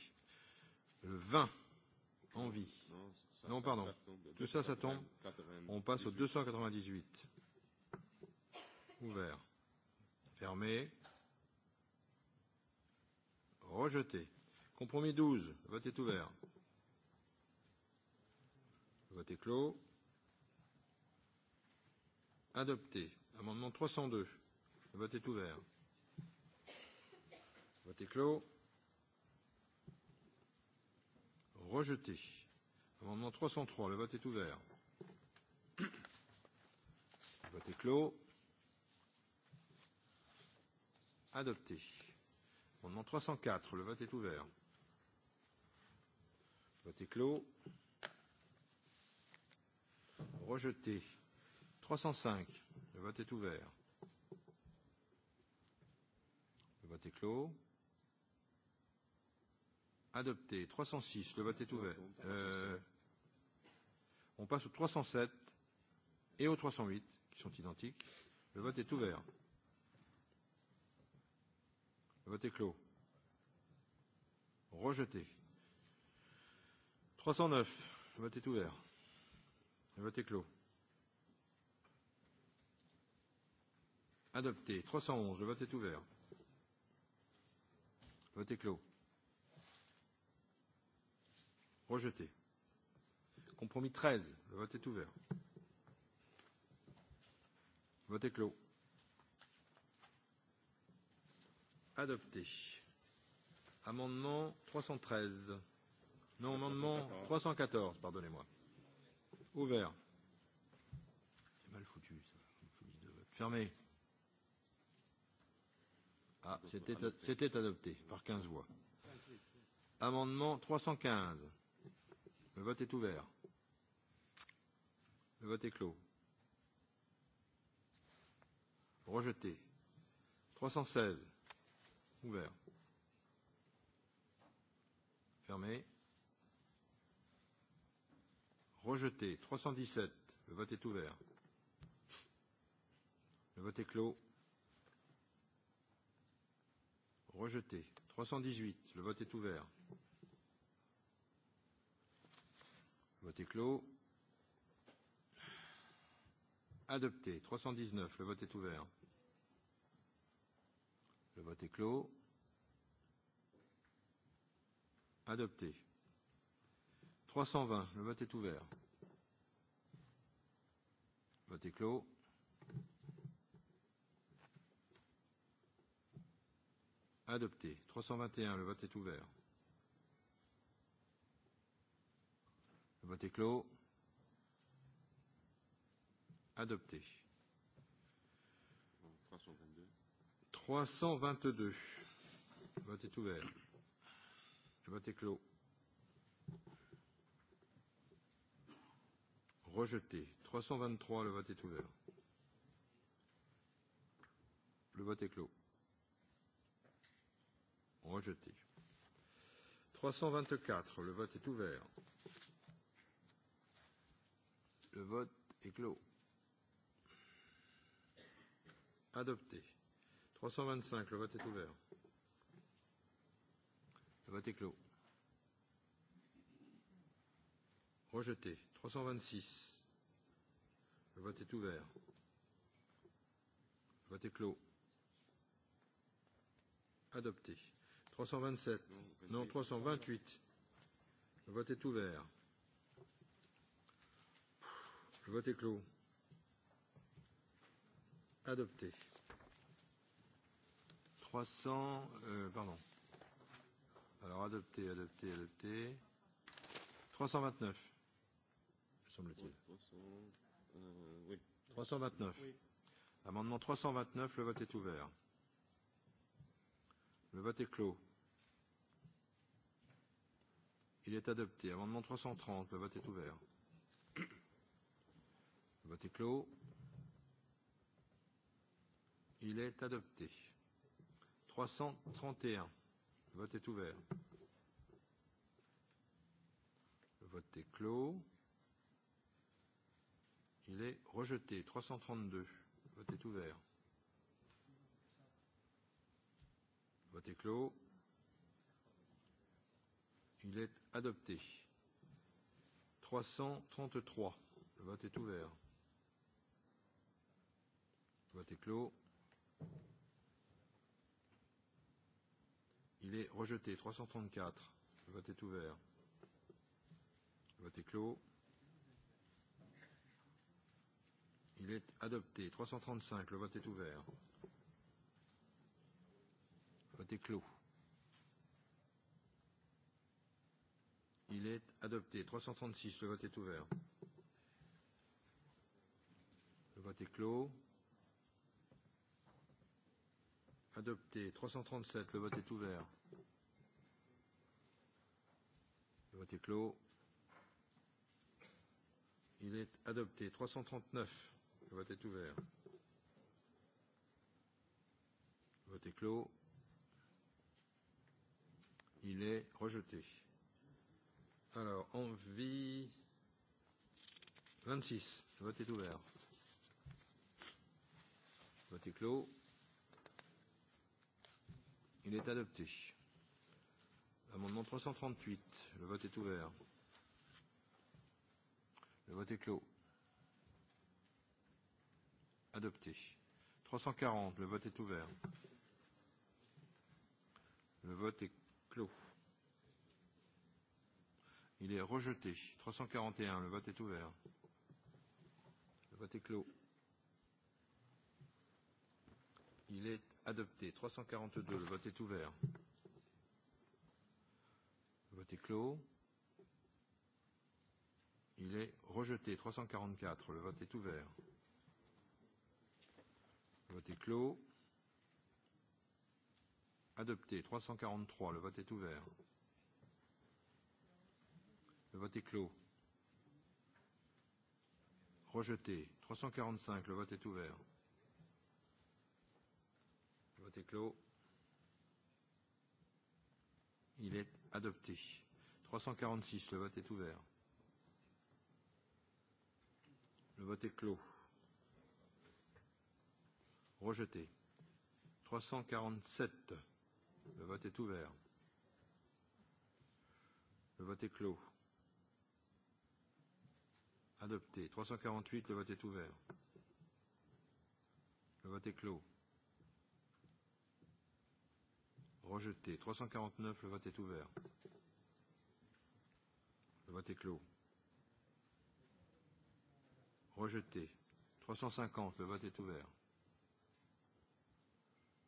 Speaker 1: Le 20. Envie. Non, ça, non pardon. Ça tombe, Tout ça, ça tombe. 98. On passe au 298. Ouvert. Fermé. Rejeté. Compromis 12. Le vote est ouvert. Vote est clos. Adopté. Amendement 302. Le vote est ouvert. Le vote est clos. Rejeté. Amendement 303. Le vote est ouvert. Le vote est clos. Adopté. Amendement 304. Le vote est ouvert. Le vote est clos rejeté. 305, le vote est ouvert. Le vote est clos. Adopté. 306, le vote est ouvert. Euh, on passe au 307 et au 308, qui sont identiques. Le vote est ouvert. Le vote est clos. Rejeté. 309. Le vote est ouvert. Le vote est clos. Adopté. 311. Le vote est ouvert. Le vote est clos. Rejeté. Compromis 13. Le vote est ouvert. Le vote est clos. Adopté. Amendement 313. Non, amendement 314, pardonnez-moi ouvert. C'est mal foutu, ça. Fermé. Ah, c'était adopté par 15 voix. Amendement 315. Le vote est ouvert. Le vote est clos. Rejeté. 316. Ouvert. Fermé. Rejeté. 317. Le vote est ouvert. Le vote est clos. Rejeté. 318. Le vote est ouvert. Le vote est clos. Adopté. 319. Le vote est ouvert. Le vote est clos. Adopté. 320, le vote est ouvert. Le vote est clos. Adopté. 321, le vote est ouvert. Le vote est clos. Adopté. 322. 322. Le vote est ouvert. Le vote est clos. rejeté. 323, le vote est ouvert. Le vote est clos. Rejeté. 324, le vote est ouvert. Le vote est clos. Adopté. 325, le vote est ouvert. Le vote est clos. Rejeté. 326. Le vote est ouvert. Le vote est clos. Adopté. 327. Non, 328. Le vote est ouvert. Le vote est clos. Adopté. 300. Euh, pardon. Alors adopté, adopté, adopté. 329 semble-t-il. Euh, oui. 329. Oui. Amendement 329, le vote est ouvert. Le vote est clos. Il est adopté. Amendement 330, le vote est ouvert. Le vote est clos. Il est adopté. 331. Le vote est ouvert. Le vote est clos. Il est rejeté. 332. Le vote est ouvert. Le vote est clos. Il est adopté. 333. Le vote est ouvert. Le vote est clos. Il est rejeté. 334. Le vote est ouvert. Le vote est clos. Il est adopté. 335, le vote est ouvert. Le vote est clos. Il est adopté. 336, le vote est ouvert. Le vote est clos. Adopté. 337, le vote est ouvert. Le vote est clos. Il est adopté. 339. Le vote est ouvert. Le vote est clos. Il est rejeté. Alors, envie 26. Le vote est ouvert. Le vote est clos. Il est adopté. Amendement 338. Le vote est ouvert. Le vote est clos. Adopté. 340. Le vote est ouvert. Le vote est clos. Il est rejeté. 341. Le vote est ouvert. Le vote est clos. Il est adopté. 342. Le vote est ouvert. Le vote est clos. Il est rejeté. 344. Le vote est ouvert vote est clos. Adopté. 343. Le vote est ouvert. Le vote est clos. Rejeté. 345. Le vote est ouvert. Le vote est clos. Il est adopté. 346. Le vote est ouvert. Le vote est clos rejeté. 347, le vote est ouvert. Le vote est clos. Adopté. 348, le vote est ouvert. Le vote est clos. Rejeté. 349, le vote est ouvert. Le vote est clos. Rejeté. 350, le vote est ouvert.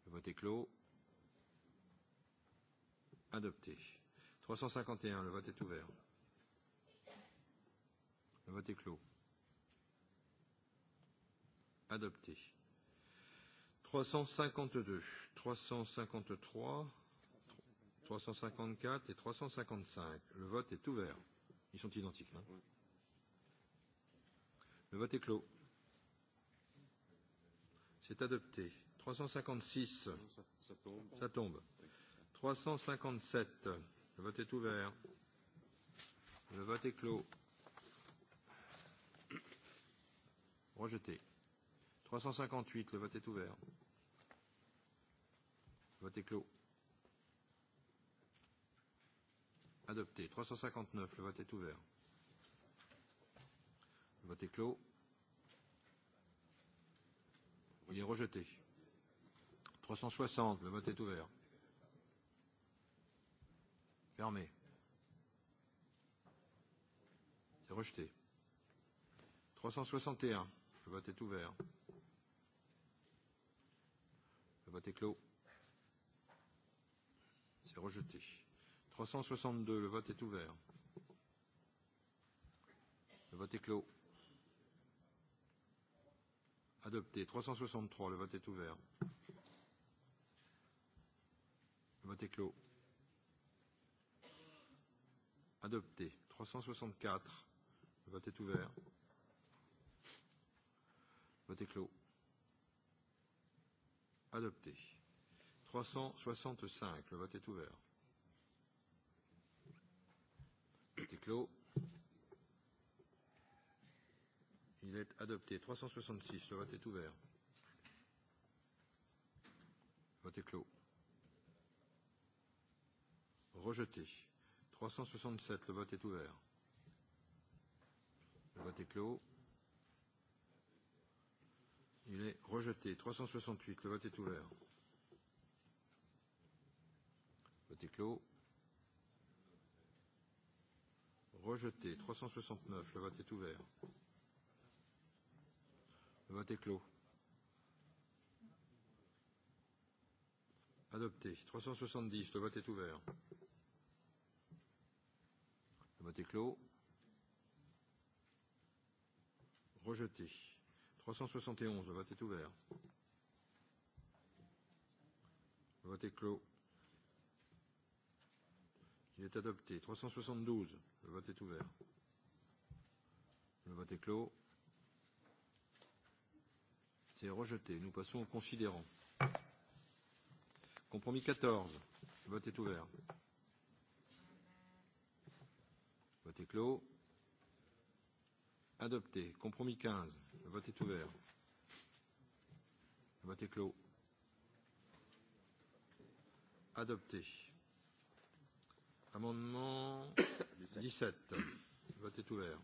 Speaker 1: Le vote est clos. Adopté. 351, le vote est ouvert. Le vote est clos. Adopté. 352, 353, 354 et 355. Le vote est ouvert. Ils sont identiques. Hein le vote est clos. C'est adopté. 356. Ça tombe. 357. Le vote est ouvert. Le vote est clos. Rejeté. 358. Le vote est ouvert. Le vote est clos. Adopté. 359. Le vote est ouvert. Le vote est clos. Il est rejeté. 360. Le vote est ouvert. Fermé. C'est rejeté. 361. Le vote est ouvert. Le vote est clos. C'est rejeté. 362. Le vote est ouvert. Le vote est clos. Adopté. 363. Le vote est ouvert. Vote est clos. Adopté. 364. Le vote est ouvert. Vote est clos. Adopté. 365. Le vote est ouvert. Vote est clos. Il est adopté. 366. Le vote est ouvert. Vote est clos rejeté. 367, le vote est ouvert. Le vote est clos. Il est rejeté. 368, le vote est ouvert. Le vote est clos. Rejeté. 369, le vote est ouvert. Le vote est clos. Adopté. 370, le vote est ouvert. Le vote est clos. Rejeté. 371, le vote est ouvert. Le vote est clos. Il est adopté. 372, le vote est ouvert. Le vote est clos. C'est rejeté. Nous passons au considérant. Compromis 14, le vote est ouvert. Vote est clos. Adopté. Compromis 15. Le vote est ouvert. Le vote est clos. Adopté. Amendement 17. Le vote est ouvert.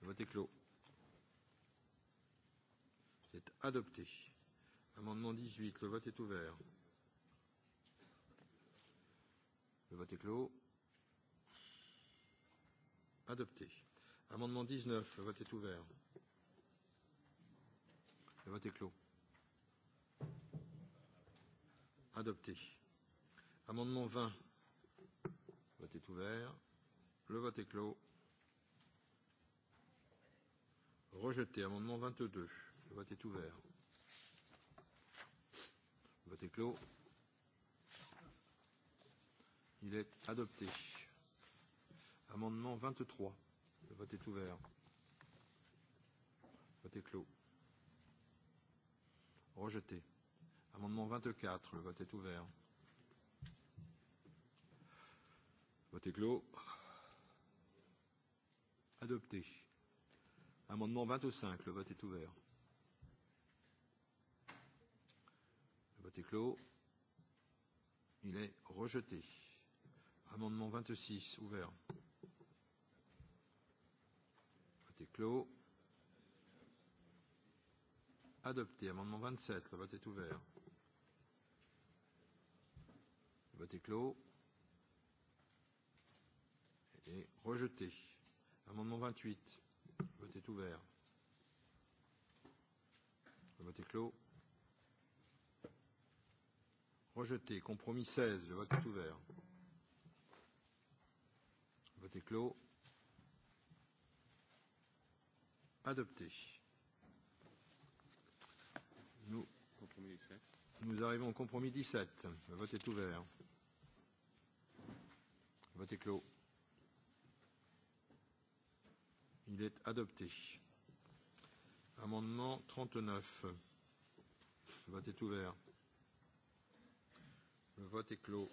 Speaker 1: Le vote est clos. C'est adopté. Amendement 18. Le vote est ouvert. Le vote est clos. Adopté. Amendement 19, le vote est ouvert. Le vote est clos. Adopté. Amendement 20. Le vote est ouvert. Le vote est clos. Rejeté. Amendement 22. Le vote est ouvert. Le vote est clos. Il est adopté. Amendement 23. Le vote est ouvert. Le vote est clos. Rejeté. Amendement 24. Le vote est ouvert. Vote est clos. Adopté. Amendement 25. Le vote est ouvert. Le vote est clos. Il est rejeté. Amendement 26. Ouvert vote est clos. Adopté. Amendement 27. Le vote est ouvert. Le vote est clos. Et rejeté. Amendement 28. Le vote est ouvert. Le vote est clos. Rejeté. Compromis 16. Le vote est ouvert. Le vote est clos. adopté. Nous, compromis 17. nous arrivons au compromis 17. Le vote est ouvert. Le vote est clos. Il est adopté. Amendement 39. Le vote est ouvert. Le vote est clos.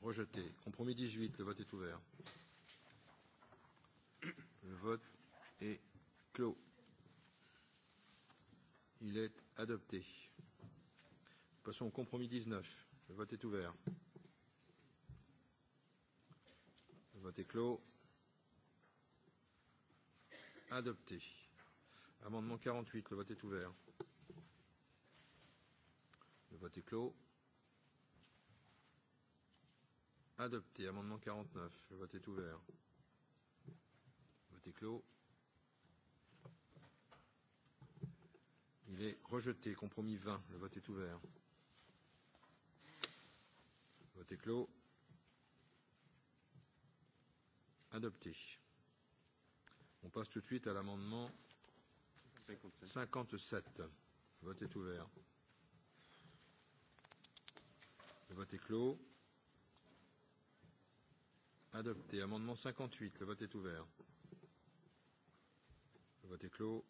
Speaker 1: Rejeté. Compromis 18. Le vote est ouvert. Le vote est clos. Il est adopté. Passons au compromis 19. Le vote est ouvert. Le vote est clos. Adopté. Amendement 48. Le vote est ouvert. Le vote est clos. Adopté. Amendement 49. Le vote est ouvert vote est clos. Il est rejeté. Compromis 20. Le vote est ouvert. vote est clos. Adopté. On passe tout de suite à l'amendement 57. Le vote est ouvert. Le vote est clos. Adopté. Amendement 58. Le vote est ouvert. Vote est clos.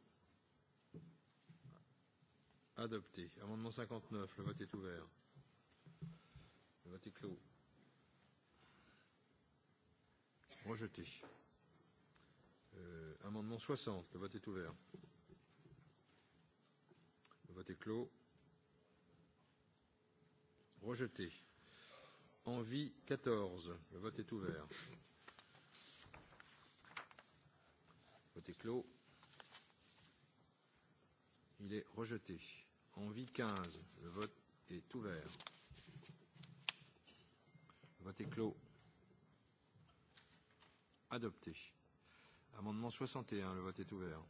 Speaker 1: Adopté. Amendement 59. Le vote est ouvert. Le vote est clos. Rejeté. Euh, amendement 60. Le vote est ouvert. Le vote est clos. Rejeté. Envie 14. Le vote est ouvert. Le vote est clos. Il est rejeté. Envie 15. Le vote est ouvert. Le vote est clos. Adopté. Amendement 61. Le vote est ouvert.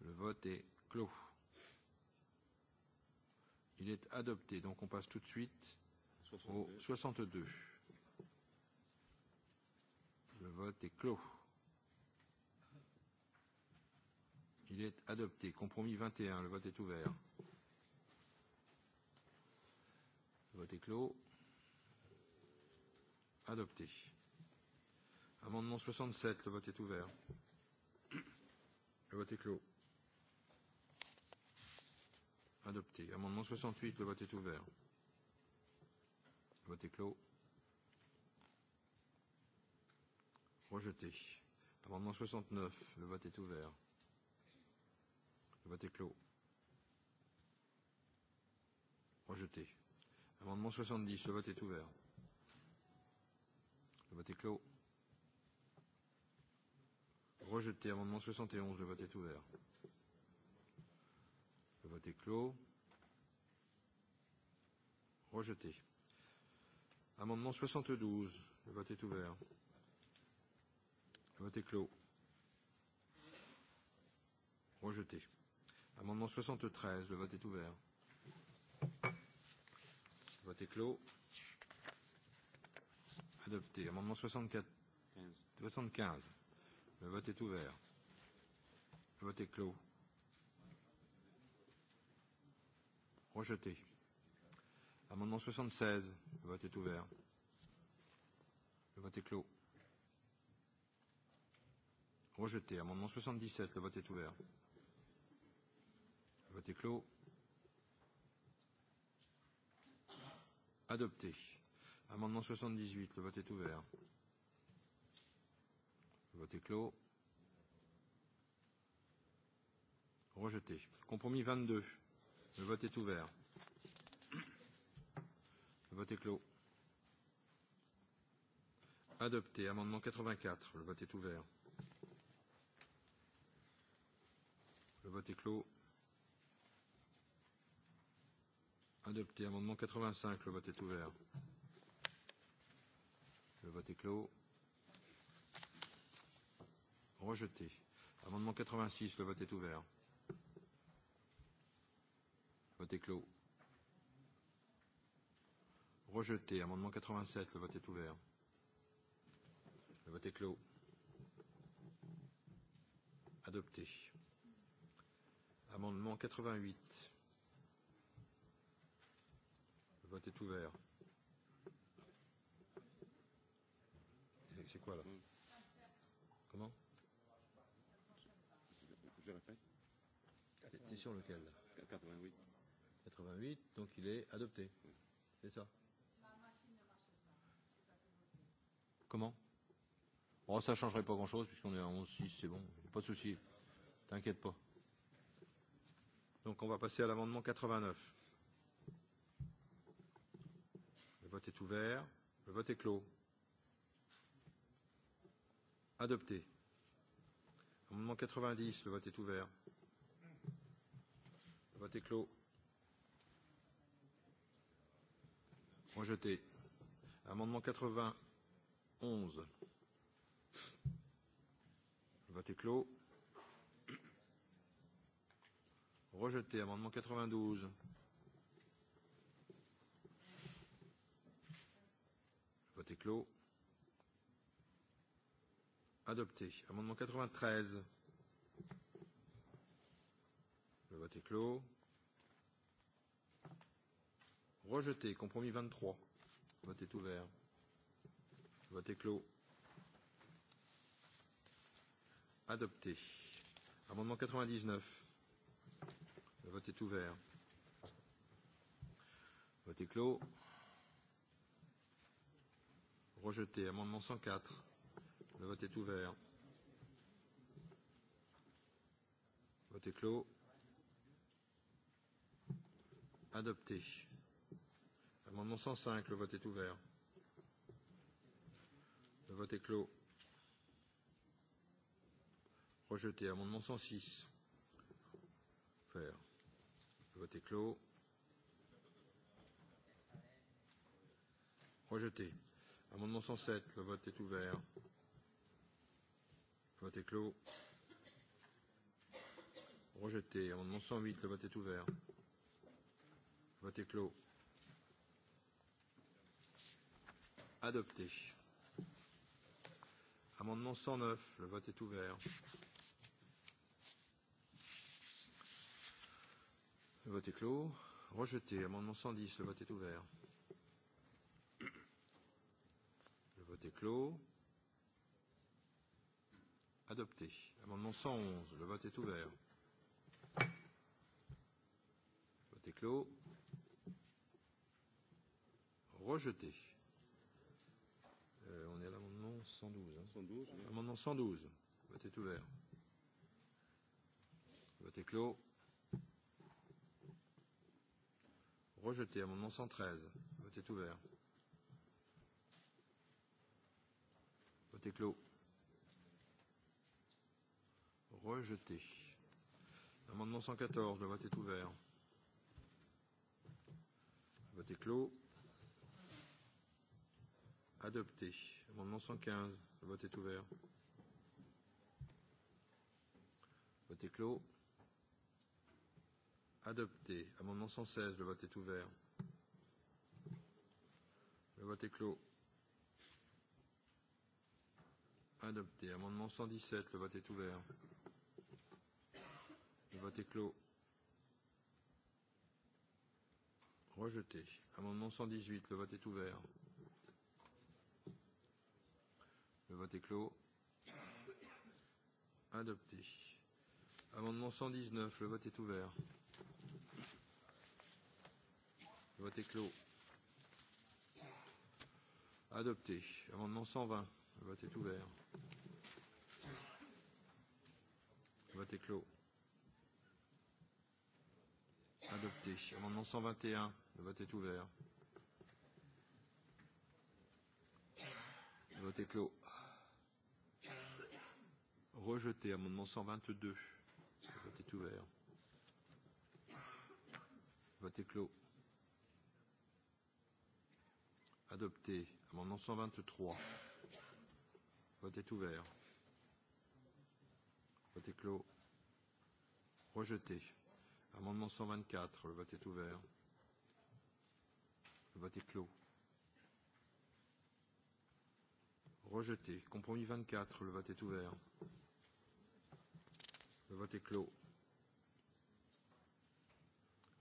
Speaker 1: Le vote est clos. Il est adopté. Donc on passe tout de suite 62. au 62. Le vote est clos. Il est adopté. Compromis 21. Le vote est ouvert. Le vote est clos. Adopté. Amendement 67. Le vote est ouvert. Le vote est clos. Adopté. Amendement 68. Le vote est ouvert. Le vote est clos. Rejeté. Amendement 69. Le vote est ouvert. Le vote est clos. Rejeté. Amendement 70, le vote est ouvert. Le vote est clos. Rejeté. Amendement 71, le vote est ouvert. Le vote est clos. Rejeté. Amendement 72, le vote est ouvert. Le vote est clos. Rejeté. Amendement 73, le vote est ouvert. Le vote est clos. Adopté. Amendement 64, 75. Le vote est ouvert. Le vote est clos. Rejeté. Amendement 76. Le vote est ouvert. Le vote est clos. Rejeté. Amendement 77. Le vote est ouvert. Vote est clos. Adopté. Amendement 78. Le vote est ouvert. Le vote est clos. Rejeté. Compromis 22. Le vote est ouvert. Le vote est clos. Adopté. Amendement 84. Le vote est ouvert. Le vote est clos. Adopté. Amendement 85. Le vote est ouvert. Le vote est clos. Rejeté. Amendement 86. Le vote est ouvert. Le vote est clos. Rejeté. Amendement 87. Le vote est ouvert. Le vote est clos. Adopté. Amendement 88. Le vote est ouvert. C'est quoi là mm. Comment Je répète. C'est sur lequel 88. 88, donc il est adopté. Mm. C'est ça Comment Oh, ça ne changerait pas grand-chose puisqu'on est à 11-6, c'est bon, pas de souci. T'inquiète pas. Donc on va passer à l'amendement 89. vote est ouvert. Le vote est clos. Adopté. Amendement 90, le vote est ouvert. Le vote est clos. Rejeté. Amendement 91. Le vote est clos. Rejeté. Amendement 92. Vote est clos. Adopté. Amendement 93. Le vote est clos. Rejeté. Compromis 23. Vote est ouvert. Vote est clos. Adopté. Amendement 99. Le vote est ouvert. Vote est clos. Rejeté. Amendement 104. Le vote est ouvert. Le vote est clos. Adopté. Amendement 105. Le vote est ouvert. Le vote est clos. Rejeté. Amendement 106. Faire. Le vote est clos. Rejeté. Amendement 107, le vote est ouvert. Le vote est clos. Rejeté. Amendement 108, le vote est ouvert. Le vote est clos. Adopté. Amendement 109, le vote est ouvert. Le vote est clos. Rejeté. Amendement 110, le vote est ouvert. vote est clos. Adopté. Amendement 111. Le vote est ouvert. vote est clos. Rejeté. Euh, on est à l'amendement 112. Hein. 112 oui. Amendement 112. vote est ouvert. vote est clos. Rejeté. Amendement 113. Le vote est ouvert. est clos. Rejeté. L'amendement 114, le vote est ouvert. Le vote est clos. Adopté. Amendement 115, le vote est ouvert. Le vote est clos. Adopté. Amendement 116, le vote est ouvert. Le vote est clos. Adopté. Amendement 117. Le vote est ouvert. Le vote est clos. Rejeté. Amendement 118. Le vote est ouvert. Le vote est clos. Adopté. Amendement 119. Le vote est ouvert. Le vote est clos. Adopté. Amendement 120. Le vote est ouvert. Le vote est clos. Adopté. Amendement 121. Le vote est ouvert. Le vote est clos. Rejeté. Amendement 122. Le vote est ouvert. Le vote est clos. Adopté. Amendement 123. Vote est ouvert. Vote est clos. Rejeté. Amendement 124. Le vote est ouvert. Le vote est clos. Rejeté. Compromis 24. Le vote est ouvert. Le vote est clos.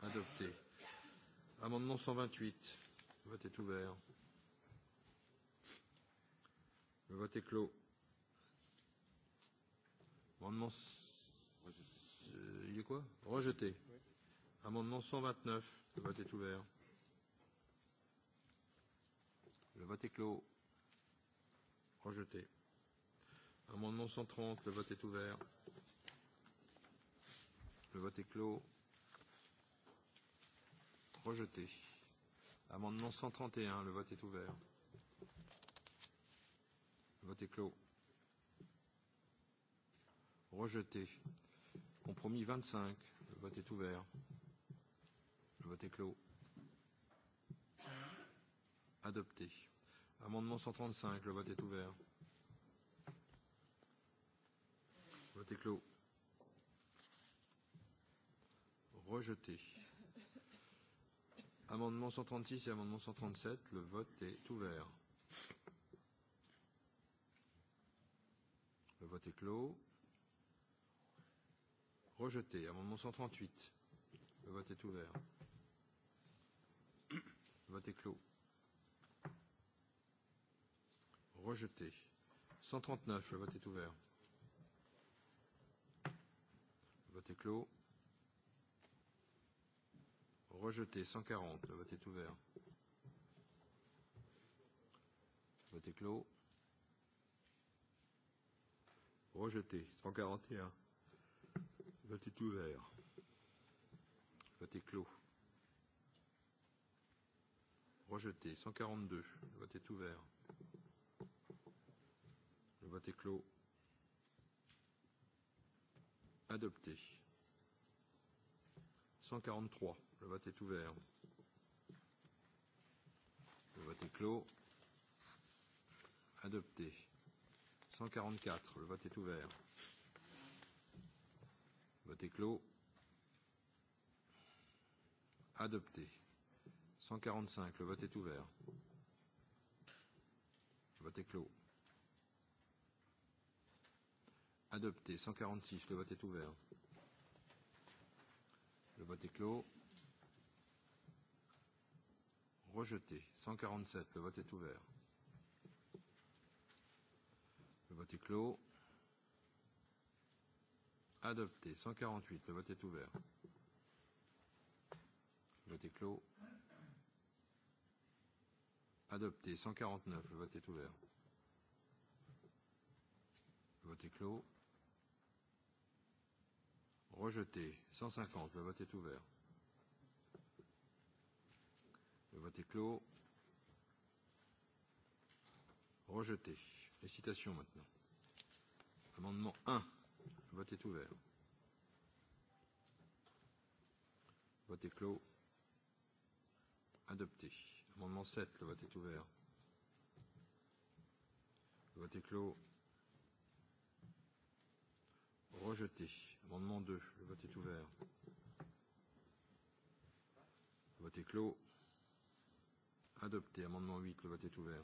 Speaker 1: Adopté. Amendement 128. Le vote est ouvert. Le vote est clos. Amendement. Il est quoi Rejeté. Oui. Amendement 129. Le vote est ouvert. Le vote est clos. Rejeté. Amendement 130. Le vote est ouvert. Le vote est clos. Rejeté. Amendement 131. Le vote est ouvert. Vote est clos. Rejeté. Compromis 25. Le vote est ouvert. Le vote est clos. Adopté. Amendement 135. Le vote est ouvert. Le vote est clos. Rejeté. Amendement 136 et amendement 137. Le vote est ouvert. vote est clos. Rejeté. Amendement 138. Le vote est ouvert. Le vote est clos. Rejeté. 139. Le vote est ouvert. Le vote est clos. Rejeté. 140. Le vote est ouvert. Le vote est clos. Rejeté. 141. Le vote est ouvert. Le vote est clos. Rejeté. 142. Le vote est ouvert. Le vote est clos. Adopté. 143. Le vote est ouvert. Le vote est clos. Adopté. 144, le vote est ouvert. Le vote est clos. Adopté. 145, le vote est ouvert. Le vote est clos. Adopté. 146, le vote est ouvert. Le vote est clos. Rejeté. 147, le vote est ouvert. Le vote est clos. Adopté. 148. Le vote est ouvert. Le vote est clos. Adopté. 149. Le vote est ouvert. Le vote est clos. Rejeté. 150. Le vote est ouvert. Le vote est clos. Rejeté. Les citations maintenant. Amendement 1. Le vote est ouvert. Le vote est clos. Adopté. Amendement 7. Le vote est ouvert. Le vote est clos. Rejeté. Amendement 2. Le vote est ouvert. Le vote est clos. Adopté. Amendement 8. Le vote est ouvert.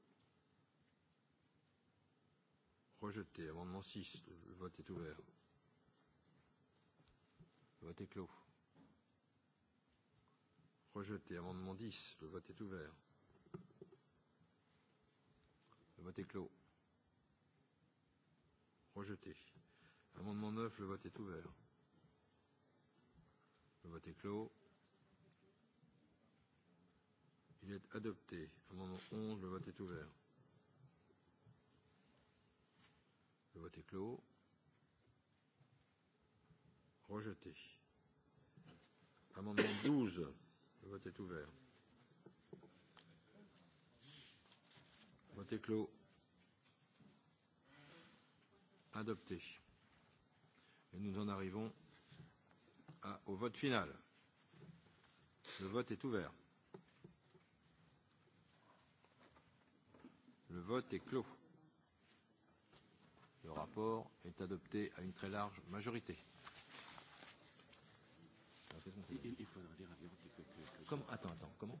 Speaker 1: Rejeté. Amendement 6. Le vote est ouvert. Le vote est clos. Rejeté. Amendement 10. Le vote est ouvert. Le vote est clos. Rejeté. Amendement 9. Le vote est ouvert. Le vote est clos. Il est adopté. Amendement 11. Le vote est ouvert. Le vote est clos. Rejeté. Amendement 12. Le vote est ouvert. Vote est clos. Adopté. Et nous en arrivons à, au vote final. Le vote est ouvert. Le vote est clos. Le rapport est adopté à une très large majorité. Comme, attends, attends, comment